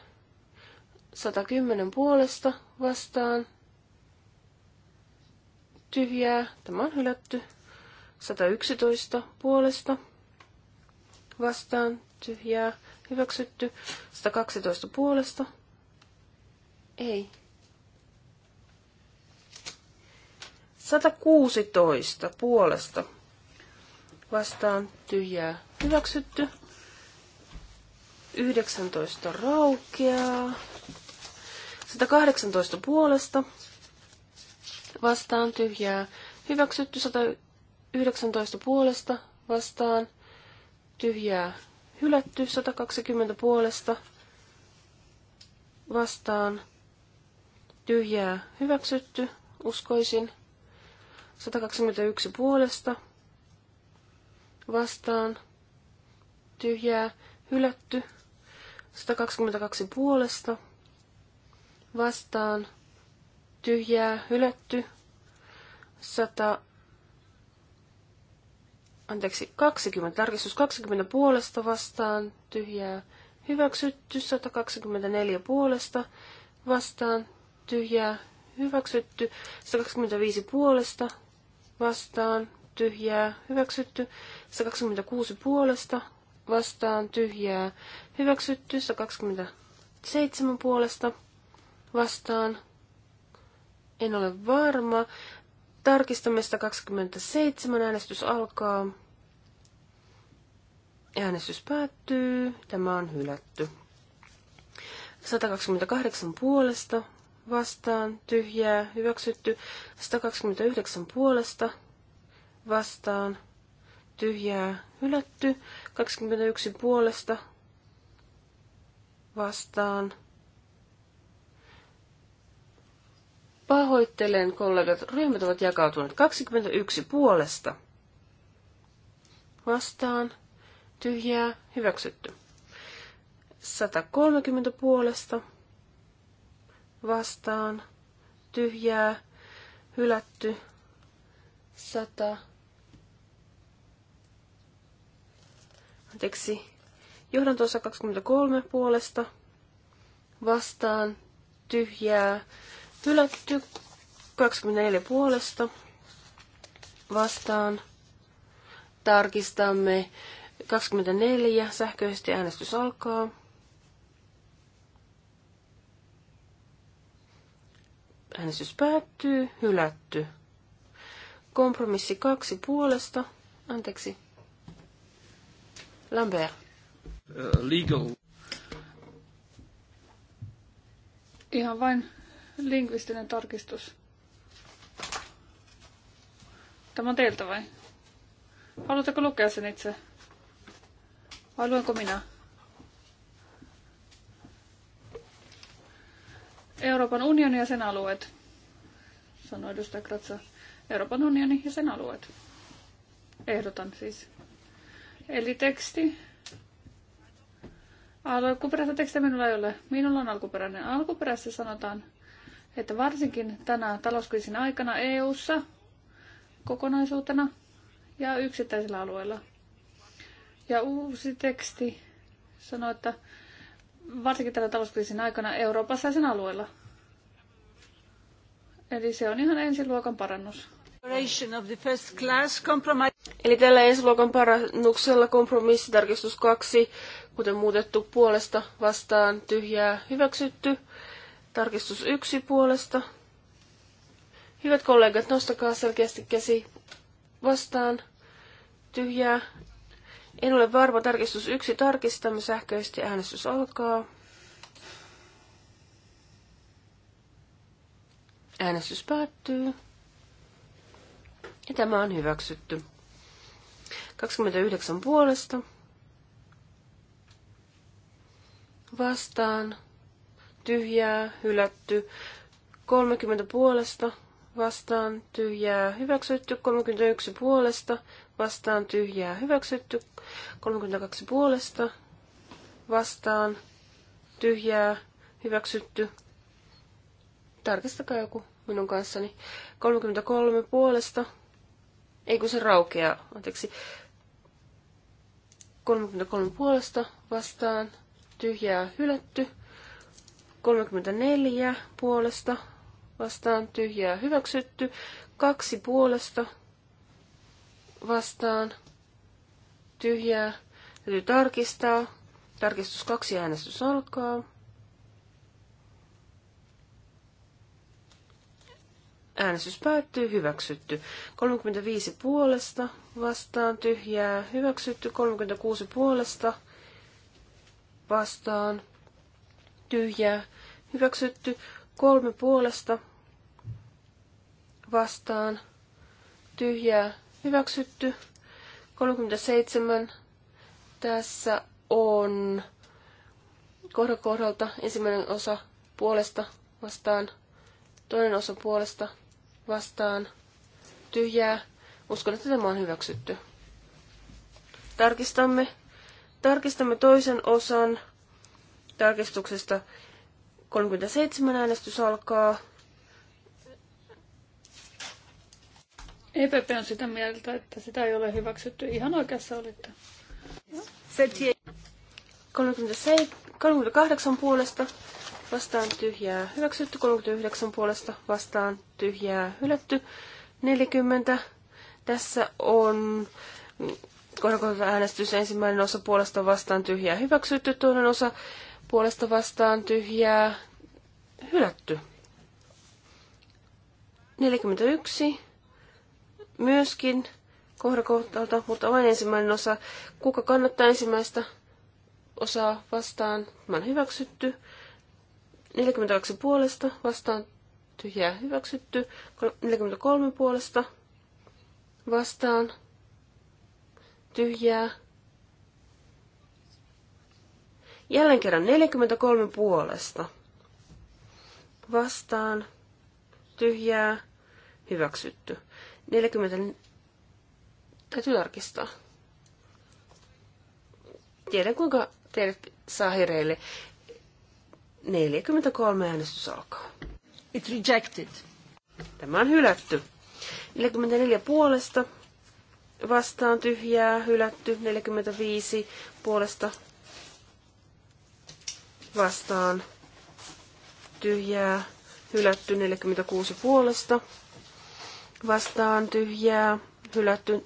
D: 110 puolesta vastaan. Tyhjää. Tämä on hylätty. 111 puolesta vastaan. Tyhjää. Hyväksytty. 112 puolesta. Ei. 116 puolesta vastaan tyhjää hyväksytty. 19 raukeaa. 118 puolesta vastaan tyhjää hyväksytty, 119 puolesta vastaan tyhjää hylätty, 120 puolesta vastaan tyhjää hyväksytty, uskoisin, 121 puolesta vastaan tyhjää hylätty, 122 puolesta vastaan tyhjää hylätty. 100, anteeksi, 20, tarkistus 20 puolesta vastaan tyhjää hyväksytty. 124 puolesta vastaan tyhjää hyväksytty. 125 puolesta vastaan tyhjää hyväksytty. 126 puolesta vastaan tyhjää hyväksytty. 127 puolesta vastaan. En ole varma. Tarkistamme 127. Äänestys alkaa. Äänestys päättyy. Tämä on hylätty. 128 puolesta vastaan tyhjää hyväksytty. 129 puolesta vastaan tyhjää hylätty. 21 puolesta vastaan Pahoittelen, kollegat, ryhmät ovat jakautuneet 21 puolesta. Vastaan, tyhjää, hyväksytty. 130 puolesta. Vastaan, tyhjää, hylätty. 100. Anteeksi. tuossa 23 puolesta. Vastaan, tyhjää, Hylätty. 24 puolesta vastaan. Tarkistamme 24. Sähköisesti äänestys alkaa. Äänestys päättyy. Hylätty. Kompromissi kaksi puolesta. Anteeksi. Lambert.
E: Uh,
A: legal.
B: Ihan vain lingvistinen tarkistus. Tämä on teiltä vai? Haluatteko lukea sen itse? Vai luenko minä? Euroopan unioni ja sen alueet, sanoi edustaja Kratsa. Euroopan unioni ja sen alueet. Ehdotan siis. Eli teksti. Alkuperäistä tekstiä minulla ei ole. Minulla on alkuperäinen. Alkuperäisessä sanotaan että varsinkin tänä talouskriisin aikana EU:ssa kokonaisuutena ja yksittäisillä alueilla. Ja uusi teksti sanoo, että varsinkin tänä talouskriisin aikana Euroopassa ja sen alueella.
A: Eli se on ihan ensiluokan parannus.
D: Eli tällä ensiluokan parannuksella kompromissitarkistus 2, kuten muutettu puolesta vastaan tyhjää hyväksytty. Tarkistus yksi puolesta. Hyvät kollegat, nostakaa selkeästi käsi vastaan. Tyhjää. En ole varma. Tarkistus yksi. Tarkistamme sähköisesti. Äänestys alkaa. Äänestys päättyy. Ja tämä on hyväksytty. 29 puolesta. Vastaan tyhjää, hylätty. 30 puolesta, vastaan tyhjää, hyväksytty. 31 puolesta, vastaan tyhjää, hyväksytty. 32 puolesta, vastaan tyhjää, hyväksytty. Tarkistakaa joku minun kanssani. 33 puolesta, ei kun se raukeaa, anteeksi. 33 puolesta vastaan, tyhjää hylätty. 34 puolesta vastaan tyhjää hyväksytty. Kaksi puolesta vastaan tyhjää. Täytyy tarkistaa. Tarkistus kaksi äänestys alkaa. Äänestys päättyy, hyväksytty. 35 puolesta, vastaan tyhjää, hyväksytty. 36 puolesta, vastaan tyhjää hyväksytty. Kolme puolesta vastaan tyhjää hyväksytty. 37 tässä on kohdan kohdalta ensimmäinen osa puolesta vastaan, toinen osa puolesta vastaan, tyhjää. Uskon, että tämä on hyväksytty. Tarkistamme. Tarkistamme toisen osan Tarkistuksesta 37 äänestys alkaa. EPP on sitä mieltä, että sitä ei ole hyväksytty. Ihan oikeassa olitte. 38 puolesta vastaan tyhjää hyväksytty, 39 puolesta vastaan tyhjää hylätty, 40. Tässä on kohdakohdalta äänestys ensimmäinen osa puolesta vastaan tyhjää hyväksytty, toinen osa puolesta vastaan tyhjää hylätty. 41 myöskin kohdakohtalta, mutta vain ensimmäinen osa. Kuka kannattaa ensimmäistä osaa vastaan? Mä hyväksytty. 42 puolesta vastaan tyhjää hyväksytty. 43 puolesta vastaan tyhjää Jälleen kerran 43 puolesta. Vastaan. Tyhjää. Hyväksytty. 40. Täytyy tarkistaa. Tiedän kuinka teidät saa hereille. 43 äänestys alkaa. It rejected. Tämä on hylätty. 44 puolesta vastaan tyhjää, hylätty. 45 puolesta vastaan tyhjää, hylätty 46 puolesta, vastaan tyhjää, hylätty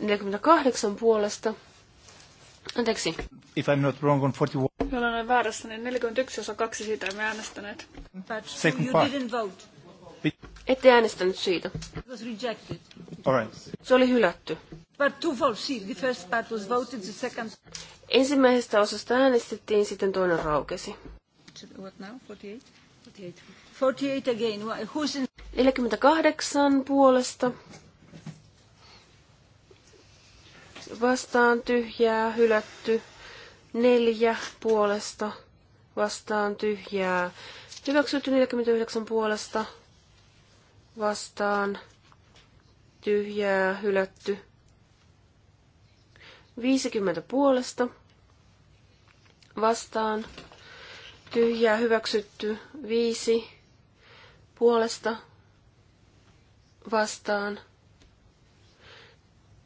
D: 48 puolesta. Anteeksi.
C: If I'm not wrong on 41.
B: Jollain olen väärässä, niin 41 osa kaksi siitä emme äänestäneet. But
C: Second you part.
D: didn't vote. Ette äänestänyt siitä. It was rejected. All right. Se oli hylätty. two votes. The first part was voted, the second... Ensimmäisestä osasta äänestettiin, sitten toinen raukesi.
A: What now? 48? 48. 48 again. Who's in...
D: 48 puolesta. Vastaan tyhjää, hylätty. Neljä puolesta. Vastaan tyhjää. Hyväksytty 49 puolesta vastaan tyhjää hylätty. 50 puolesta vastaan tyhjää hyväksytty. 5 puolesta vastaan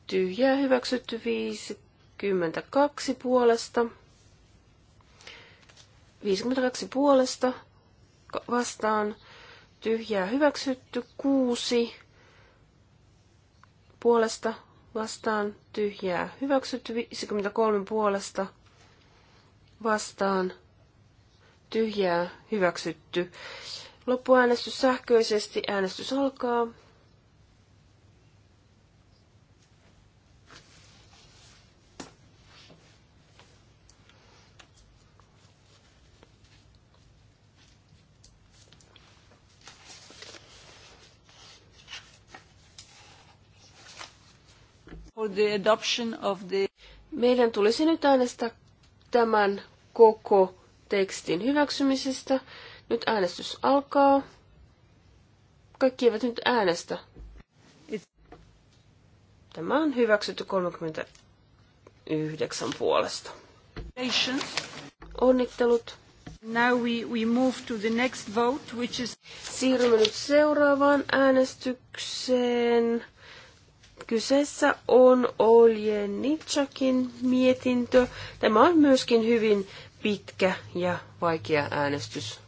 D: tyhjää hyväksytty. 52 puolesta 52 puolesta vastaan tyhjää hyväksytty, kuusi puolesta vastaan tyhjää hyväksytty, 53 puolesta vastaan tyhjää hyväksytty. Loppuäänestys sähköisesti, äänestys alkaa. the adoption of the... Meidän tulisi nyt äänestää tämän koko tekstin hyväksymisestä. Nyt äänestys alkaa. Kaikki eivät nyt äänestä. Tämä on hyväksytty 39 puolesta. Onnittelut. Now we, we move to the next vote, which is... Siirrymme nyt seuraavaan äänestykseen. Kyseessä on Oljen Nitsakin mietintö. Tämä on myöskin hyvin pitkä ja vaikea äänestys.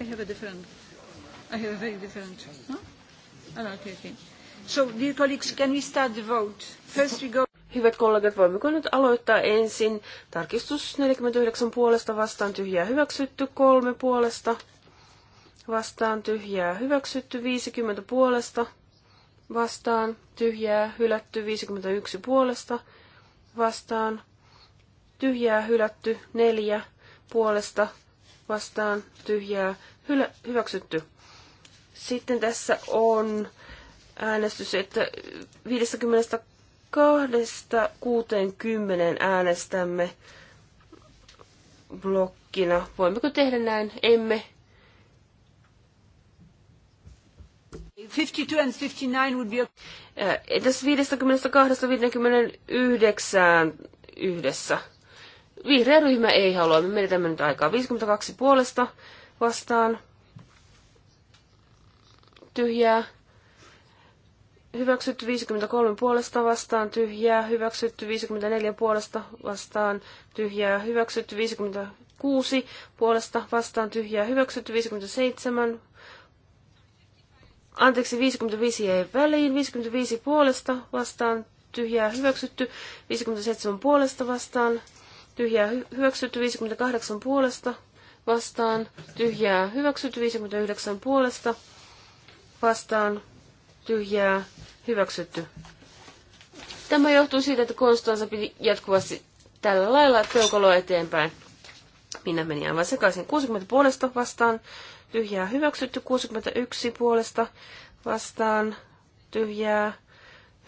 A: I have a different. I have a very different. no, ah, okay,
D: okay. So, dear colleagues, can we start the vote? First we go... Hyvät kollegat, voimmeko nyt aloittaa ensin? Tarkistus 49 puolesta vastaan tyhjää hyväksytty, kolme puolesta vastaan tyhjää hyväksytty, 50 puolesta vastaan tyhjää hylätty, 51 puolesta vastaan tyhjää hylätty, 4 puolesta vastaan tyhjää hylä, hyväksytty. Sitten tässä on äänestys, että 52 60 äänestämme blokkina. Voimmeko tehdä näin? Emme. 52 and 59 59 yhdessä. Vihreä ryhmä ei halua, me menetämme nyt aikaa. 52 puolesta vastaan. Tyhjää. Hyväksytty 53 puolesta vastaan, tyhjää. Hyväksytty 54 puolesta vastaan, tyhjää. Hyväksytty 56 puolesta vastaan, tyhjää. Hyväksytty 57 anteeksi, 55 jäi väliin, 55 puolesta vastaan, tyhjää hyväksytty, 57 puolesta vastaan, tyhjää hyväksytty, 58 puolesta vastaan, tyhjää hyväksytty, 59 puolesta vastaan, tyhjää hyväksytty. Tämä johtuu siitä, että Konstansa piti jatkuvasti tällä lailla peukaloa eteenpäin. Minä menin aivan sekaisin 60 puolesta vastaan, tyhjää hyväksytty, 61 puolesta vastaan tyhjää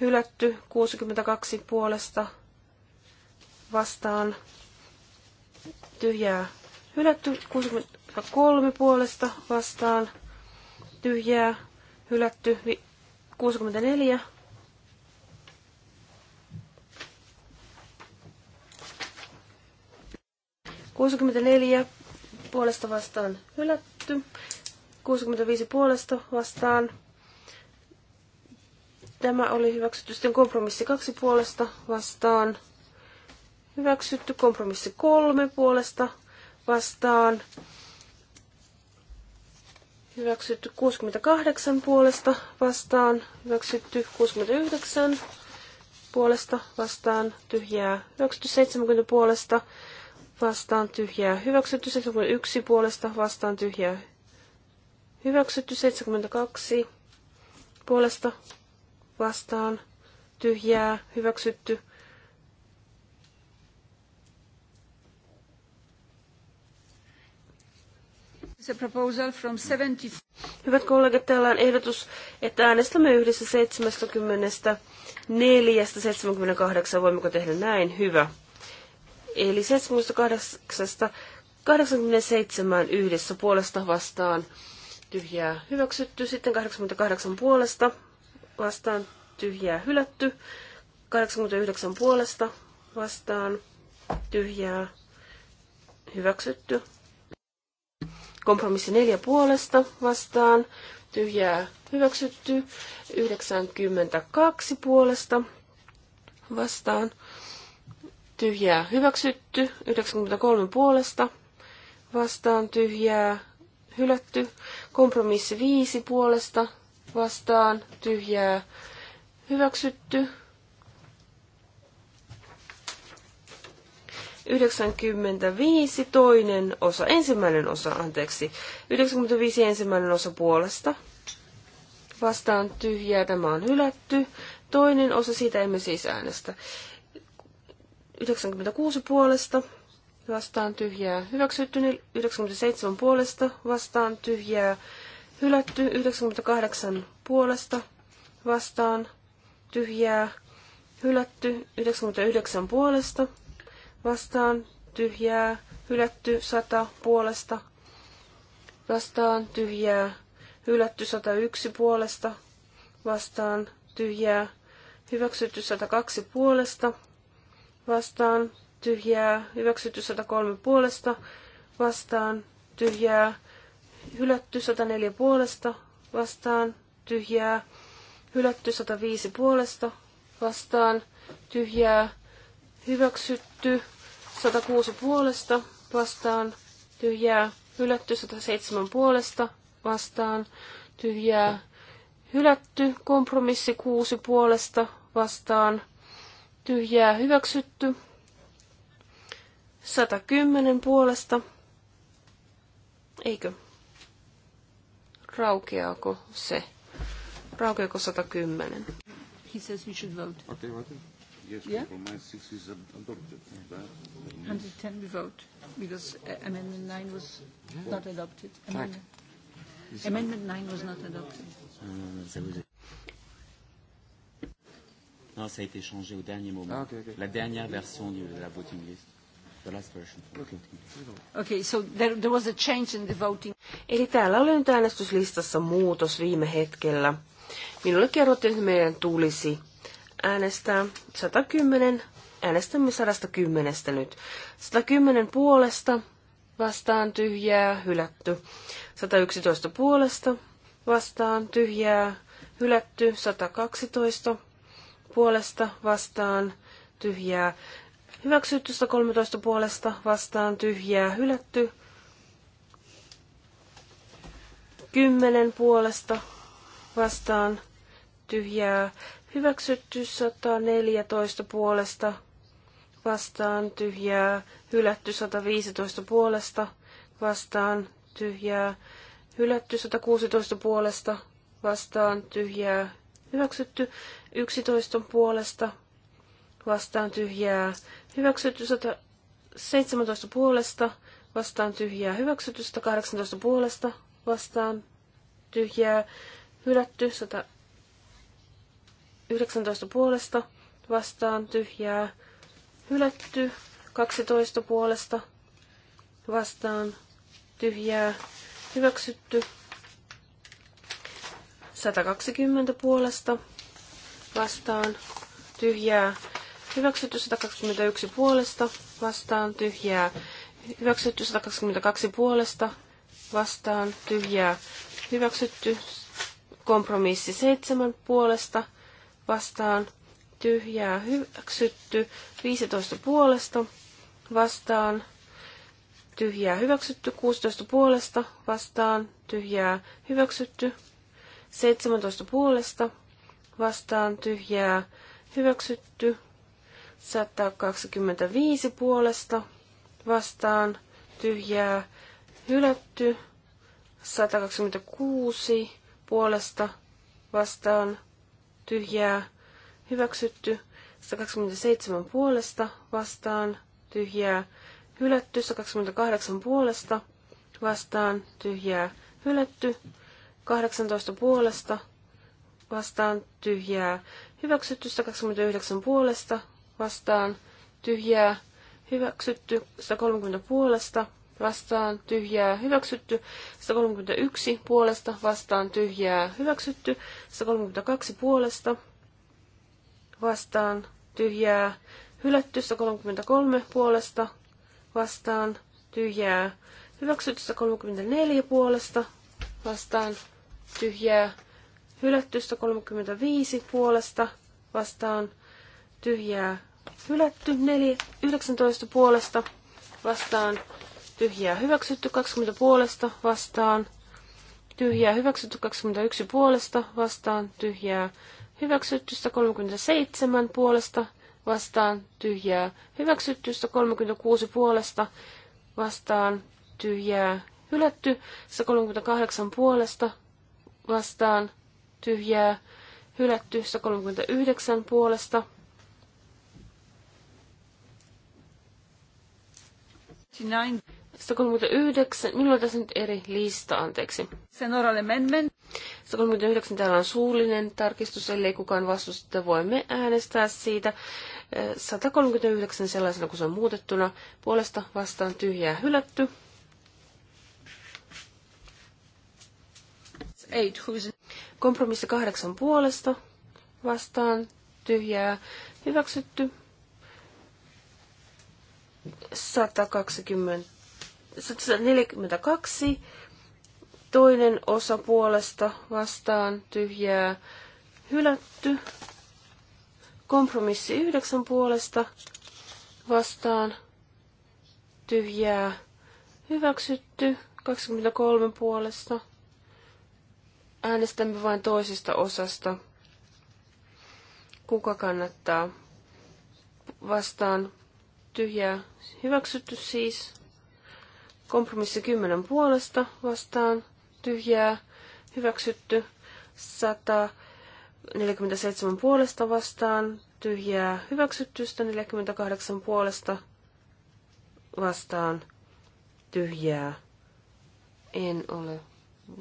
D: hylätty, 62 puolesta vastaan tyhjää hylätty, 63 puolesta vastaan tyhjää hylätty, 64 64 puolesta vastaan hylätty hävitty. 65 puolesta vastaan. Tämä oli hyväksytty sitten kompromissi 2 puolesta vastaan. Hyväksytty kompromissi 3 puolesta vastaan. Hyväksytty 68 puolesta vastaan. Hyväksytty 69 puolesta vastaan. Tyhjää. Hyväksytty 70 puolesta vastaan vastaan tyhjää hyväksytty, 71 puolesta vastaan tyhjää hyväksytty, 72 puolesta vastaan tyhjää hyväksytty.
A: 70...
D: Hyvät kollegat, täällä on ehdotus, että äänestämme yhdessä 74 78. Voimmeko tehdä näin? Hyvä. Eli 78 yhdessä puolesta vastaan tyhjää hyväksytty, sitten 88 puolesta vastaan tyhjää hylätty, 89 puolesta vastaan tyhjää hyväksytty, kompromissi 4 puolesta vastaan tyhjää hyväksytty, 92 puolesta vastaan tyhjää hyväksytty, 93 puolesta vastaan tyhjää hylätty, kompromissi 5 puolesta vastaan tyhjää hyväksytty, 95 toinen osa, ensimmäinen osa, anteeksi, 95 ensimmäinen osa puolesta vastaan tyhjää, tämä on hylätty, toinen osa, siitä emme siis äänestä. 96 puolesta vastaan tyhjää hyväksytty, 97 niin puolesta vastaan tyhjää hylätty, 98 puolesta vastaan tyhjää hylätty, 99 puolesta vastaan tyhjää hylätty, 100 puolesta vastaan tyhjää hylätty, 101 puolesta vastaan tyhjää hyväksytty, 102 puolesta vastaan tyhjää, hyväksytty 103 puolesta vastaan tyhjää, hylätty 104 puolesta vastaan tyhjää, hylätty 105 puolesta vastaan tyhjää, hyväksytty 106 puolesta vastaan tyhjää, hylätty 107 puolesta vastaan tyhjää, hylätty kompromissi 6 puolesta vastaan tyhjää hyväksytty. 110 puolesta. Eikö? Raukeako se? Raukeako 110? He says we should vote. Okay, Yes, yeah? compromise 6 is adopted.
A: 110 we vote, because uh, amendment 9 was yeah. not adopted. Amendment, amendment 9 was not adopted.
C: Uh, Non, ça a été changé au dernier moment. Ah, okay, okay. La dernière version de la voting list. The last version. Okay.
D: Okay, so there, there was a change in the voting. Eli täällä oli nyt äänestyslistassa muutos viime hetkellä. Minulle kerrottiin, että meidän tulisi äänestää 110. Äänestämme 110 nyt. 110 puolesta vastaan tyhjää, hylätty. 111 puolesta vastaan tyhjää, hylätty. 112 puolesta vastaan tyhjää. Hyväksytty 13 puolesta vastaan tyhjää hylätty. 10 puolesta vastaan tyhjää hyväksytty 114 puolesta vastaan tyhjää hylätty 115 puolesta vastaan tyhjää hylätty 116 puolesta vastaan tyhjää hyväksytty 11 puolesta vastaan tyhjää hyväksytty 17 puolesta vastaan tyhjää hyväksytty 18 puolesta vastaan tyhjää hylätty 119 puolesta vastaan tyhjää hylätty 12 puolesta vastaan tyhjää hyväksytty 120 puolesta vastaan tyhjää hyväksytty 121 puolesta vastaan tyhjää hyväksytty 122 puolesta vastaan tyhjää hyväksytty kompromissi 7 puolesta vastaan tyhjää hyväksytty 15 puolesta vastaan tyhjää hyväksytty 16 puolesta vastaan tyhjää hyväksytty 17 puolesta vastaan tyhjää hyväksytty. 125 puolesta vastaan tyhjää hylätty. 126 puolesta vastaan tyhjää hyväksytty. 127 puolesta vastaan tyhjää hylätty. 128 puolesta vastaan tyhjää hylätty. 18 puolesta vastaan tyhjää hyväksytty, 129 puolesta vastaan tyhjää hyväksytty, 130 puolesta vastaan tyhjää hyväksytty, 131 puolesta vastaan tyhjää hyväksytty, 132 puolesta vastaan tyhjää hylätty, 133 puolesta vastaan tyhjää hyväksytty, 134 puolesta vastaan tyhjää hylätty 135 puolesta vastaan tyhjää hylätty 4, 19 puolesta vastaan tyhjää hyväksytty 20 puolesta vastaan tyhjää hyväksytty 21 puolesta vastaan tyhjää hyväksytty 37 puolesta vastaan tyhjää hyväksytty 36 puolesta vastaan tyhjää hylätty 138 puolesta vastaan tyhjää hylätty 139 puolesta. Nine. 139, milloin on tässä nyt eri lista, anteeksi. Senoral amendment. 139 täällä on suullinen tarkistus, ellei kukaan vastusta, voimme äänestää siitä. 139 sellaisena kuin se on muutettuna, puolesta vastaan tyhjää hylätty. Eight, who's Kompromissi kahdeksan puolesta vastaan tyhjää hyväksytty. 120, 142 toinen osa puolesta vastaan tyhjää hylätty. Kompromissi yhdeksän puolesta vastaan tyhjää hyväksytty. 23 puolesta Äänestämme vain toisesta osasta. Kuka kannattaa? Vastaan tyhjää hyväksytty siis. Kompromissi 10 puolesta vastaan tyhjää hyväksytty. 147 puolesta vastaan tyhjää hyväksytty. 148 puolesta vastaan tyhjää. En ole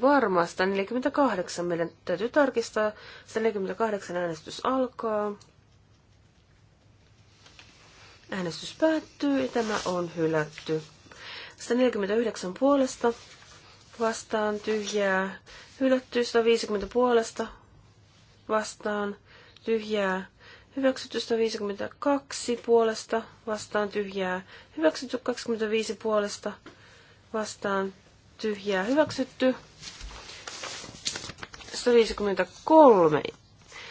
D: varma. 148. Meidän täytyy tarkistaa. 148 äänestys alkaa. Äänestys päättyy ja tämä on hylätty. 149 puolesta vastaan tyhjää. Hylätty 150 puolesta vastaan tyhjää. Hyväksytty 152 puolesta vastaan tyhjää. Hyväksytty 25 puolesta vastaan tyhjää hyväksytty. 153.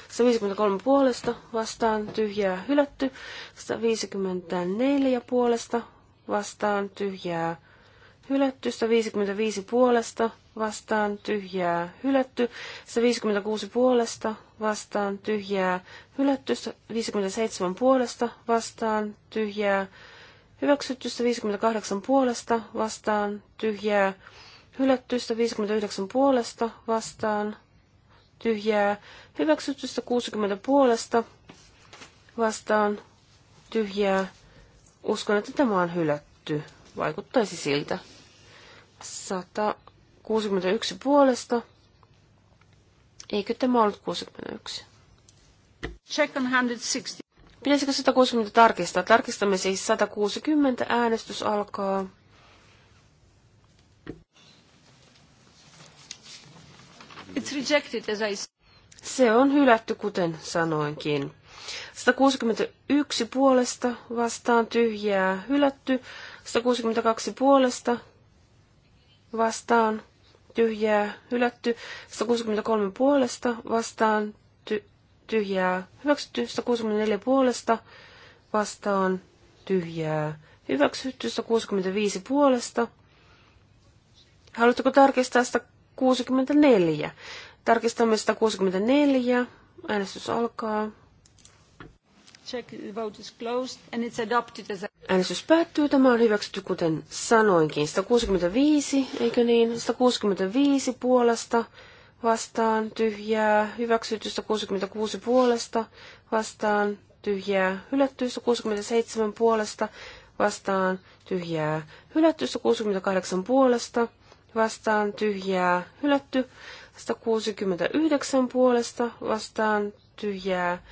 D: 153 puolesta vastaan tyhjää hylätty. 154 puolesta vastaan tyhjää hylätty. 155 puolesta vastaan tyhjää hylätty. 156 puolesta vastaan tyhjää hylätty. 157 puolesta vastaan tyhjää hylätty hyväksytty 58 puolesta vastaan tyhjää, hylätty 59 puolesta vastaan tyhjää, hyväksytty 160 puolesta vastaan tyhjää. Uskon, että tämä on hylätty. Vaikuttaisi siltä. 161 puolesta. Eikö tämä ollut 61? Check on 160. Pitäisikö 160 tarkistaa? Tarkistamme siis 160. Äänestys alkaa. It's rejected, as I Se on hylätty, kuten sanoinkin. 161 puolesta vastaan tyhjää hylätty. 162 puolesta vastaan tyhjää hylätty. 163 puolesta vastaan ty- tyhjää, hyväksytty 164 puolesta, vastaan tyhjää, hyväksytty 165 puolesta. Haluatteko tarkistaa 164? Tarkistamme 164. Äänestys alkaa.
A: Check the vote is closed and it's adopted as
D: Äänestys päättyy. Tämä on hyväksytty, kuten sanoinkin. 165, eikö niin? 165 puolesta vastaan tyhjää, hyväksytystä 66 puolesta, vastaan tyhjää, hylättyistä 67 puolesta, vastaan tyhjää, hylättyistä 68 puolesta, vastaan tyhjää, hylätty 169 puolesta, vastaan tyhjää,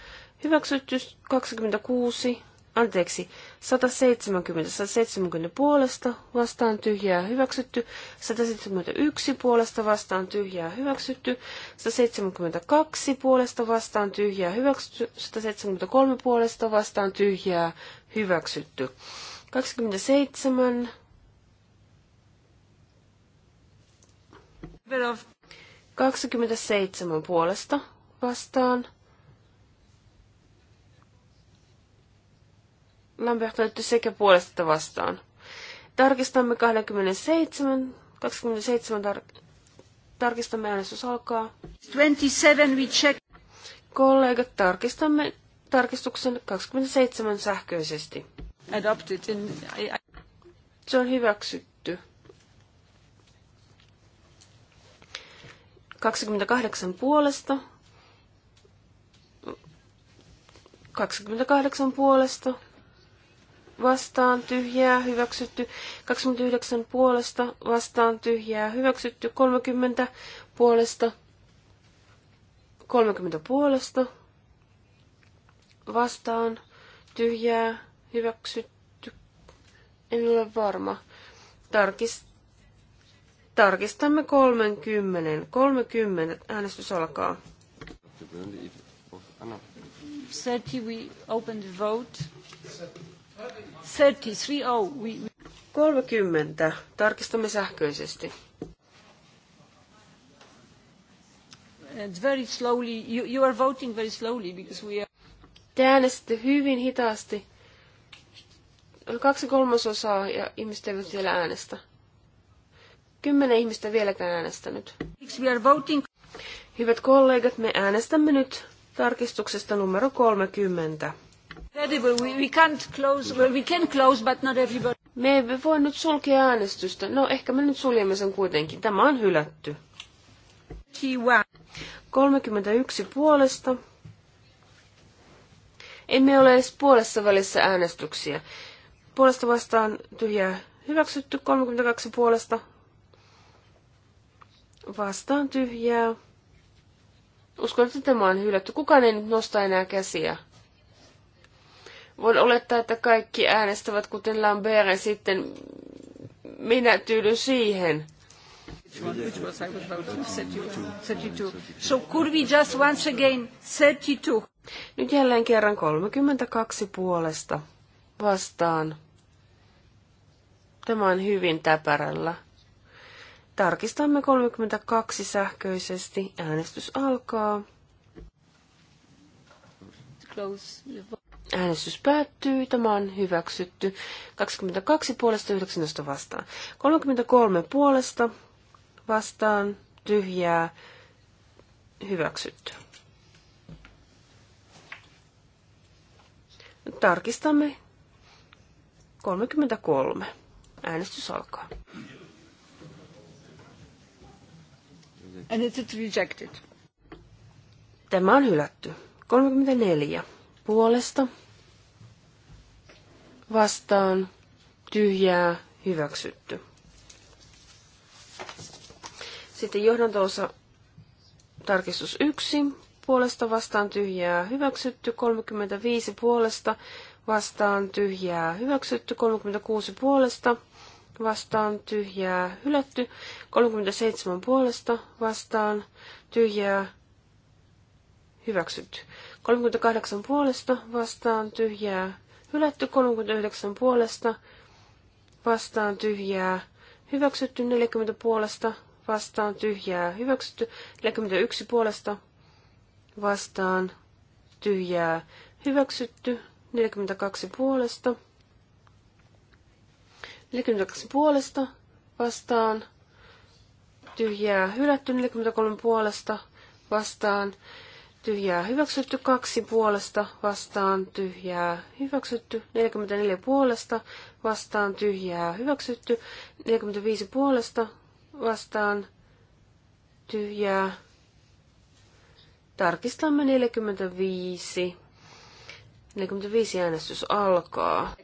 D: hyväksytty 26 anteeksi, 170, 170 puolesta vastaan tyhjää hyväksytty, 171 puolesta vastaan tyhjää hyväksytty, 172 puolesta vastaan tyhjää hyväksytty, 173 puolesta vastaan tyhjää hyväksytty. 27 27 puolesta vastaan Lambert näytti sekä puolesta että vastaan. Tarkistamme 27. 27 tar- tarkistamme äänestys alkaa. 27 we check. Kollegat, tarkistamme tarkistuksen 27 sähköisesti. Adopted in, I, I... Se on hyväksytty. 28 puolesta. 28 puolesta vastaan tyhjää hyväksytty, 29 puolesta vastaan tyhjää hyväksytty, 30 puolesta, 30 puolesta vastaan tyhjää hyväksytty. En ole varma. Tarkist, tarkistamme 30. 30 äänestys alkaa. 30
A: we open the vote. 30. Tarkistamme sähköisesti.
D: Te äänestätte hyvin hitaasti. On kaksi kolmasosaa ja ihmiset eivät vielä äänestä. Kymmenen ihmistä vieläkään äänestänyt. We are voting. Hyvät kollegat, me äänestämme nyt tarkistuksesta numero 30. Me emme voi nyt sulkea äänestystä. No ehkä me nyt suljemme sen kuitenkin. Tämä on hylätty. 31 puolesta. Emme ole edes puolessa välissä äänestyksiä. Puolesta vastaan tyhjää hyväksytty, 32 puolesta vastaan tyhjää. Uskon, että tämä on hylätty. Kukaan ei nyt nosta enää käsiä. Voin olettaa, että kaikki äänestävät kuten Lambert sitten minä tyydyn siihen. So could we just once again 32? Nyt jälleen kerran 32 puolesta vastaan. Tämä on hyvin täpärällä. Tarkistamme 32 sähköisesti. Äänestys alkaa. Close Äänestys päättyy. Tämä on hyväksytty. 22 puolesta 19 vastaan. 33 puolesta vastaan tyhjää hyväksytty. Nyt tarkistamme 33. Äänestys alkaa. And it's rejected. Tämä on hylätty. 34 puolesta vastaan tyhjää hyväksytty. Sitten johdantoosa tarkistus 1 puolesta vastaan tyhjää hyväksytty, 35 puolesta vastaan tyhjää hyväksytty, 36 puolesta vastaan tyhjää hylätty, 37 puolesta vastaan tyhjää hyväksytty. 38 puolesta vastaan tyhjää hylätty, 39 puolesta vastaan tyhjää hyväksytty, 40 puolesta vastaan tyhjää hyväksytty, 41 puolesta vastaan tyhjää hyväksytty, 42 puolesta 42 puolesta vastaan tyhjää hylätty, 43 puolesta vastaan tyhjää hyväksytty, kaksi puolesta vastaan tyhjää hyväksytty, 44 puolesta vastaan tyhjää hyväksytty, 45 puolesta vastaan tyhjää. Tarkistamme 45. 45 äänestys alkaa.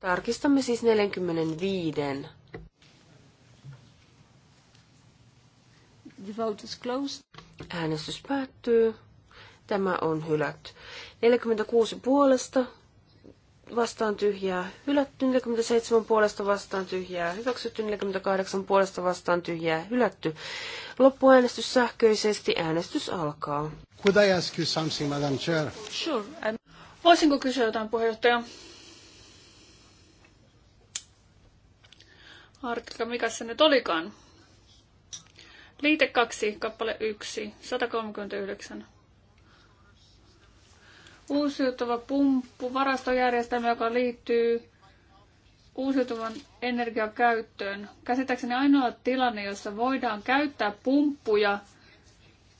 D: Tarkistamme siis 45. The vote is closed. Äänestys päättyy. Tämä on hylätty. 46 puolesta vastaan tyhjää hylätty, 47 puolesta vastaan tyhjää hyväksytty, 48 puolesta vastaan tyhjää hylätty. Loppuäänestys sähköisesti, äänestys alkaa.
C: Could I ask you something,
D: Madam Chair?
A: Sure.
B: Voisinko kysyä jotain, puheenjohtaja? Artikka, mikä se nyt olikaan? Liite 2, kappale 1, 139 uusiutuva pumppu, varastojärjestelmä, joka liittyy uusiutuvan energiakäyttöön. Käsittääkseni ainoa tilanne, jossa voidaan käyttää pumppuja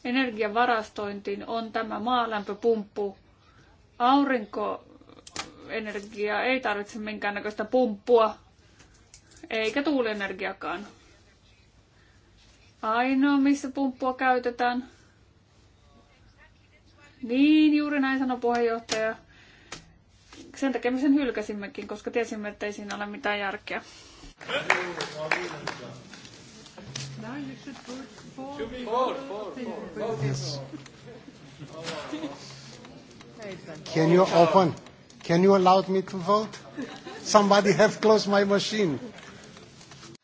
B: energiavarastointiin, on tämä maalämpöpumppu. Aurinkoenergia ei tarvitse minkäännäköistä pumppua, eikä tuulienergiakaan. Ainoa, missä pumppua käytetään, niin, juuri näin sanoi puheenjohtaja. Sen takia me sen hylkäsimmekin, koska tiesimme, että ei siinä ole mitään järkeä.
C: Can you open? Can you allow me to vote? Somebody have closed my machine.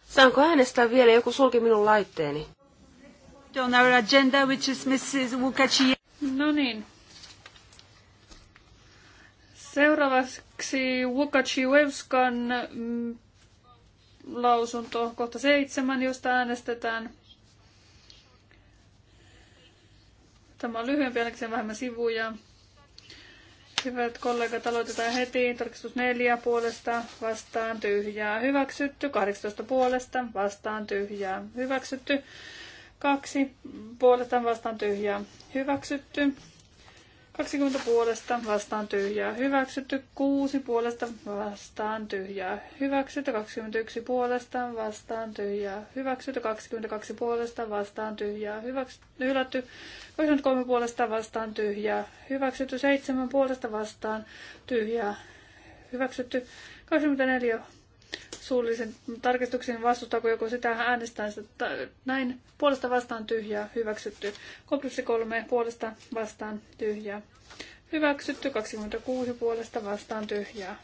D: Saanko äänestää vielä? Joku sulki minun laitteeni.
A: On our agenda, which is Mrs. Wukachi. No niin.
B: Seuraavaksi Vukaciewskan mm, lausunto, kohta seitsemän, josta äänestetään. Tämä on lyhyempi, ainakin vähemmän sivuja. Hyvät kollegat, aloitetaan heti. Tarkistus 4 puolesta, vastaan tyhjää, hyväksytty. 18 puolesta, vastaan tyhjää, hyväksytty. Kaksi puolesta vastaan tyhjää hyväksytty. 20 puolesta vastaan tyhjää hyväksytty, 6 puolesta vastaan tyhjää hyväksytty, 21 puolesta vastaan tyhjää hyväksytty, 22 puolesta vastaan tyhjää hyväksytty, hylätty, 23 puolesta vastaan tyhjää hyväksytty, 7 puolesta vastaan tyhjää hyväksytty, 24 suullisen tarkistuksen vastustaako joku sitä äänestää sitä näin puolesta vastaan tyhjää hyväksytty. Kompromissi kolme puolesta vastaan tyhjää hyväksytty. 26 puolesta vastaan tyhjää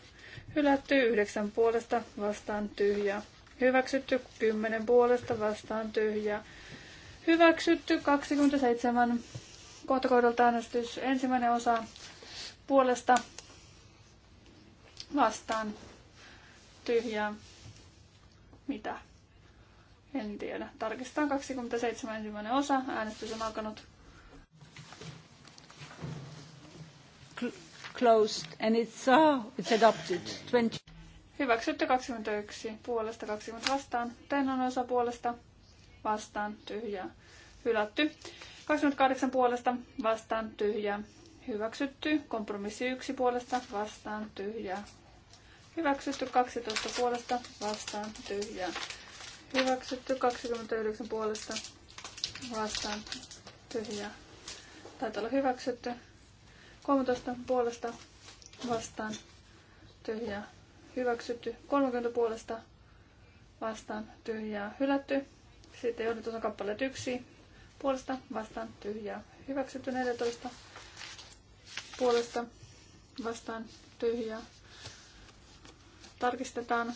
B: hylätty. 9 puolesta vastaan tyhjää hyväksytty. 10 puolesta vastaan tyhjää hyväksytty. 27 kohtakohdalta äänestys ensimmäinen osa puolesta vastaan tyhjää. Mitä? En tiedä. Tarkistetaan 27 ensimmäinen osa. Äänestys on alkanut.
A: Closed and it's, uh, it's adopted. 20.
B: Hyväksytty 21. Puolesta 20 vastaan. on osa puolesta vastaan tyhjää. Hylätty. 28 puolesta vastaan tyhjää. Hyväksytty. Kompromissi 1 puolesta vastaan tyhjää. Hyväksytty 12 puolesta vastaan tyhjää. Hyväksytty 29 puolesta vastaan tyhjää. Taitaa olla hyväksytty 13 puolesta vastaan tyhjää. Hyväksytty 30 puolesta vastaan tyhjää. Hylätty. Sitten osa kappaleet 1 puolesta vastaan tyhjää. Hyväksytty 14 puolesta vastaan tyhjää Tarkistetaan.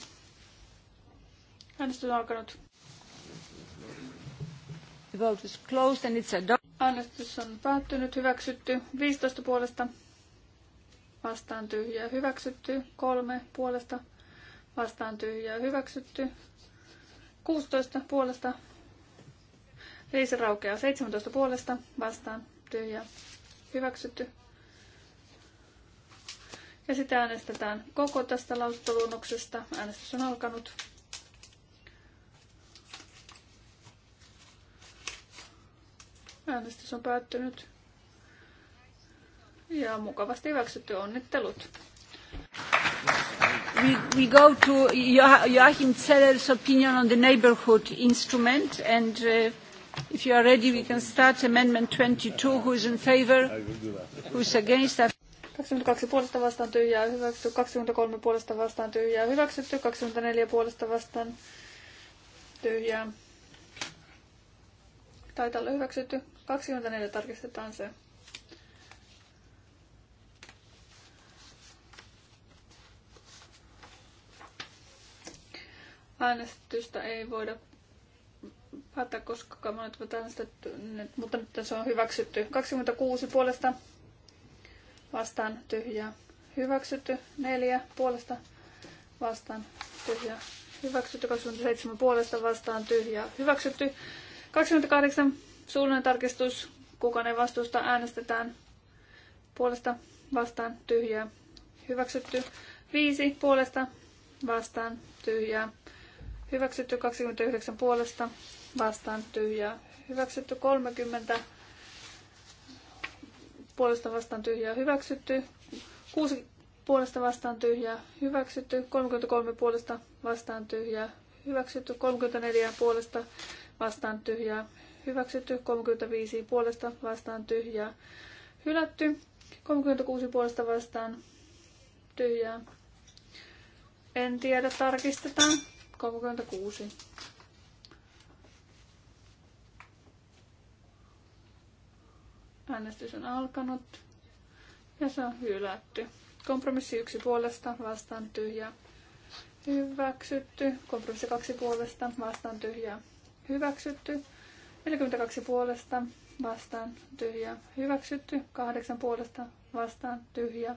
B: Äänestys on alkanut. The vote is closed and it's Äänestys on päättynyt, hyväksytty 15 puolesta, vastaan tyhjä, hyväksytty 3 puolesta, vastaan tyhjä, hyväksytty 16 puolesta, ei raukeaa 17 puolesta, vastaan tyhjä, hyväksytty ja sitä äänestetään koko tästä lausuntoluonnoksesta. Äänestys on alkanut. Äänestys on päättynyt. Ja mukavasti hyväksytty onnittelut.
A: We, we go to Joachim Zeller's opinion on the neighborhood instrument and uh, if you are ready we can start amendment 22. Who is in favor? Who is against? 22 puolesta vastaan tyhjää hyväksytty, 23 puolesta vastaan tyhjää
B: hyväksytty, 24 puolesta vastaan tyhjää. Taitaa olla hyväksytty. 24 tarkistetaan se. Äänestystä ei voida päättää, koska kamalat ovat äänestetty, mutta nyt se on hyväksytty. 26 puolesta vastaan tyhjää hyväksytty, 4 puolesta vastaan tyhjää hyväksytty, 27 puolesta vastaan tyhjää hyväksytty, 28 suullinen tarkistus, kuka ne vastusta, äänestetään puolesta vastaan tyhjää hyväksytty, 5 puolesta vastaan tyhjää hyväksytty, 29 puolesta vastaan tyhjää hyväksytty, 30 puolesta vastaan tyhjää hyväksytty. 6 puolesta vastaan tyhjää hyväksytty. 33 puolesta vastaan tyhjää hyväksytty. 34 puolesta vastaan tyhjää hyväksytty. 35 puolesta vastaan tyhjää hylätty. 36 puolesta vastaan tyhjää. En tiedä, tarkistetaan. 36. Äänestys on alkanut ja se on hylätty. Kompromissi yksi puolesta vastaan tyhjä, Hyväksytty. Kompromissi kaksi puolesta vastaan tyhjä, Hyväksytty. 42 puolesta vastaan tyhjä, Hyväksytty. 8 puolesta vastaan tyhjä,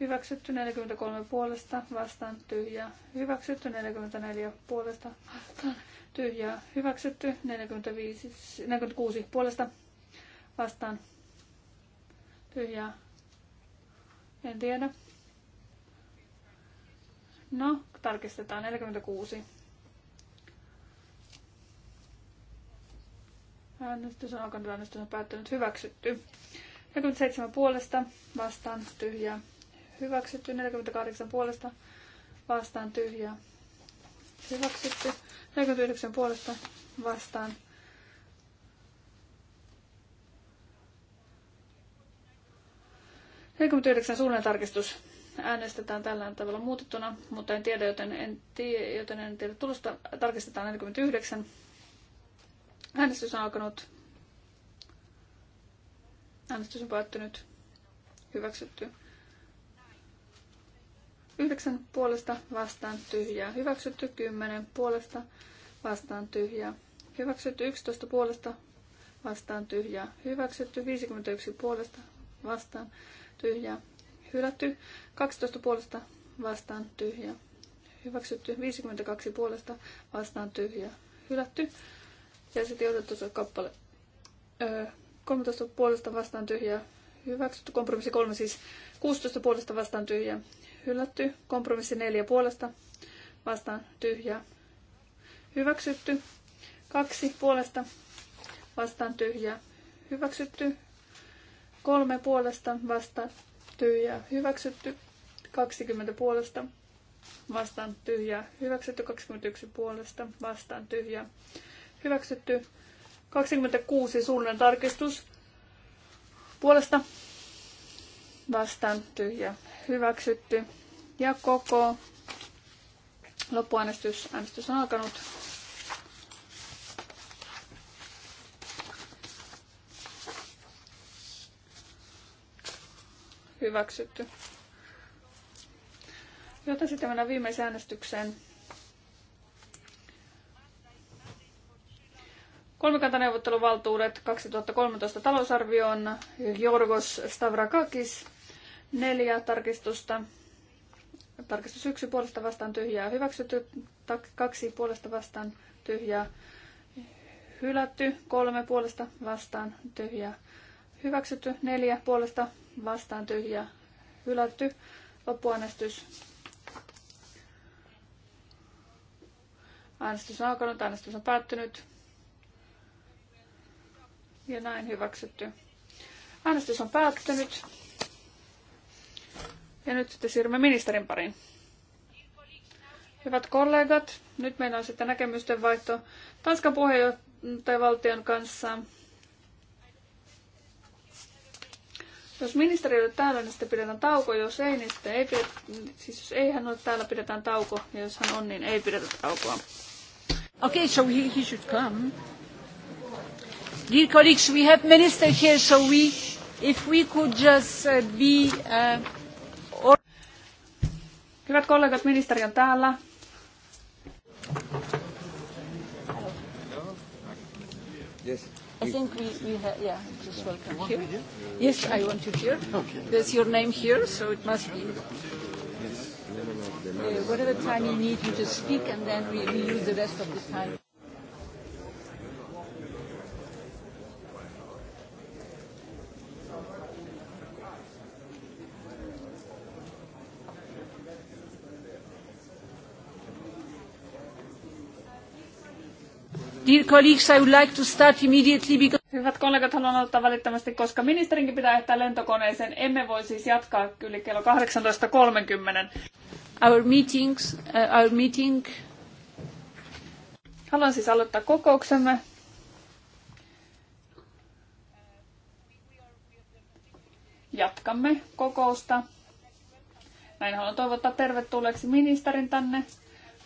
B: Hyväksytty 43 puolesta vastaan tyhjä, Hyväksytty 44 puolesta vastaan tyhjä, Hyväksytty 45, 46 puolesta vastaan tyhjää. En tiedä. No, tarkistetaan 46. Äänestys on alkanut, äänestys on päättynyt, hyväksytty. 47 puolesta, vastaan tyhjää. Hyväksytty, 48 puolesta, vastaan tyhjää. Hyväksytty, 49 puolesta, vastaan 49 suunnan tarkistus äänestetään tällä tavalla muutettuna, mutta en tiedä, joten en, tiedä, joten en tiedä tulosta. Tarkistetaan 49. Äänestys on alkanut. Äänestys on päättynyt. Hyväksytty. Yhdeksän puolesta vastaan tyhjää. Hyväksytty. Kymmenen puolesta vastaan tyhjää. Hyväksytty. Yksitoista puolesta vastaan tyhjää. Hyväksytty. 51 puolesta vastaan tyhjää, hylätty. 12 puolesta vastaan tyhjää, hyväksytty. 52 puolesta vastaan tyhjää, hylätty. Ja sitten otettu se kappale. Öö, 13 puolesta vastaan tyhjää, hyväksytty. Kompromissi 3 siis 16 puolesta vastaan tyhjää, hylätty. Kompromissi 4 puolesta vastaan tyhjää, hyväksytty. 2 puolesta vastaan tyhjää, hyväksytty. 3 puolesta vastaan tyhjä hyväksytty. 20 puolesta vastaan tyhjä hyväksytty. 21 puolesta vastaan tyhjä hyväksytty. 26 suunnan tarkistus puolesta vastaan tyhjä hyväksytty. Ja koko loppuäänestys, äänestys on alkanut. Hyväksytty. Joten sitten mennään viimeiseen äänestykseen. Kolmikantaneuvotteluvaltuudet 2013 talousarvioon Jorgos Stavrakakis. Neljä tarkistusta. Tarkistus yksi puolesta vastaan tyhjää hyväksytty, kaksi puolesta vastaan tyhjää hylätty, kolme puolesta vastaan tyhjää Hyväksytty neljä puolesta vastaan tyhjä. Hylätty. Loppuäänestys. Äänestys on alkanut, äänestys on päättynyt. Ja näin hyväksytty. Äänestys on päättynyt. Ja nyt sitten siirrymme ministerin pariin. Hyvät kollegat, nyt meillä on sitten näkemysten vaihto Tanskan puheenjohtajavaltion kanssa. Jos ministeri ei ole täällä, niin sitten pidetään tauko. Jos ei, niin sitten ei pidetä, siis jos ei hän ole täällä, pidetään tauko. Ja jos hän on, niin
A: ei pidetä taukoa. Okay, so he, he should come. Dear colleagues, we have minister here, so we, if we could just uh, be... Uh, or... Hyvät kollegat, ministeri on täällä.
C: Yes. I think we, we have, yeah, just welcome here. Yes,
E: I want you here.
A: There's your name here, so it must be. Uh,
E: whatever time you
A: need, you just speak, and then we, we use the rest of the time. Dear colleagues, I would like to
B: start immediately because... Hyvät kollegat, haluan aloittaa välittömästi, koska ministerinkin pitää ehtää lentokoneeseen. Emme voi siis jatkaa yli kello 18.30. Our meetings, uh, our meeting... Haluan siis aloittaa kokouksemme. Jatkamme kokousta. Näin haluan toivottaa tervetulleeksi ministerin tänne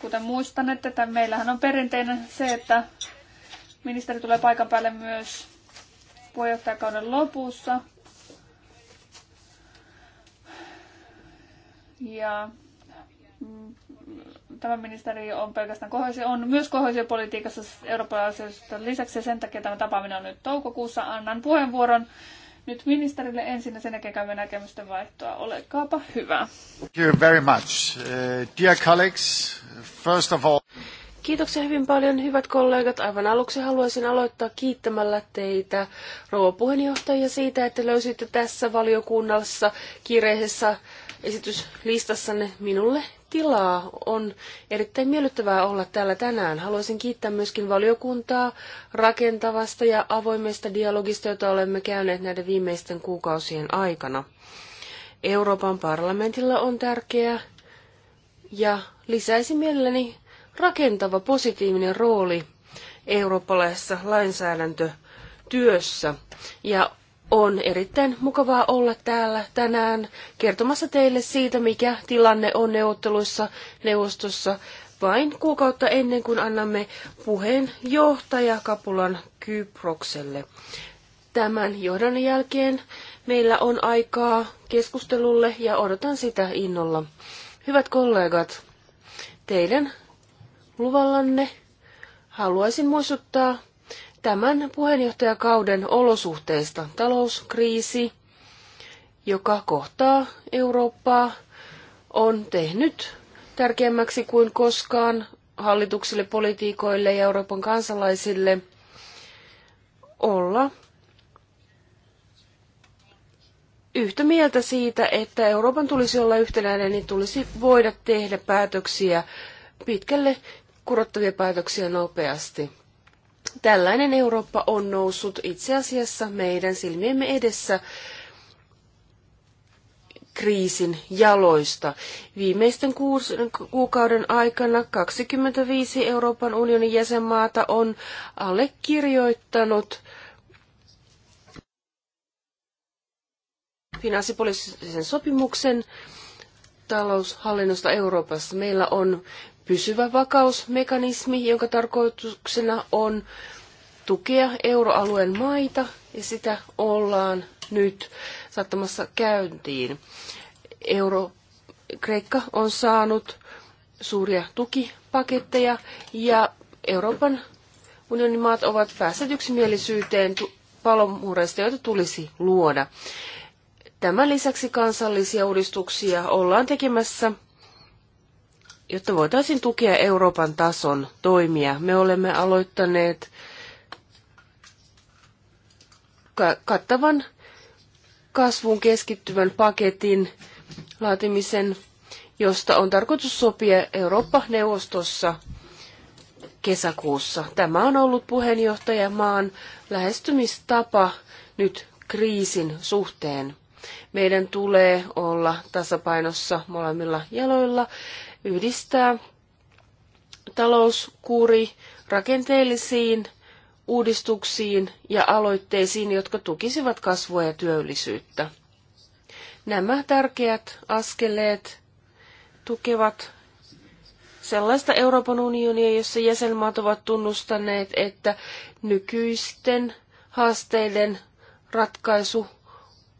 B: Kuten muistanette, että meillähän on perinteinen se, että ministeri tulee paikan päälle myös puheenjohtajakauden lopussa. Ja mm, tämä ministeri on pelkästään kohdallisia, on myös kohdallisiopolitiikassa Euroopan asioista lisäksi ja sen takia tämä tapaaminen on nyt toukokuussa. Annan puheenvuoron nyt ministerille ensin ja sen jälkeen käymme näkemysten
D: vaihtoa. Olekaapa hyvä.
B: Thank you very much. Uh, dear colleagues,
D: First of all... Kiitoksia hyvin paljon, hyvät kollegat. Aivan aluksi haluaisin aloittaa kiittämällä teitä, rouva puheenjohtaja, siitä, että löysitte tässä valiokunnassa kiireisessä esityslistassanne minulle tilaa. On erittäin miellyttävää olla täällä tänään. Haluaisin kiittää myöskin valiokuntaa rakentavasta ja avoimesta dialogista, jota olemme käyneet näiden viimeisten kuukausien aikana. Euroopan parlamentilla on tärkeä ja lisäisi mielelläni rakentava positiivinen rooli eurooppalaisessa lainsäädäntötyössä. Ja on erittäin mukavaa olla täällä tänään kertomassa teille siitä, mikä tilanne on neuvotteluissa neuvostossa vain kuukautta ennen kuin annamme puheenjohtaja Kapulan Kyprokselle. Tämän johdon jälkeen meillä on aikaa keskustelulle ja odotan sitä innolla. Hyvät kollegat, teidän luvallanne haluaisin muistuttaa tämän puheenjohtajakauden olosuhteista. Talouskriisi, joka kohtaa Eurooppaa, on tehnyt tärkeämmäksi kuin koskaan hallituksille, politiikoille ja Euroopan kansalaisille olla yhtä mieltä siitä, että Euroopan tulisi olla yhtenäinen, niin tulisi voida tehdä päätöksiä pitkälle kurottavia päätöksiä nopeasti. Tällainen Eurooppa on noussut itse asiassa meidän silmiemme edessä kriisin jaloista. Viimeisten kuukauden aikana 25 Euroopan unionin jäsenmaata on allekirjoittanut finanssipoliittisen sopimuksen taloushallinnosta Euroopassa. Meillä on pysyvä vakausmekanismi, jonka tarkoituksena on tukea euroalueen maita, ja sitä ollaan nyt saattamassa käyntiin. Euro, Kreikka on saanut suuria tukipaketteja, ja Euroopan unionin maat ovat päässeet yksimielisyyteen palomuureista, joita tulisi luoda. Tämän lisäksi kansallisia uudistuksia ollaan tekemässä, jotta voitaisiin tukea Euroopan tason toimia. Me olemme aloittaneet kattavan kasvun keskittyvän paketin laatimisen, josta on tarkoitus sopia Eurooppa-neuvostossa kesäkuussa. Tämä on ollut puheenjohtajamaan lähestymistapa nyt kriisin suhteen. Meidän tulee olla tasapainossa molemmilla jaloilla, yhdistää talouskuri rakenteellisiin uudistuksiin ja aloitteisiin, jotka tukisivat kasvua ja työllisyyttä. Nämä tärkeät askeleet tukevat sellaista Euroopan unionia, jossa jäsenmaat ovat tunnustaneet, että nykyisten haasteiden ratkaisu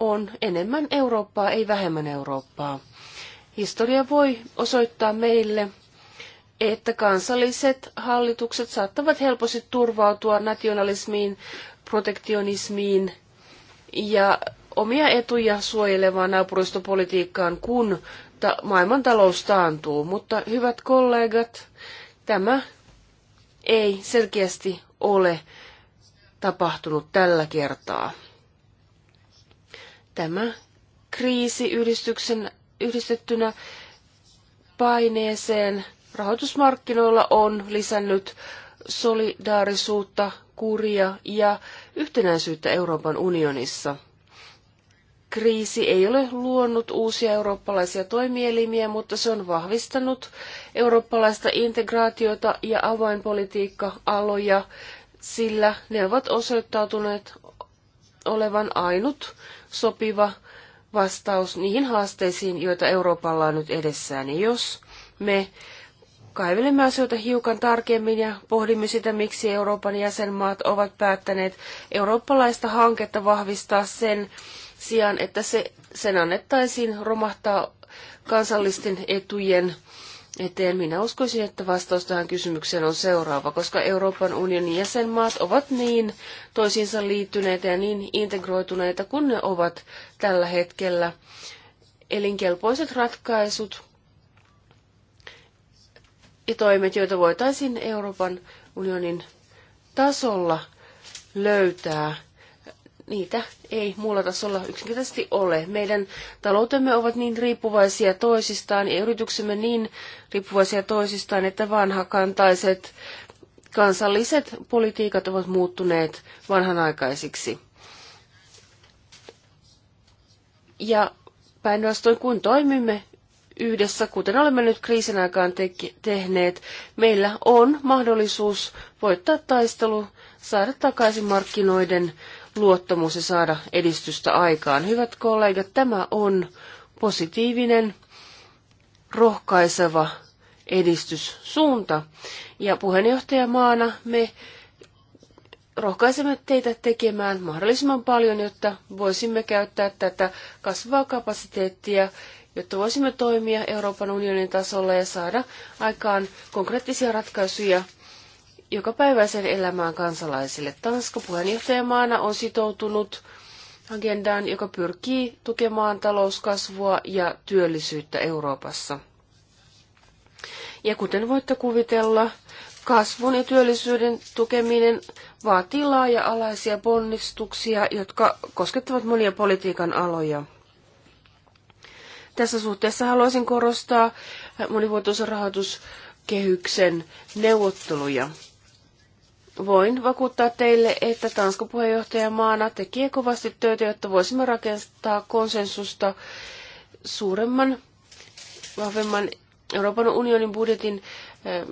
D: on enemmän Eurooppaa, ei vähemmän Eurooppaa. Historia voi osoittaa meille, että kansalliset hallitukset saattavat helposti turvautua nationalismiin, protektionismiin ja omia etuja suojelevaan naapuristopolitiikkaan, kun ta- maailmantalous taantuu. Mutta hyvät kollegat, tämä ei selkeästi ole tapahtunut tällä kertaa. Tämä kriisi yhdistyksen, yhdistettynä paineeseen rahoitusmarkkinoilla on lisännyt solidaarisuutta, kuria ja yhtenäisyyttä Euroopan unionissa. Kriisi ei ole luonut uusia eurooppalaisia toimielimiä, mutta se on vahvistanut eurooppalaista integraatiota ja avainpolitiikka-aloja, sillä ne ovat osoittautuneet olevan ainut sopiva vastaus niihin haasteisiin, joita Euroopalla on nyt edessään. Ja jos me kaivelemme asioita hiukan tarkemmin ja pohdimme sitä, miksi Euroopan jäsenmaat ovat päättäneet eurooppalaista hanketta vahvistaa sen sijaan, että se, sen annettaisiin romahtaa kansallisten etujen eteen. Minä uskoisin, että vastaus tähän kysymykseen on seuraava, koska Euroopan unionin jäsenmaat ovat niin toisiinsa liittyneitä ja niin integroituneita kuin ne ovat tällä hetkellä. Elinkelpoiset ratkaisut ja toimet, joita voitaisiin Euroopan unionin tasolla löytää niitä ei muulla tasolla yksinkertaisesti ole. Meidän taloutemme ovat niin riippuvaisia toisistaan ja yrityksemme niin riippuvaisia toisistaan, että vanhakantaiset kansalliset politiikat ovat muuttuneet vanhanaikaisiksi. Ja päinvastoin kun toimimme yhdessä, kuten olemme nyt kriisin aikaan te- tehneet, meillä on mahdollisuus voittaa taistelu, saada takaisin markkinoiden luottamus ja saada edistystä aikaan. Hyvät kollegat, tämä on positiivinen, rohkaiseva edistyssuunta. Ja puheenjohtajamaana me rohkaisemme teitä tekemään mahdollisimman paljon, jotta voisimme käyttää tätä kasvavaa kapasiteettia, jotta voisimme toimia Euroopan unionin tasolla ja saada aikaan konkreettisia ratkaisuja jokapäiväiseen elämään kansalaisille. Tanska puheenjohtajamaana on sitoutunut agendaan, joka pyrkii tukemaan talouskasvua ja työllisyyttä Euroopassa. Ja kuten voitte kuvitella, kasvun ja työllisyyden tukeminen vaatii laaja-alaisia ponnistuksia, jotka koskettavat monia politiikan aloja. Tässä suhteessa haluaisin korostaa monivuotoisen rahoituskehyksen neuvotteluja voin vakuuttaa teille, että Tanska puheenjohtajamaana tekee kovasti töitä, jotta voisimme rakentaa konsensusta suuremman, vahvemman Euroopan unionin budjetin eh,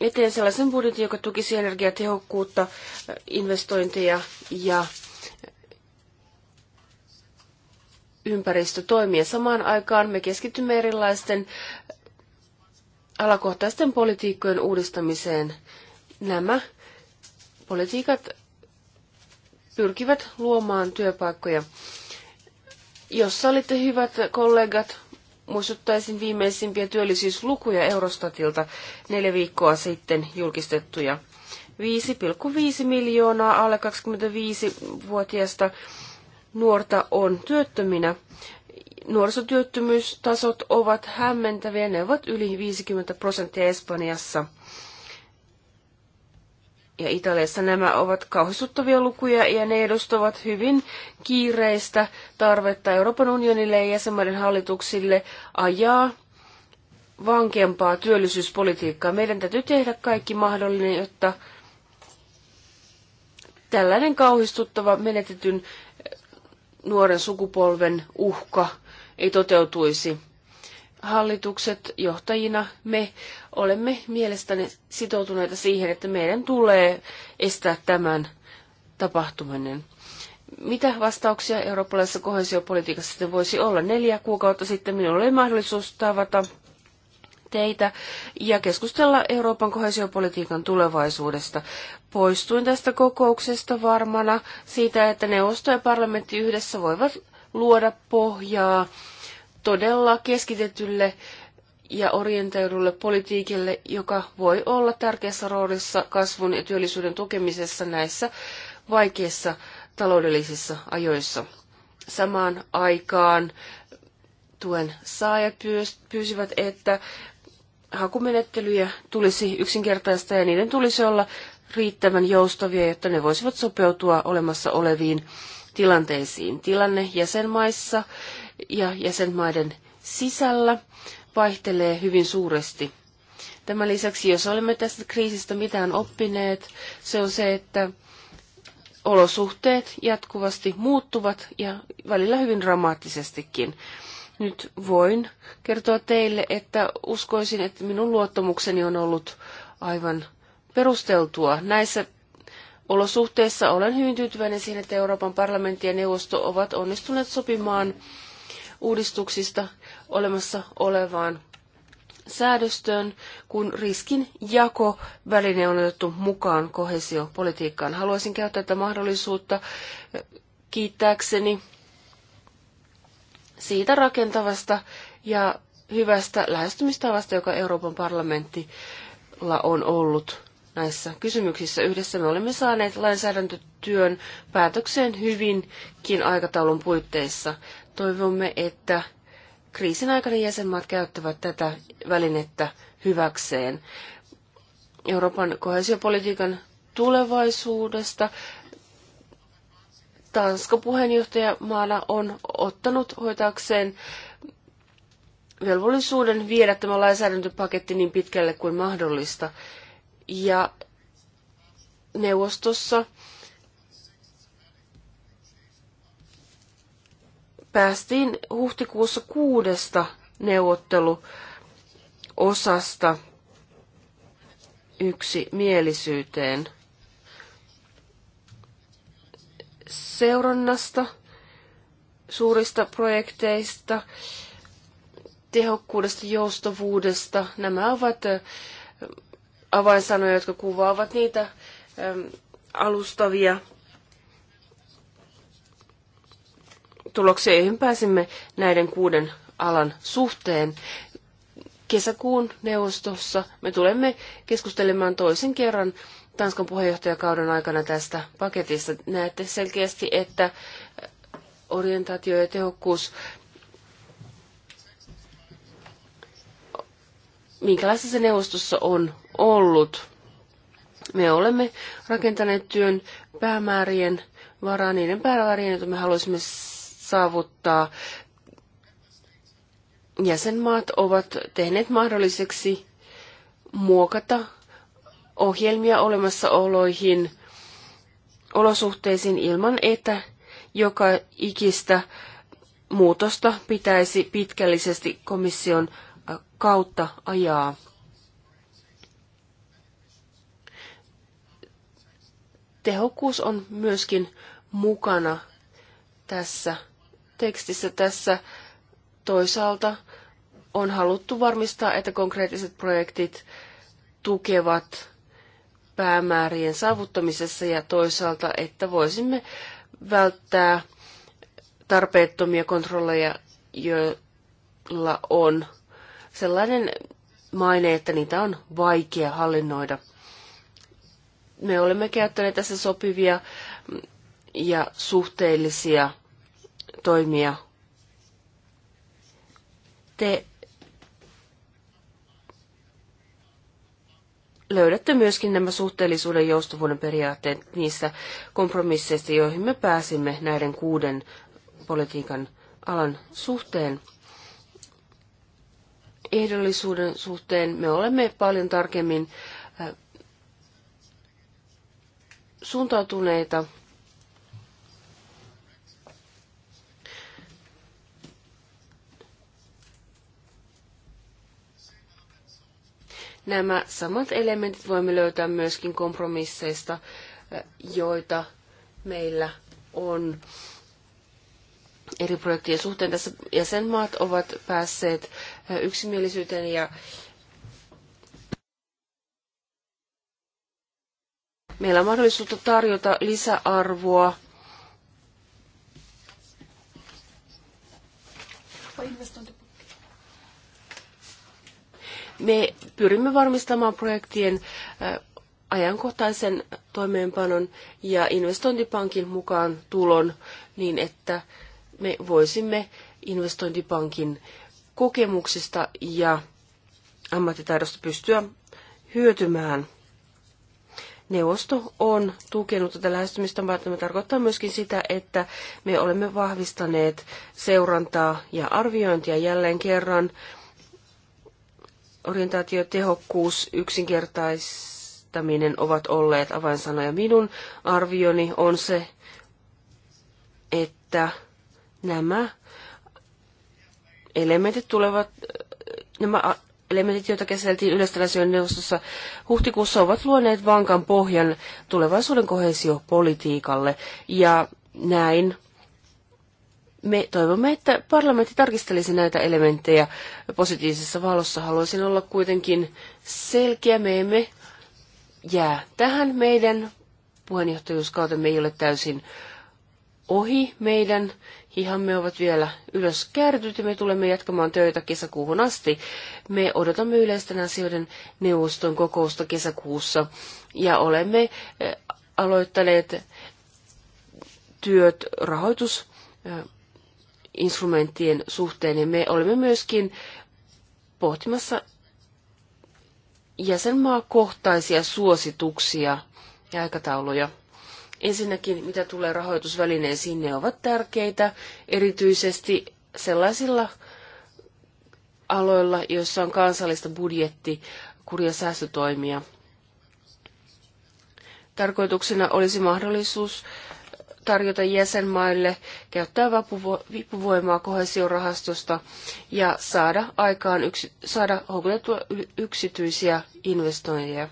D: eteen sellaisen budjetin, joka tukisi energiatehokkuutta, eh, investointeja ja eh, ympäristötoimia. Samaan aikaan me keskitymme erilaisten alakohtaisten politiikkojen uudistamiseen. Nämä Politiikat pyrkivät luomaan työpaikkoja. Jos olitte hyvät kollegat, muistuttaisin viimeisimpiä työllisyyslukuja Eurostatilta neljä viikkoa sitten julkistettuja. 5,5 miljoonaa alle 25-vuotiaista nuorta on työttöminä. Nuorisotyöttömyystasot ovat hämmentäviä, ne ovat yli 50 prosenttia Espanjassa ja Italiassa nämä ovat kauhistuttavia lukuja ja ne edustavat hyvin kiireistä tarvetta Euroopan unionille ja jäsenmaiden hallituksille ajaa vankempaa työllisyyspolitiikkaa. Meidän täytyy tehdä kaikki mahdollinen, jotta tällainen kauhistuttava menetetyn nuoren sukupolven uhka ei toteutuisi hallitukset johtajina, me olemme mielestäni sitoutuneita siihen, että meidän tulee estää tämän tapahtuminen. Mitä vastauksia eurooppalaisessa kohesiopolitiikassa sitten voisi olla? Neljä kuukautta sitten minulla oli mahdollisuus tavata teitä ja keskustella Euroopan kohesiopolitiikan tulevaisuudesta. Poistuin tästä kokouksesta varmana siitä, että neuvosto ja parlamentti yhdessä voivat luoda pohjaa todella keskitetylle ja orientoidulle politiikille, joka voi olla tärkeässä roolissa kasvun ja työllisyyden tukemisessa näissä vaikeissa taloudellisissa ajoissa. Samaan aikaan tuen saajat pyysivät, että hakumenettelyjä tulisi yksinkertaistaa ja niiden tulisi olla riittävän joustavia, jotta ne voisivat sopeutua olemassa oleviin tilanteisiin. Tilanne jäsenmaissa ja jäsenmaiden sisällä vaihtelee hyvin suuresti. Tämän lisäksi, jos olemme tästä kriisistä mitään oppineet, se on se, että olosuhteet jatkuvasti muuttuvat ja välillä hyvin dramaattisestikin. Nyt voin kertoa teille, että uskoisin, että minun luottamukseni on ollut aivan perusteltua. Näissä olosuhteissa olen hyvin tyytyväinen siihen, että Euroopan parlamentti ja neuvosto ovat onnistuneet sopimaan uudistuksista olemassa olevaan säädöstöön, kun riskin väline on otettu mukaan kohesiopolitiikkaan. Haluaisin käyttää tätä mahdollisuutta eh, kiittääkseni siitä rakentavasta ja hyvästä lähestymistavasta, joka Euroopan parlamenttilla on ollut näissä kysymyksissä. Yhdessä me olemme saaneet lainsäädäntötyön päätökseen hyvinkin aikataulun puitteissa. Toivomme, että kriisin aikana jäsenmaat käyttävät tätä välinettä hyväkseen. Euroopan kohesiopolitiikan tulevaisuudesta Tanska puheenjohtajamaana on ottanut hoitaakseen velvollisuuden viedä tämä lainsäädäntöpaketti niin pitkälle kuin mahdollista. Ja neuvostossa päästiin huhtikuussa kuudesta neuvotteluosasta yksi mielisyyteen. Seurannasta, suurista projekteista, tehokkuudesta, joustavuudesta. Nämä ovat avainsanoja, jotka kuvaavat niitä alustavia Tulokseen joihin pääsimme näiden kuuden alan suhteen. Kesäkuun neuvostossa me tulemme keskustelemaan toisen kerran Tanskan puheenjohtajakauden aikana tästä paketista. Näette selkeästi, että orientaatio ja tehokkuus, minkälaista se neuvostossa on ollut. Me olemme rakentaneet työn päämäärien varaan, niiden päämäärien, joita me haluaisimme saavuttaa. Jäsenmaat ovat tehneet mahdolliseksi muokata ohjelmia olemassaoloihin olosuhteisiin ilman, että joka ikistä muutosta pitäisi pitkällisesti komission kautta ajaa. Tehokkuus on myöskin mukana tässä tekstissä tässä toisaalta on haluttu varmistaa, että konkreettiset projektit tukevat päämäärien saavuttamisessa ja toisaalta, että voisimme välttää tarpeettomia kontrolleja, joilla on sellainen maine, että niitä on vaikea hallinnoida. Me olemme käyttäneet tässä sopivia ja suhteellisia toimia. Te löydätte myöskin nämä suhteellisuuden joustavuuden periaatteet niissä kompromisseissa, joihin me pääsimme näiden kuuden politiikan alan suhteen. Ehdollisuuden suhteen me olemme paljon tarkemmin äh, suuntautuneita Nämä samat elementit voimme löytää myöskin kompromisseista, eh, joita meillä on eri projektien suhteen. Tässä jäsenmaat ovat päässeet eh, yksimielisyyteen ja meillä on mahdollisuutta tarjota lisäarvoa me pyrimme varmistamaan projektien ajankohtaisen toimeenpanon ja investointipankin mukaan tulon niin, että me voisimme investointipankin kokemuksista ja ammattitaidosta pystyä hyötymään. Neuvosto on tukenut tätä lähestymistapaa. Tämä tarkoittaa myöskin sitä, että me olemme vahvistaneet seurantaa ja arviointia jälleen kerran orientaatio, tehokkuus, yksinkertaistaminen ovat olleet avainsanoja. Minun arvioni on se, että nämä elementit tulevat, nämä elementit, joita käsiteltiin yleistäläisyyden neuvostossa huhtikuussa, ovat luoneet vankan pohjan tulevaisuuden kohesiopolitiikalle. Ja näin me toivomme, että parlamentti tarkistelisi näitä elementtejä positiivisessa valossa. Haluaisin olla kuitenkin selkeä. Me emme jää tähän. Meidän puheenjohtajuuskautemme ei ole täysin ohi. Meidän hihamme ovat vielä ylös kärtyt ja me tulemme jatkamaan töitä kesäkuuhun asti. Me odotamme yleisten asioiden neuvoston kokousta kesäkuussa ja olemme eh, aloittaneet työt rahoitus eh, instrumenttien suhteen. Ja me olemme myöskin pohtimassa jäsenmaakohtaisia suosituksia ja aikatauluja. Ensinnäkin, mitä tulee rahoitusvälineisiin, ne ovat tärkeitä, erityisesti sellaisilla aloilla, joissa on kansallista budjetti, kurja säästötoimia. Tarkoituksena olisi mahdollisuus tarjota jäsenmaille käyttää vipuvoimaa kohesiorahastosta ja saada aikaan yksi, saada houkutettua yksityisiä investointeja.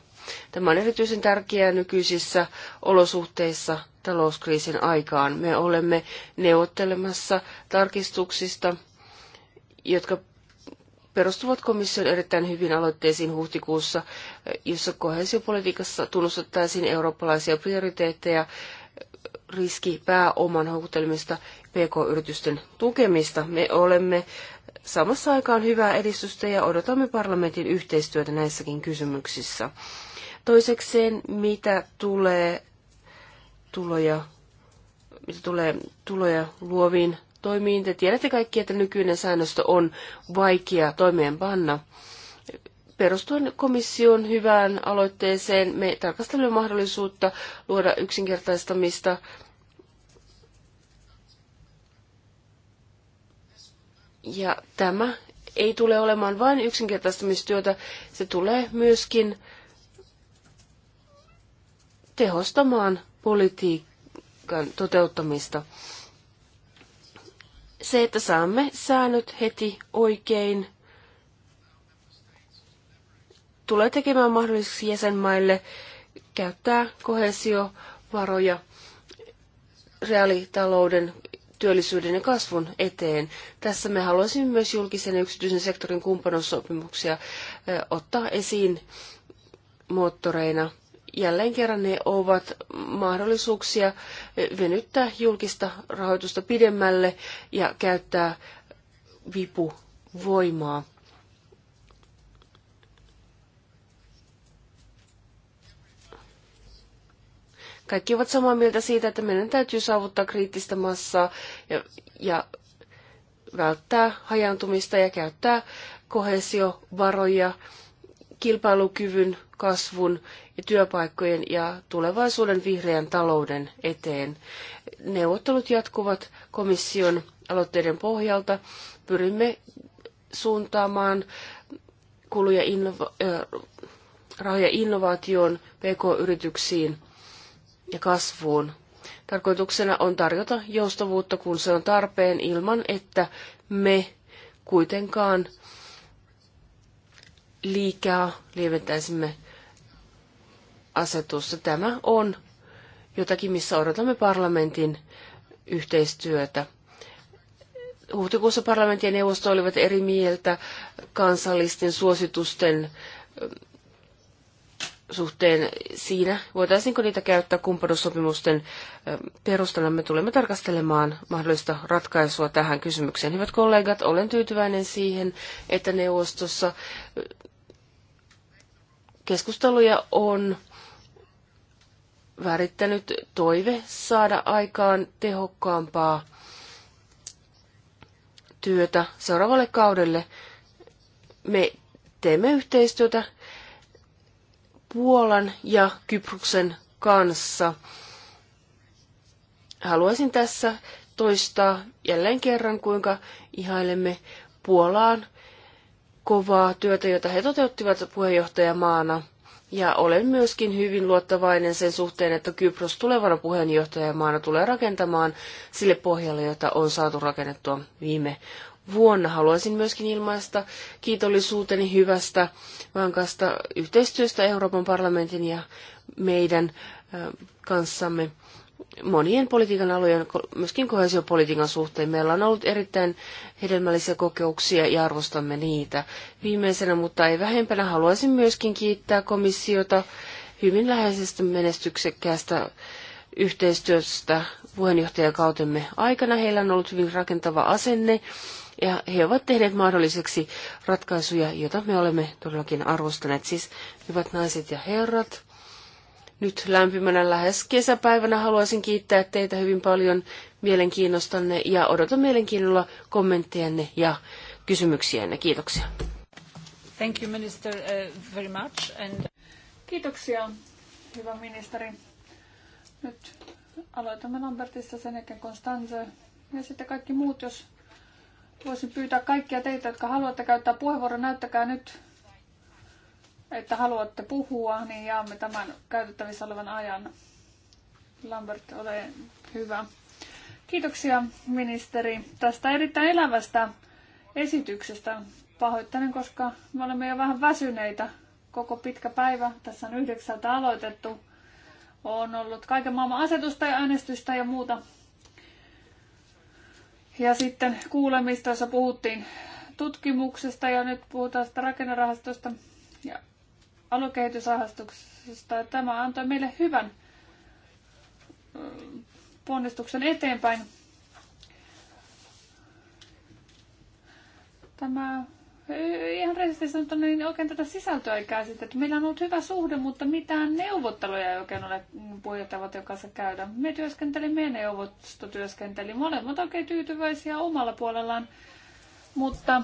D: Tämä on erityisen tärkeää nykyisissä olosuhteissa talouskriisin aikaan. Me olemme neuvottelemassa tarkistuksista, jotka perustuvat komission erittäin hyvin aloitteisiin huhtikuussa, jossa kohesiopolitiikassa tunnustettaisiin eurooppalaisia prioriteetteja riskipääoman houkuttelemista PK-yritysten tukemista. Me olemme samassa aikaan hyvää edistystä ja odotamme parlamentin yhteistyötä näissäkin kysymyksissä. Toisekseen, mitä tulee tuloja, mitä tulee tuloja luoviin toimiin. Te tiedätte kaikki, että nykyinen säännöstö on vaikea toimeenpanna. Perustuen komission hyvään aloitteeseen me tarkastelemme mahdollisuutta luoda yksinkertaistamista Ja tämä ei tule olemaan vain yksinkertaistamistyötä, se tulee myöskin tehostamaan politiikan toteuttamista. Se, että saamme säännöt heti oikein, tulee tekemään mahdolliseksi jäsenmaille käyttää kohesiovaroja reaalitalouden työllisyyden ja kasvun eteen. Tässä me haluaisimme myös julkisen ja yksityisen sektorin kumppanuussopimuksia ottaa esiin moottoreina. Jälleen kerran ne ovat mahdollisuuksia venyttää julkista rahoitusta pidemmälle ja käyttää vipuvoimaa. kaikki ovat samaa mieltä siitä, että meidän täytyy saavuttaa kriittistä massaa ja, ja välttää hajantumista ja käyttää kohesiovaroja kilpailukyvyn, kasvun ja työpaikkojen ja tulevaisuuden vihreän talouden eteen. Neuvottelut jatkuvat komission aloitteiden pohjalta. Pyrimme suuntaamaan kuluja innova- rahoja innovaatioon, pk-yrityksiin ja kasvuun. Tarkoituksena on tarjota joustavuutta, kun se on tarpeen, ilman että me kuitenkaan liikaa lieventäisimme asetusta. Tämä on jotakin, missä odotamme parlamentin yhteistyötä. Huhtikuussa parlamentti ja neuvosto olivat eri mieltä kansallisten suositusten suhteen siinä, voitaisiinko niitä käyttää kumppanuussopimusten perustana. Me tulemme tarkastelemaan mahdollista ratkaisua tähän kysymykseen. Hyvät kollegat, olen tyytyväinen siihen, että neuvostossa keskusteluja on värittänyt toive saada aikaan tehokkaampaa työtä seuraavalle kaudelle. Me teemme yhteistyötä Puolan ja Kyproksen kanssa. Haluaisin tässä toistaa jälleen kerran, kuinka ihailemme Puolaan kovaa työtä, jota he toteuttivat puheenjohtajamaana. Ja olen myöskin hyvin luottavainen sen suhteen, että Kypros tulevana puheenjohtajamaana tulee rakentamaan sille pohjalle, jota on saatu rakennettua viime vuonna. Haluaisin myöskin ilmaista kiitollisuuteni hyvästä vankasta yhteistyöstä Euroopan parlamentin ja meidän kanssamme monien politiikan alojen, myöskin kohesiopolitiikan suhteen. Meillä on ollut erittäin hedelmällisiä kokemuksia ja arvostamme niitä. Viimeisenä, mutta ei vähempänä, haluaisin myöskin kiittää komissiota hyvin läheisestä menestyksekkäästä yhteistyöstä puheenjohtajakautemme aikana. Heillä on ollut hyvin rakentava asenne ja he ovat tehneet mahdolliseksi ratkaisuja, joita me olemme todellakin arvostaneet. Siis hyvät naiset ja herrat, nyt lämpimänä lähes kesäpäivänä haluaisin kiittää teitä hyvin paljon mielenkiinnostanne ja odotan mielenkiinnolla kommenttejanne ja kysymyksiänne. Kiitoksia.
A: Thank you, Minister, uh, very much. And...
B: Kiitoksia, hyvä ministeri. Nyt aloitamme Lambertissa sen jälkeen Konstanze ja sitten kaikki muut, jos Voisin pyytää kaikkia teitä, jotka haluatte käyttää puheenvuoron, näyttäkää nyt, että haluatte puhua, niin jaamme tämän käytettävissä olevan ajan. Lambert, ole hyvä. Kiitoksia ministeri tästä erittäin elävästä esityksestä. Pahoittelen, koska me olemme jo vähän väsyneitä koko pitkä päivä. Tässä on yhdeksältä aloitettu. On ollut kaiken maailman asetusta ja äänestystä ja muuta. Ja sitten kuulemista, jossa puhuttiin tutkimuksesta ja nyt puhutaan sitä rakennerahastosta ja aluekehitysrahastuksesta. Tämä antoi meille hyvän ponnistuksen eteenpäin. Tämä ihan rehellisesti sanottuna, niin oikein tätä sisältöä ei käsitetty. Meillä on ollut hyvä suhde, mutta mitään neuvotteluja ei oikein ole puheenjohtajavaltion kanssa käydä. Me työskentelimme ja neuvosto työskenteli. Molemmat oikein tyytyväisiä omalla puolellaan. Mutta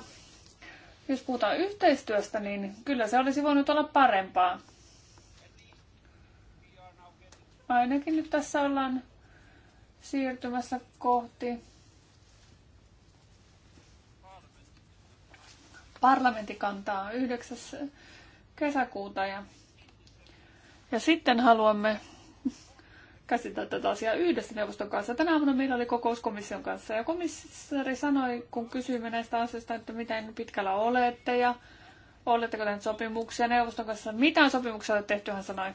B: jos puhutaan yhteistyöstä, niin kyllä se olisi voinut olla parempaa. Ainakin nyt tässä ollaan siirtymässä kohti parlamentti kantaa 9. kesäkuuta ja, ja sitten haluamme käsitellä tätä asiaa yhdessä neuvoston kanssa. Tänä aamuna meillä oli kokous komission kanssa ja komissaari sanoi, kun kysyimme näistä asioista, että miten pitkällä olette ja oletteko tehneet sopimuksia neuvoston kanssa. Mitä sopimuksia olette tehty, hän sanoi.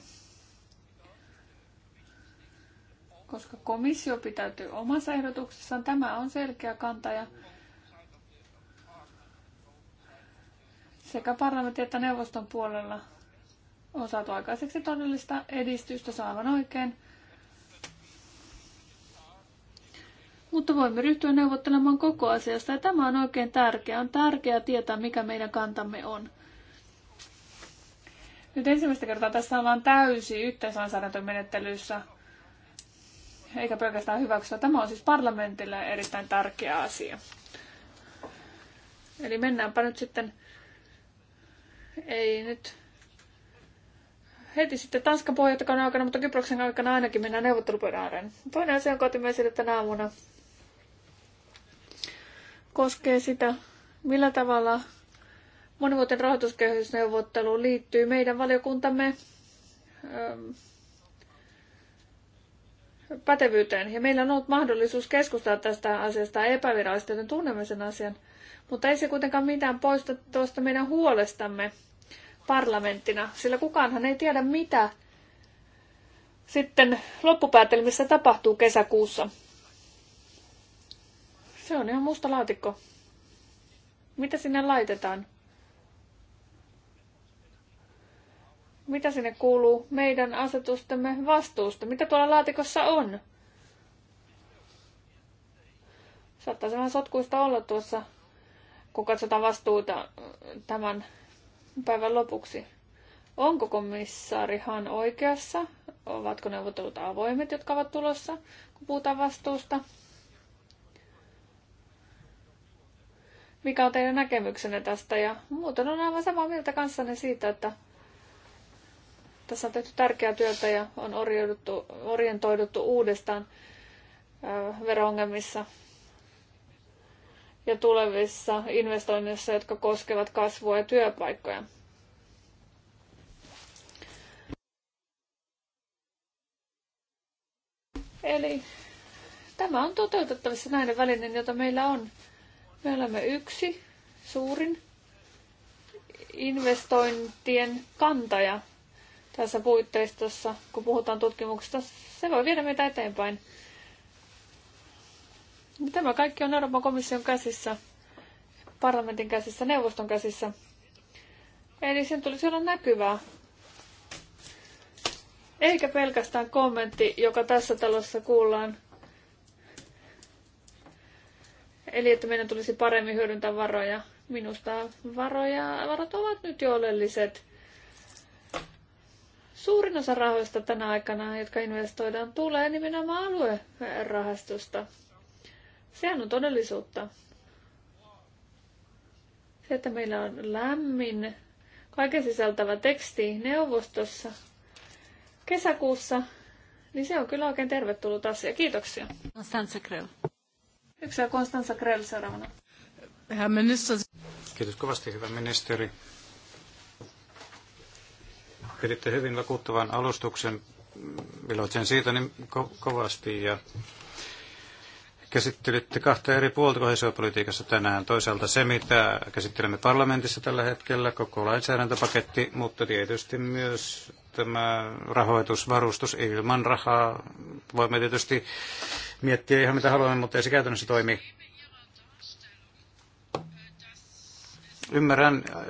B: Koska komissio pitäytyy omassa ehdotuksessaan, tämä on selkeä kanta ja sekä parlamentin että neuvoston puolella on saatu aikaiseksi todellista edistystä saavan oikein. Mutta voimme ryhtyä neuvottelemaan koko asiasta ja tämä on oikein tärkeää. On tärkeää tietää, mikä meidän kantamme on. Nyt ensimmäistä kertaa tässä ollaan täysi yhteislainsäädäntömenettelyssä, eikä pelkästään hyväksyä. Tämä on siis parlamentille erittäin tärkeä asia. Eli mennäänpä nyt sitten ei nyt heti sitten Tanskan puheenjohtajan aikana, mutta Kyproksen aikana ainakin mennään neuvottelupöydän ääreen. Toinen asia, jonka otimme esille tänä aamuna, koskee sitä, millä tavalla monivuotinen rahoituskehysneuvottelu liittyy meidän valiokuntamme ähm, pätevyyteen. Ja meillä on ollut mahdollisuus keskustella tästä asiasta epävirallisesti, joten tunnemme sen asian – mutta ei se kuitenkaan mitään poista tuosta meidän huolestamme parlamenttina, sillä kukaanhan ei tiedä mitä sitten loppupäätelmissä tapahtuu kesäkuussa. Se on ihan musta laatikko. Mitä sinne laitetaan? Mitä sinne kuuluu meidän asetustemme vastuusta? Mitä tuolla laatikossa on? Saattaa se vähän sotkuista olla tuossa kun katsotaan vastuuta äh, tämän päivän lopuksi. Onko komissaarihan oikeassa? Ovatko neuvottelut avoimet, jotka ovat tulossa, kun puhutaan vastuusta? Mikä on teidän näkemyksenne tästä? Ja muuten on aivan samaa mieltä kanssanne siitä, että tässä on tehty tärkeää työtä ja on orientoiduttu uudestaan äh, veroongelmissa ja tulevissa investoinneissa, jotka koskevat kasvua ja työpaikkoja. Eli tämä on toteutettavissa näiden välinen, jota meillä on. Me olemme yksi suurin investointien kantaja tässä puitteistossa, kun puhutaan tutkimuksesta. Se voi viedä meitä eteenpäin. Tämä kaikki on Euroopan komission käsissä, parlamentin käsissä, neuvoston käsissä. Eli sen tulisi olla näkyvää. Eikä pelkästään kommentti, joka tässä talossa kuullaan. Eli että meidän tulisi paremmin hyödyntää varoja. Minusta varoja, varat ovat nyt jo oleelliset. Suurin osa rahoista tänä aikana, jotka investoidaan, tulee nimenomaan aluerahastosta. Sehän on todellisuutta. Se, että meillä on lämmin, kaiken sisältävä teksti neuvostossa kesäkuussa, niin se on kyllä oikein tervetullut asia. Kiitoksia. Konstanza Krell. Yksi on Konstanza Krell seuraavana.
A: Herr minister.
C: Kiitos kovasti, hyvä ministeri. Piditte hyvin vakuuttavan alustuksen. Iloitsen siitä niin ko- kovasti ja käsittelitte kahta eri puolta kohesiopolitiikassa tänään. Toisaalta se, mitä käsittelemme parlamentissa tällä hetkellä, koko lainsäädäntöpaketti, mutta tietysti myös tämä rahoitusvarustus ilman rahaa. Voimme tietysti miettiä ihan mitä haluamme, mutta ei se käytännössä toimi. Ymmärrän äh,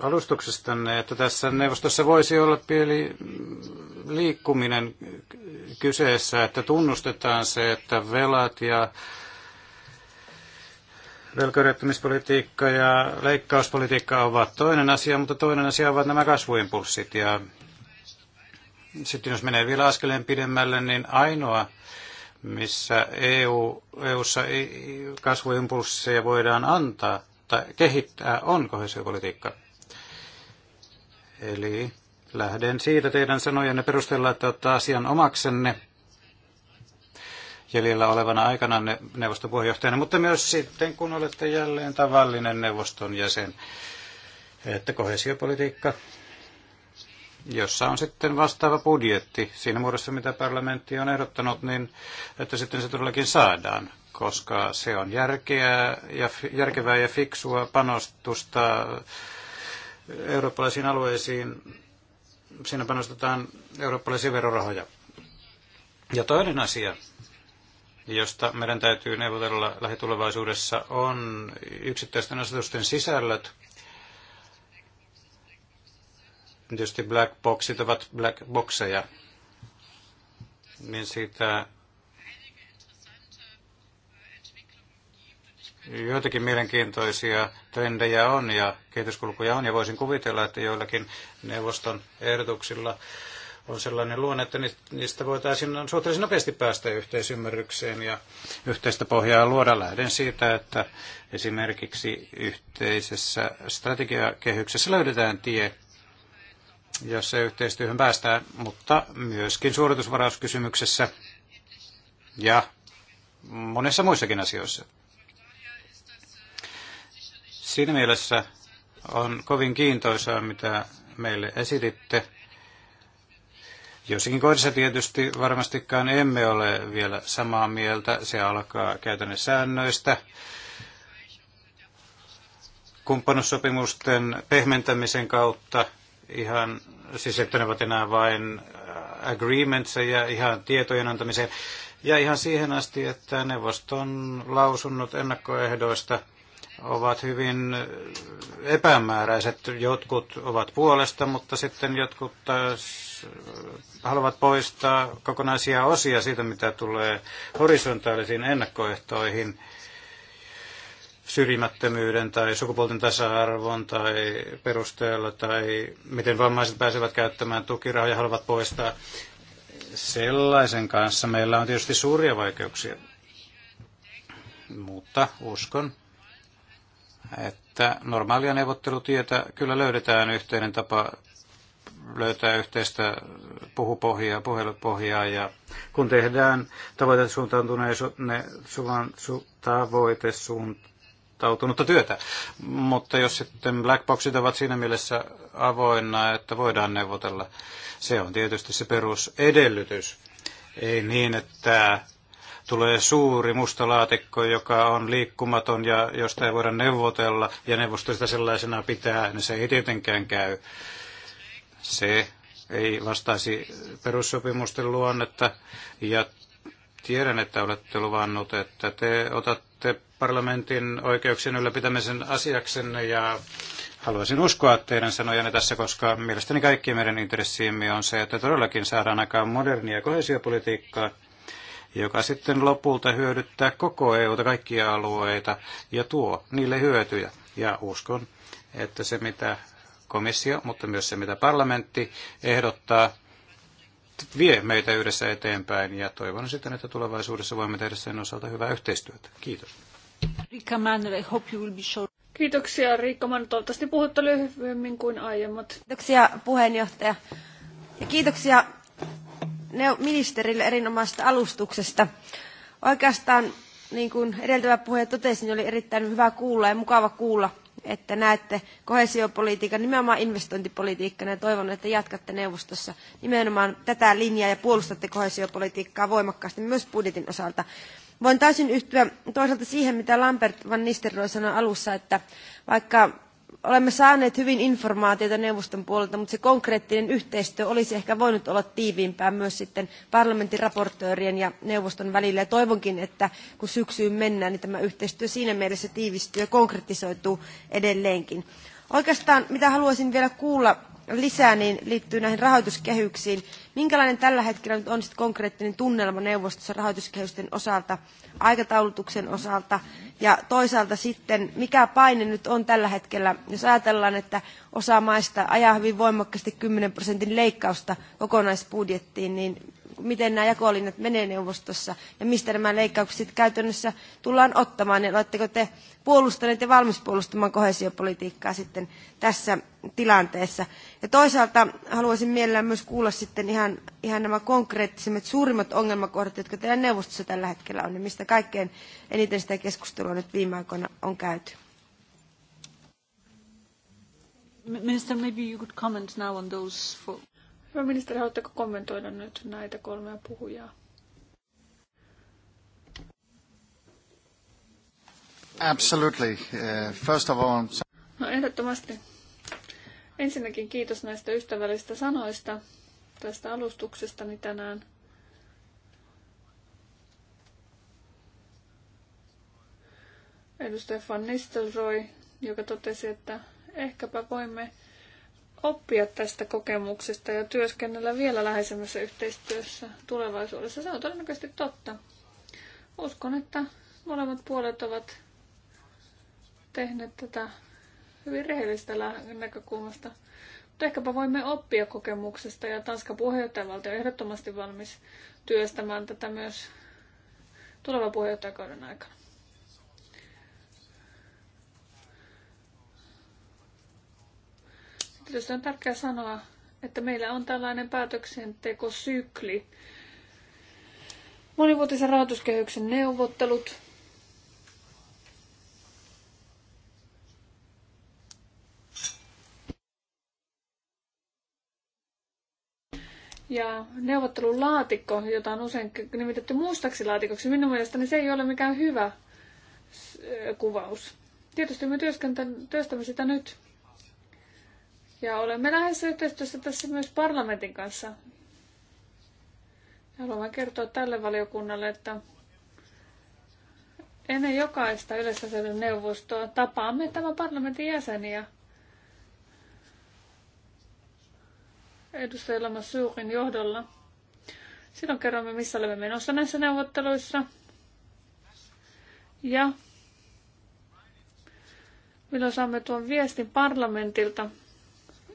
C: alustuksestanne, että tässä neuvostossa voisi olla pieni liikkuminen kyseessä, että tunnustetaan se, että velat ja velköyrittämispolitiikka ja leikkauspolitiikka ovat toinen asia, mutta toinen asia ovat nämä kasvuimpulssit. Ja sitten jos menee vielä askeleen pidemmälle, niin ainoa, missä EU, EU-ssa kasvuimpulsseja voidaan antaa tai kehittää, on kohesiopolitiikka. Eli Lähden siitä teidän sanojenne perusteella, että ottaa asian omaksenne jäljellä olevana aikana neuvoston puheenjohtajana, mutta myös sitten, kun olette jälleen tavallinen neuvoston jäsen, että kohesiopolitiikka, jossa on sitten vastaava budjetti siinä muodossa, mitä parlamentti on ehdottanut, niin että sitten se todellakin saadaan, koska se on järkeä ja, järkevää ja fiksua panostusta eurooppalaisiin alueisiin siinä panostetaan eurooppalaisia verorahoja. Ja toinen asia, josta meidän täytyy neuvotella lähitulevaisuudessa, on yksittäisten asetusten sisällöt. Tietysti black boxit ovat black boxeja, niin siitä joitakin mielenkiintoisia trendejä on ja kehityskulkuja on, ja voisin kuvitella, että joillakin neuvoston ehdotuksilla on sellainen luonne, että niistä voitaisiin suhteellisen nopeasti päästä yhteisymmärrykseen ja yhteistä pohjaa luoda. Lähden siitä, että esimerkiksi yhteisessä strategiakehyksessä löydetään tie, jossa yhteistyöhön päästään, mutta myöskin suoritusvarauskysymyksessä ja monessa muissakin asioissa. Siinä mielessä on kovin kiintoisaa, mitä meille esititte. Jossakin kohdassa tietysti varmastikaan emme ole vielä samaa mieltä. Se alkaa käytännön säännöistä, kumppanussopimusten pehmentämisen kautta ihan, siis että ne ovat enää vain äh, agreements ja ihan tietojen antamiseen. Ja ihan siihen asti, että neuvoston lausunnot ennakkoehdoista – ovat hyvin epämääräiset. Jotkut ovat puolesta, mutta sitten jotkut taas äh, haluavat poistaa kokonaisia osia siitä, mitä tulee horisontaalisiin ennakkoehtoihin syrjimättömyyden tai sukupuolten tasa-arvon tai perusteella tai miten vammaiset pääsevät käyttämään tukirahoja haluavat poistaa. Sellaisen kanssa meillä on tietysti suuria vaikeuksia, mutta uskon, että normaalia neuvottelutietä kyllä löydetään yhteinen tapa löytää yhteistä puhupohjaa, puhelupohjaa ja kun tehdään tavoitesuuntautunutta työtä. Mutta jos sitten blackboxit ovat siinä mielessä avoinna, että voidaan neuvotella, se on tietysti se perusedellytys. Ei niin, että tulee suuri musta laatikko, joka on liikkumaton ja josta ei voida neuvotella ja neuvosto sitä sellaisena pitää, niin se ei tietenkään käy. Se ei vastaisi perussopimusten luonnetta ja tiedän, että olette luvannut, että te otatte parlamentin oikeuksien ylläpitämisen asiaksenne ja haluaisin uskoa teidän sanojanne tässä, koska mielestäni kaikki meidän intressiimme on se, että todellakin saadaan aikaan modernia kohesiopolitiikkaa – joka sitten lopulta hyödyttää koko EUta, kaikkia alueita ja tuo niille hyötyjä. Ja uskon, että se mitä komissio, mutta myös se mitä parlamentti ehdottaa, vie meitä yhdessä eteenpäin ja toivon sitten, että tulevaisuudessa voimme tehdä sen osalta hyvää yhteistyötä. Kiitos.
A: Kiitoksia Riikka Mann. toivottavasti puhutte lyhyemmin kuin
E: aiemmat. Kiitoksia puheenjohtaja ja kiitoksia ministerille erinomaisesta alustuksesta. Oikeastaan, niin kuin edeltävä puhuja totesi, niin oli erittäin hyvä kuulla ja mukava kuulla, että näette kohesiopolitiikan nimenomaan investointipolitiikkana ja toivon, että jatkatte neuvostossa nimenomaan tätä linjaa ja puolustatte kohesiopolitiikkaa voimakkaasti myös budjetin osalta. Voin täysin yhtyä toisaalta siihen, mitä Lambert van Nistelrooy sanoi alussa, että vaikka olemme saaneet hyvin informaatiota neuvoston puolelta, mutta se konkreettinen yhteistyö olisi ehkä voinut olla tiiviimpää myös sitten parlamentin raportöörien ja neuvoston välillä. Ja toivonkin, että kun syksyyn mennään, niin tämä yhteistyö siinä mielessä tiivistyy ja konkretisoituu edelleenkin. Oikeastaan mitä haluaisin vielä kuulla lisää niin liittyy näihin rahoituskehyksiin. Minkälainen tällä hetkellä nyt on sitten konkreettinen tunnelma neuvostossa rahoituskehysten osalta, aikataulutuksen osalta ja toisaalta sitten mikä paine nyt on tällä hetkellä, jos ajatellaan, että osa maista ajaa hyvin voimakkaasti 10 prosentin leikkausta kokonaisbudjettiin, niin miten nämä jakolinjat menee neuvostossa ja mistä nämä leikkaukset käytännössä tullaan ottamaan. Ja oletteko te puolustaneet ja valmis puolustamaan kohesiopolitiikkaa sitten tässä tilanteessa? Ja toisaalta haluaisin mielellään myös kuulla sitten ihan, ihan nämä konkreettisimmat suurimmat ongelmakohdat, jotka teidän neuvostossa tällä hetkellä on, ja mistä kaikkein eniten sitä keskustelua nyt viime aikoina on käyty.
A: Minister, maybe you could comment now on those four.
B: Hyvä ministeri, haluatteko kommentoida nyt näitä kolmea puhujaa?
C: Absolutely. Uh, first of all...
B: No ehdottomasti Ensinnäkin kiitos näistä ystävällisistä sanoista tästä alustuksestani tänään. Edustaja Van Nistelrooy, joka totesi, että ehkäpä voimme oppia tästä kokemuksesta ja työskennellä vielä läheisemmässä yhteistyössä tulevaisuudessa. Se on todennäköisesti totta. Uskon, että molemmat puolet ovat tehneet tätä hyvin rehellistä näkökulmasta. Mutta ehkäpä voimme oppia kokemuksesta ja Tanskan puheenjohtajavaltio on ehdottomasti valmis työstämään tätä myös tulevan puheenjohtajakauden aikana. Tietysti on tärkeää sanoa, että meillä on tällainen päätöksentekosykli. Monivuotisen rahoituskehyksen neuvottelut, Ja neuvottelun laatikko, jota on usein nimitetty mustaksi laatikoksi, minun mielestäni se ei ole mikään hyvä kuvaus. Tietysti me työstämme sitä nyt. Ja olemme lähes yhteistyössä tässä myös parlamentin kanssa. Haluan kertoa tälle valiokunnalle, että ennen jokaista yleisasioiden neuvostoa tapaamme tämän parlamentin jäseniä – edustajilla Lama johdolla. Silloin kerromme, missä olemme menossa näissä neuvotteluissa. Ja milloin saamme tuon viestin parlamentilta.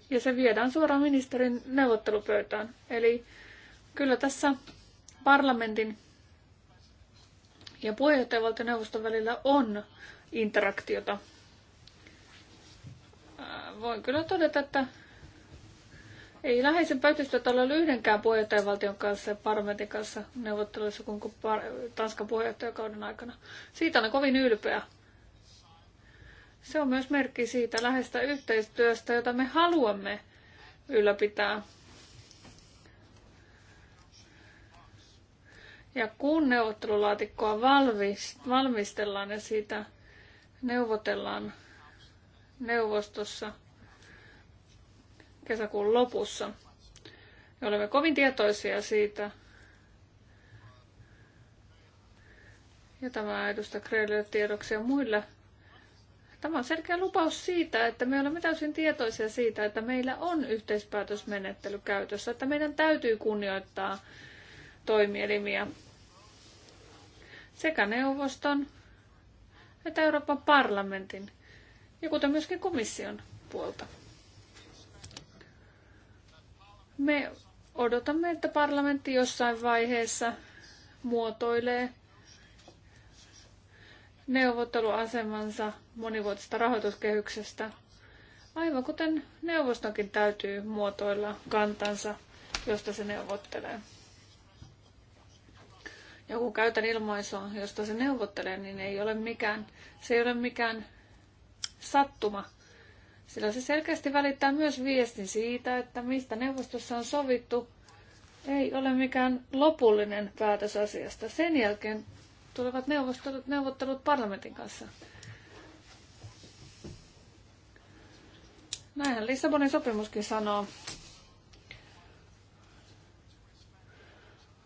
B: Ja se viedään suoraan ministerin neuvottelupöytään. Eli kyllä tässä parlamentin ja puheenjohtajavaltioneuvoston välillä on interaktiota. Voin kyllä todeta, että ei läheisempää yhteistyötä ole ollut yhdenkään puheenjohtajavaltion kanssa ja parlamentin kanssa neuvotteluissa kuin Tanskan puheenjohtajakauden aikana. Siitä on kovin ylpeä. Se on myös merkki siitä läheistä yhteistyöstä, jota me haluamme ylläpitää. Ja kun neuvottelulaatikkoa valmistellaan ja siitä neuvotellaan neuvostossa – kesäkuun lopussa. Me olemme kovin tietoisia siitä. Ja tämä edustaa Kreelille tiedoksi muille. Tämä on selkeä lupaus siitä, että me olemme täysin tietoisia siitä, että meillä on yhteispäätösmenettely käytössä, että meidän täytyy kunnioittaa toimielimiä sekä neuvoston että Euroopan parlamentin ja kuten myöskin komission puolta. Me odotamme, että parlamentti jossain vaiheessa muotoilee neuvotteluasemansa monivuotisesta rahoituskehyksestä, aivan kuten neuvostonkin täytyy muotoilla kantansa, josta se neuvottelee. Ja kun käytän ilmaisua, josta se neuvottelee, niin ei ole mikään, se ei ole mikään sattuma, sillä se selkeästi välittää myös viestin siitä, että mistä neuvostossa on sovittu, ei ole mikään lopullinen päätös asiasta. Sen jälkeen tulevat neuvottelut, neuvottelut parlamentin kanssa. Näinhän Lissabonin sopimuskin sanoo.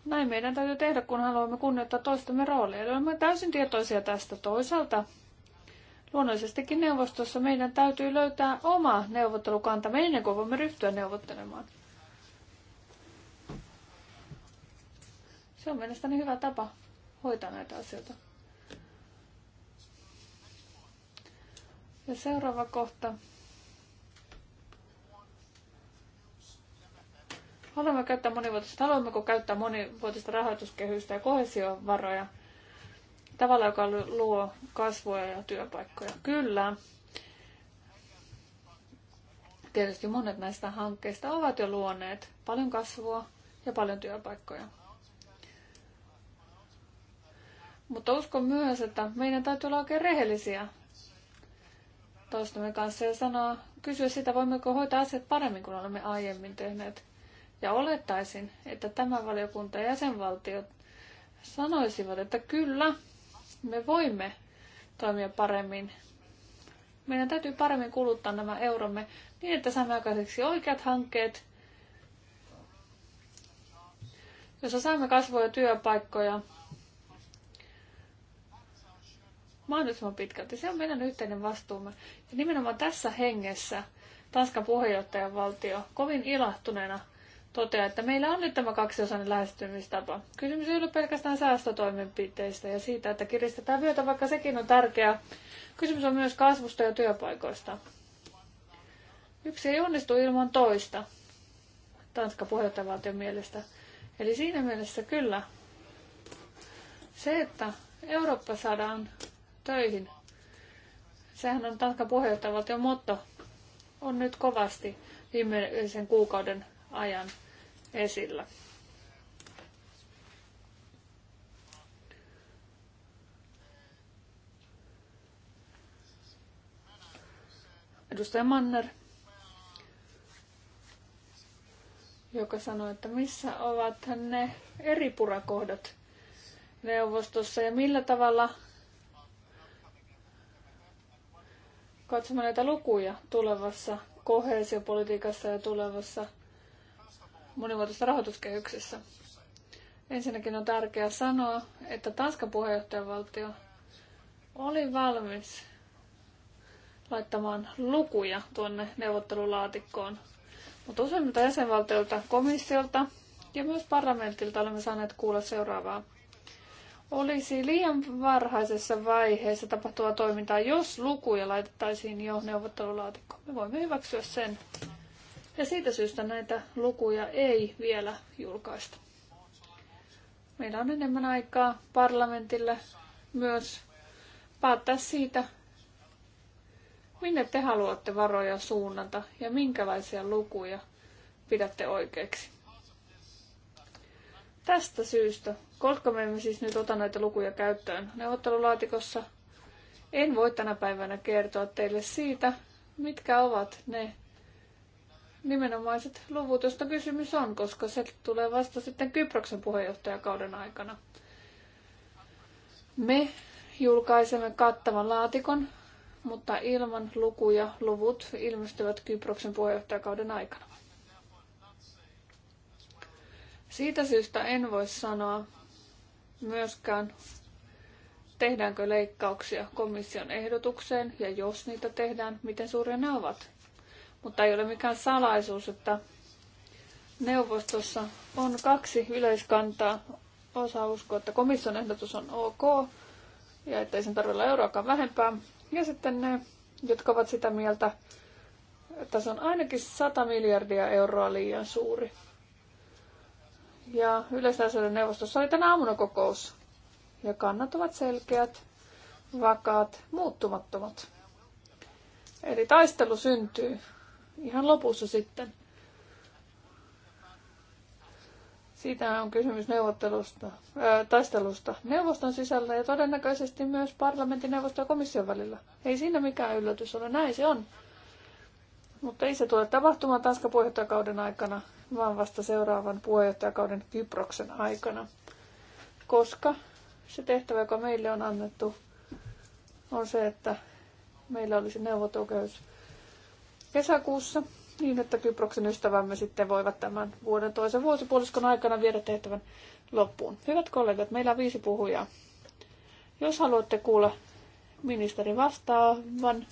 B: Näin meidän täytyy tehdä, kun haluamme kunnioittaa toistamme roolia. Olemme täysin tietoisia tästä toisaalta. Luonnollisestikin neuvostossa meidän täytyy löytää oma neuvottelukanta ennen kuin voimme ryhtyä neuvottelemaan. Se on mielestäni hyvä tapa hoitaa näitä asioita. Ja seuraava kohta. Haluamme käyttää monivuotista, haluammeko käyttää monivuotista rahoituskehystä ja kohesiovaroja – tavalla, joka luo kasvua ja työpaikkoja. Kyllä. Tietysti monet näistä hankkeista ovat jo luoneet paljon kasvua ja paljon työpaikkoja. Mutta uskon myös, että meidän täytyy olla oikein rehellisiä toistamme kanssa ja sanoa, kysyä sitä, voimmeko hoitaa asiat paremmin kuin olemme aiemmin tehneet. Ja olettaisin, että tämä valiokunta ja jäsenvaltiot sanoisivat, että kyllä, me voimme toimia paremmin. Meidän täytyy paremmin kuluttaa nämä euromme niin, että saamme aikaiseksi oikeat hankkeet, jossa saamme kasvua ja työpaikkoja mahdollisimman pitkälti. Se on meidän yhteinen vastuumme. Ja nimenomaan tässä hengessä Tanskan puheenjohtajavaltio kovin ilahtuneena – toteaa, että meillä on nyt tämä kaksiosainen lähestymistapa. Kysymys ei ole pelkästään säästötoimenpiteistä ja siitä, että kiristetään vyötä, vaikka sekin on tärkeää. Kysymys on myös kasvusta ja työpaikoista. Yksi ei onnistu ilman toista, Tanska puheenjohtajavaltion mielestä. Eli siinä mielessä kyllä se, että Eurooppa saadaan töihin, sehän on Tanskan puheenjohtajavaltion motto, on nyt kovasti viimeisen kuukauden ajan esillä. Edustaja Manner, joka sanoi, että missä ovat ne eri purakohdat neuvostossa ja millä tavalla katsomme näitä lukuja tulevassa koheesiopolitiikassa ja tulevassa monivuotisessa rahoituskehyksessä. Ensinnäkin on tärkeää sanoa, että Tanskan puheenjohtajavaltio oli valmis laittamaan lukuja tuonne neuvottelulaatikkoon. Mutta useimmilta jäsenvaltioilta, komissiolta ja myös parlamentilta olemme saaneet kuulla seuraavaa. Olisi liian varhaisessa vaiheessa tapahtua toimintaa, jos lukuja laitettaisiin jo neuvottelulaatikkoon. Me voimme hyväksyä sen, ja siitä syystä näitä lukuja ei vielä julkaista. Meillä on enemmän aikaa parlamentille myös päättää siitä, minne te haluatte varoja suunnata ja minkälaisia lukuja pidätte oikeiksi. Tästä syystä, koska me emme siis nyt ota näitä lukuja käyttöön neuvottelulaatikossa, en voi tänä päivänä kertoa teille siitä, mitkä ovat ne nimenomaiset luvut, joista kysymys on, koska se tulee vasta sitten Kyproksen puheenjohtajakauden aikana. Me julkaisemme kattavan laatikon, mutta ilman lukuja luvut ilmestyvät Kyproksen puheenjohtajakauden aikana. Siitä syystä en voi sanoa myöskään, tehdäänkö leikkauksia komission ehdotukseen ja jos niitä tehdään, miten suuria ne ovat. Mutta ei ole mikään salaisuus, että neuvostossa on kaksi yleiskantaa. Osa uskoo, että komission ehdotus on ok ja ettei sen tarvitse olla euroakaan vähempää. Ja sitten ne, jotka ovat sitä mieltä, että se on ainakin 100 miljardia euroa liian suuri. Ja yleisäisöiden neuvostossa oli tänä aamuna kokous. Ja kannat ovat selkeät, vakaat, muuttumattomat. Eli taistelu syntyy ihan lopussa sitten. Siitä on kysymys neuvottelusta, ö, taistelusta neuvoston sisällä ja todennäköisesti myös parlamentin, neuvoston ja komission välillä. Ei siinä mikään yllätys ole, näin se on. Mutta ei se tule tapahtumaan Tanskan puheenjohtajakauden aikana, vaan vasta seuraavan puheenjohtajakauden Kyproksen aikana. Koska se tehtävä, joka meille on annettu, on se, että meillä olisi neuvotokäys kesäkuussa, niin että Kyproksen ystävämme sitten voivat tämän vuoden toisen vuosipuoliskon aikana viedä tehtävän loppuun. Hyvät kollegat, meillä on viisi puhujaa. Jos haluatte kuulla ministeri vastaavan,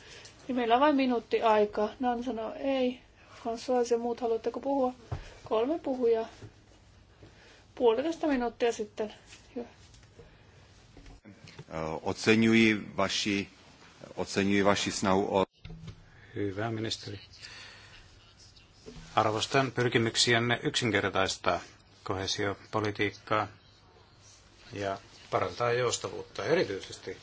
B: niin meillä on vain minuutti aikaa. Nan sanoo ei. François ja muut, haluatteko puhua? Kolme puhujaa. Puolitoista minuuttia sitten.
C: Oceňuji vaši, oceňuji vaši snahu o... Hyvä, ministeri. Arvostan pyrkimyksiänne yksinkertaistaa kohesiopolitiikkaa ja parantaa joustavuutta, erityisesti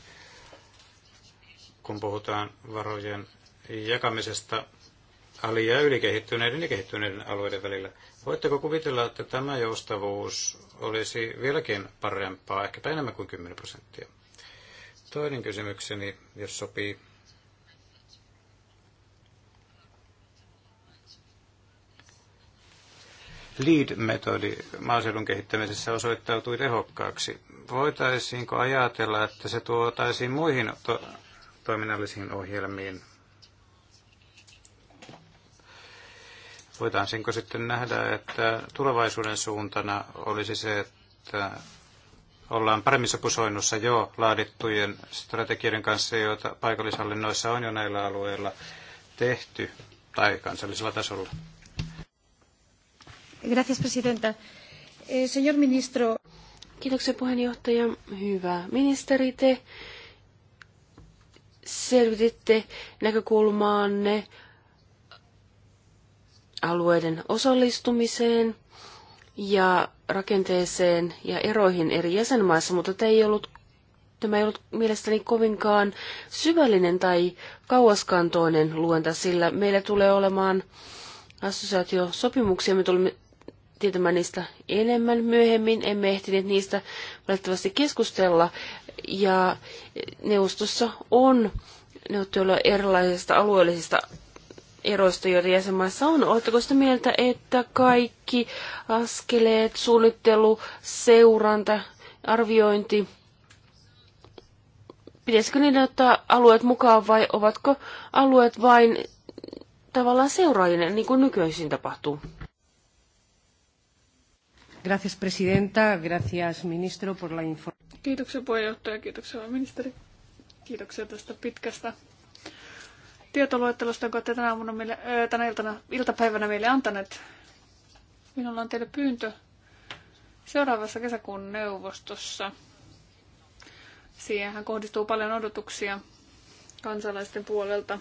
C: kun puhutaan varojen jakamisesta ali- ja ylikehittyneiden ja kehittyneiden alueiden välillä. Voitteko kuvitella, että tämä joustavuus olisi vieläkin parempaa, ehkäpä enemmän kuin 10 prosenttia? Toinen kysymykseni, jos sopii, lead metodi maaseudun kehittämisessä osoittautui tehokkaaksi. Voitaisiinko ajatella, että se tuotaisiin muihin to- toiminnallisiin ohjelmiin? Voitaisiinko sitten nähdä, että tulevaisuuden suuntana olisi se, että ollaan paremmin sopusoinnussa jo laadittujen strategioiden kanssa, joita paikallishallinnoissa on jo näillä alueilla tehty tai kansallisella tasolla?
E: Gracias,
D: presidenta. Eh, señor ministro. Kiitoksia puheenjohtaja. Hyvä ministeri, te selvititte näkökulmaanne alueiden osallistumiseen ja rakenteeseen ja eroihin eri jäsenmaissa, mutta te ei ollut, tämä ei ollut mielestäni kovinkaan syvällinen tai kauaskantoinen luenta, sillä meillä tulee olemaan assosiaatiosopimuksia, me tulemme tietämään niistä enemmän myöhemmin. Emme ehtineet niistä valitettavasti keskustella. Ja neuvostossa on neuvottelua erilaisista alueellisista eroista, joita jäsenmaissa on. Oletteko sitä mieltä, että kaikki askeleet, suunnittelu, seuranta, arviointi, pitäisikö niiden ottaa alueet mukaan vai ovatko alueet vain tavallaan seuraajina, niin kuin nykyisin tapahtuu? Gracias, presidenta. Gracias, ministro, por la información.
B: Kiitoksia puheenjohtaja, kiitoksia ministeri. Kiitoksia tästä pitkästä tietoluettelosta, jonka olette tänä, aamuna meille, tänä iltana, iltapäivänä meille antaneet. Minulla on teille pyyntö seuraavassa kesäkuun neuvostossa. Siihenhän kohdistuu paljon odotuksia kansalaisten puolelta,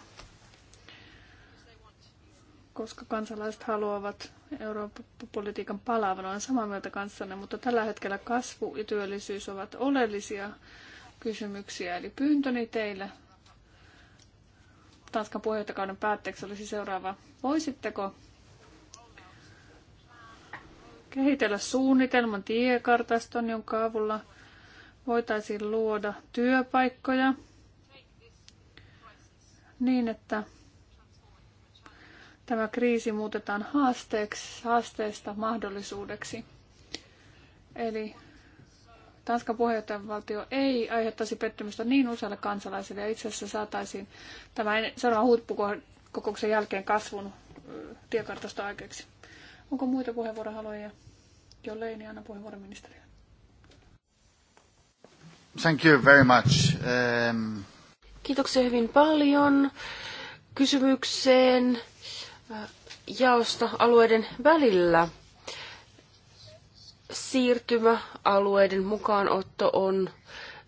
B: koska kansalaiset haluavat Eurooppa-politiikan palavana. Olen samaa mieltä kanssanne, mutta tällä hetkellä kasvu ja työllisyys ovat oleellisia kysymyksiä. Eli pyyntöni teille Tanskan puheenjohtajakauden päätteeksi olisi seuraava. Voisitteko kehitellä suunnitelman tiekartaston, jonka avulla voitaisiin luoda työpaikkoja niin, että tämä kriisi muutetaan haasteeksi, haasteesta mahdollisuudeksi. Eli Tanskan puheenjohtajavaltio ei aiheuttaisi pettymystä niin usealle kansalaisille ja itse asiassa saataisiin tämän seuraavan huippukokouksen jälkeen kasvun tiekartasta aikeeksi. Onko muita puheenvuorohaluja? Jollei, niin anna puheenvuoron ministeriä.
A: Thank you very much. Um...
D: Kiitoksia hyvin paljon kysymykseen jaosta alueiden välillä. Siirtymä alueiden mukaanotto on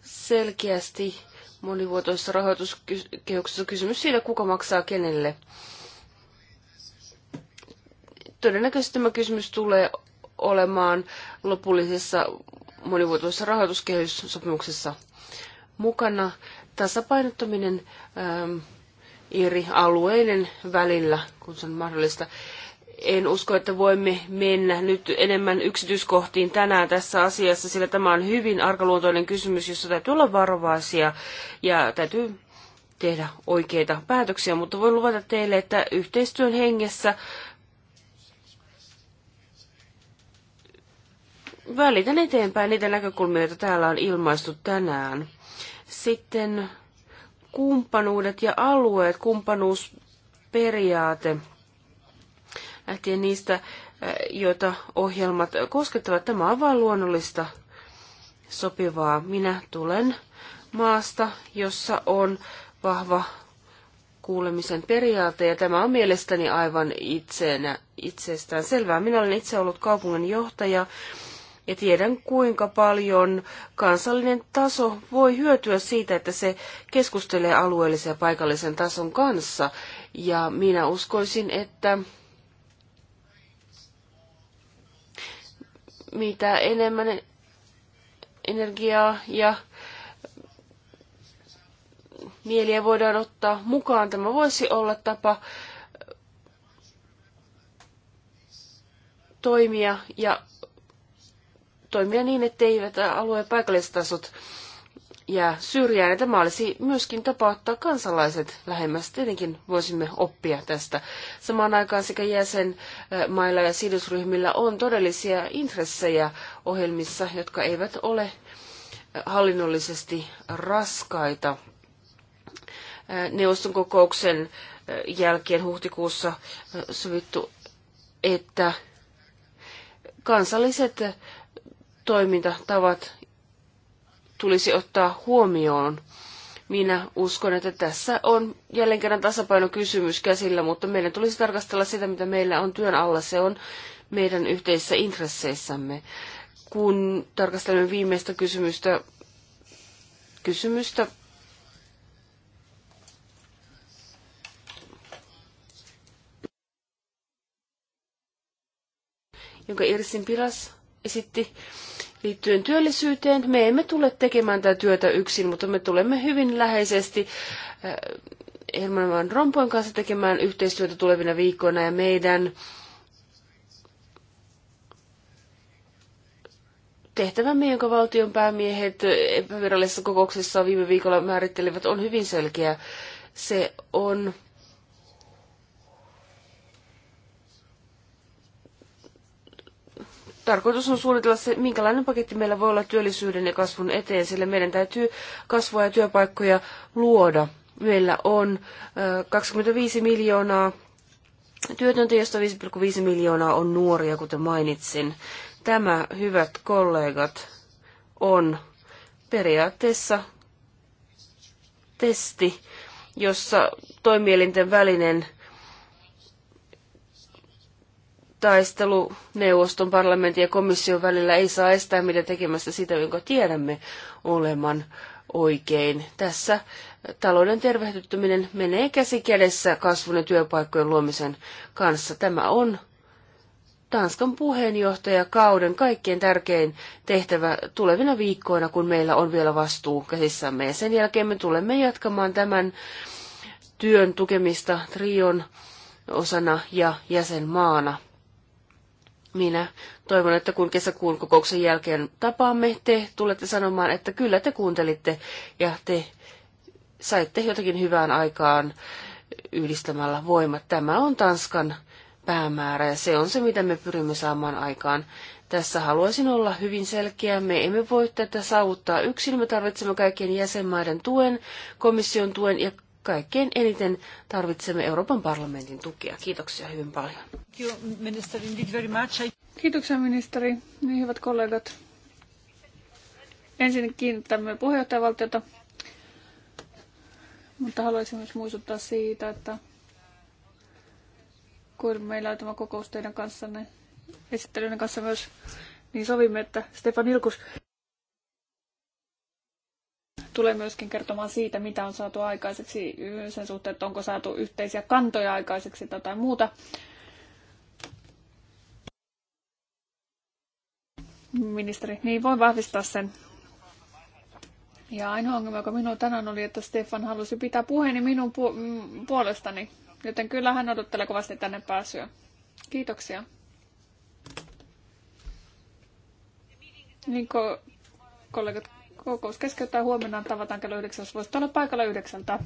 D: selkeästi monivuotoisessa rahoituskehyksessä kysymys siitä, kuka maksaa kenelle. Todennäköisesti tämä kysymys tulee olemaan lopullisessa monivuotoisessa rahoituskehyssopimuksessa mukana. Tasapainottaminen ähm, eri alueiden välillä, kun se on mahdollista. En usko, että voimme mennä nyt enemmän yksityiskohtiin tänään tässä asiassa, sillä tämä on hyvin arkaluontoinen kysymys, jossa täytyy olla varovaisia ja täytyy tehdä oikeita päätöksiä, mutta voin luvata teille, että yhteistyön hengessä välitän eteenpäin niitä näkökulmia, joita täällä on ilmaistu tänään. Sitten kumppanuudet ja alueet, kumppanuusperiaate lähtien niistä, eh, joita ohjelmat koskettavat. Tämä on vain luonnollista sopivaa. Minä tulen maasta, jossa on vahva kuulemisen periaate, ja tämä on mielestäni aivan itseenä, itsestään selvää. Minä olen itse ollut kaupungin johtaja ja tiedän kuinka paljon kansallinen taso voi hyötyä siitä, että se keskustelee alueellisen ja paikallisen tason kanssa. Ja minä uskoisin, että mitä enemmän energiaa ja mieliä voidaan ottaa mukaan. Tämä voisi olla tapa toimia ja toimia niin, etteivät alueen paikallistasot jää syrjään. Ja tämä olisi myöskin tapa ottaa kansalaiset lähemmäs. Tietenkin voisimme oppia tästä. Samaan aikaan sekä jäsenmailla ja sidosryhmillä on todellisia intressejä ohjelmissa, jotka eivät ole hallinnollisesti raskaita. Neuvoston kokouksen jälkeen huhtikuussa sovittu, että kansalliset toimintatavat tulisi ottaa huomioon. Minä uskon, että tässä on jälleen kerran tasapainokysymys käsillä, mutta meidän tulisi tarkastella sitä, mitä meillä on työn alla. Se on meidän yhteisissä intresseissämme. Kun tarkastelemme viimeistä kysymystä, kysymystä jonka Irsin Piras esitti liittyen työllisyyteen. Me emme tule tekemään tätä työtä yksin, mutta me tulemme hyvin läheisesti äh, Herman Van Rompuyn kanssa tekemään yhteistyötä tulevina viikkoina ja meidän tehtävämme, jonka valtion päämiehet epävirallisessa kokouksessa viime viikolla määrittelivät, on hyvin selkeä. Se on tarkoitus on suunnitella se, minkälainen paketti meillä voi olla työllisyyden ja kasvun eteen, sillä meidän täytyy kasvua ja työpaikkoja luoda. Meillä on 25 miljoonaa työtöntä, josta 5,5 miljoonaa on nuoria, kuten mainitsin. Tämä, hyvät kollegat, on periaatteessa testi, jossa toimielinten välinen taistelu neuvoston, parlamentin ja komission välillä ei saa estää meitä tekemästä sitä, jonka tiedämme oleman oikein. Tässä talouden tervehdyttäminen menee käsi kädessä kasvun ja työpaikkojen luomisen kanssa. Tämä on Tanskan puheenjohtajakauden kaikkein tärkein tehtävä tulevina viikkoina, kun meillä on vielä vastuu käsissämme. Ja sen jälkeen me tulemme jatkamaan tämän työn tukemista trion osana ja jäsenmaana minä toivon, että kun kesäkuun kokouksen jälkeen tapaamme, te tulette sanomaan, että kyllä te kuuntelitte ja te saitte jotakin hyvään aikaan yhdistämällä voimat. Tämä on Tanskan päämäärä ja se on se, mitä me pyrimme saamaan aikaan. Tässä haluaisin olla hyvin selkeä. Me emme voi tätä saavuttaa yksin. Me tarvitsemme kaikkien jäsenmaiden tuen, komission tuen ja kaikkein eniten tarvitsemme Euroopan parlamentin tukea. Kiitoksia hyvin paljon. Kiitoksia ministeri.
B: Niin hyvät kollegat. Ensin kiinnitämme puheenjohtajavaltiota, mutta haluaisin myös muistuttaa siitä, että kun meillä on tämä kokous teidän kanssanne, esittelyiden kanssa myös, niin sovimme, että Stefan Ilkus tulee myöskin kertomaan siitä, mitä on saatu aikaiseksi sen suhteen, että onko saatu yhteisiä kantoja aikaiseksi tai jotain muuta. Ministeri, niin voi vahvistaa sen. Ja ainoa ongelma, joka minulla tänään oli, että Stefan halusi pitää puheeni minun pu- puolestani, joten kyllä hän odottelee kovasti tänne pääsyä. Kiitoksia. Niin kollegat Kokous keskeytetään huomenna, tavataan kello 9, voisi olla paikalla yhdeksältä.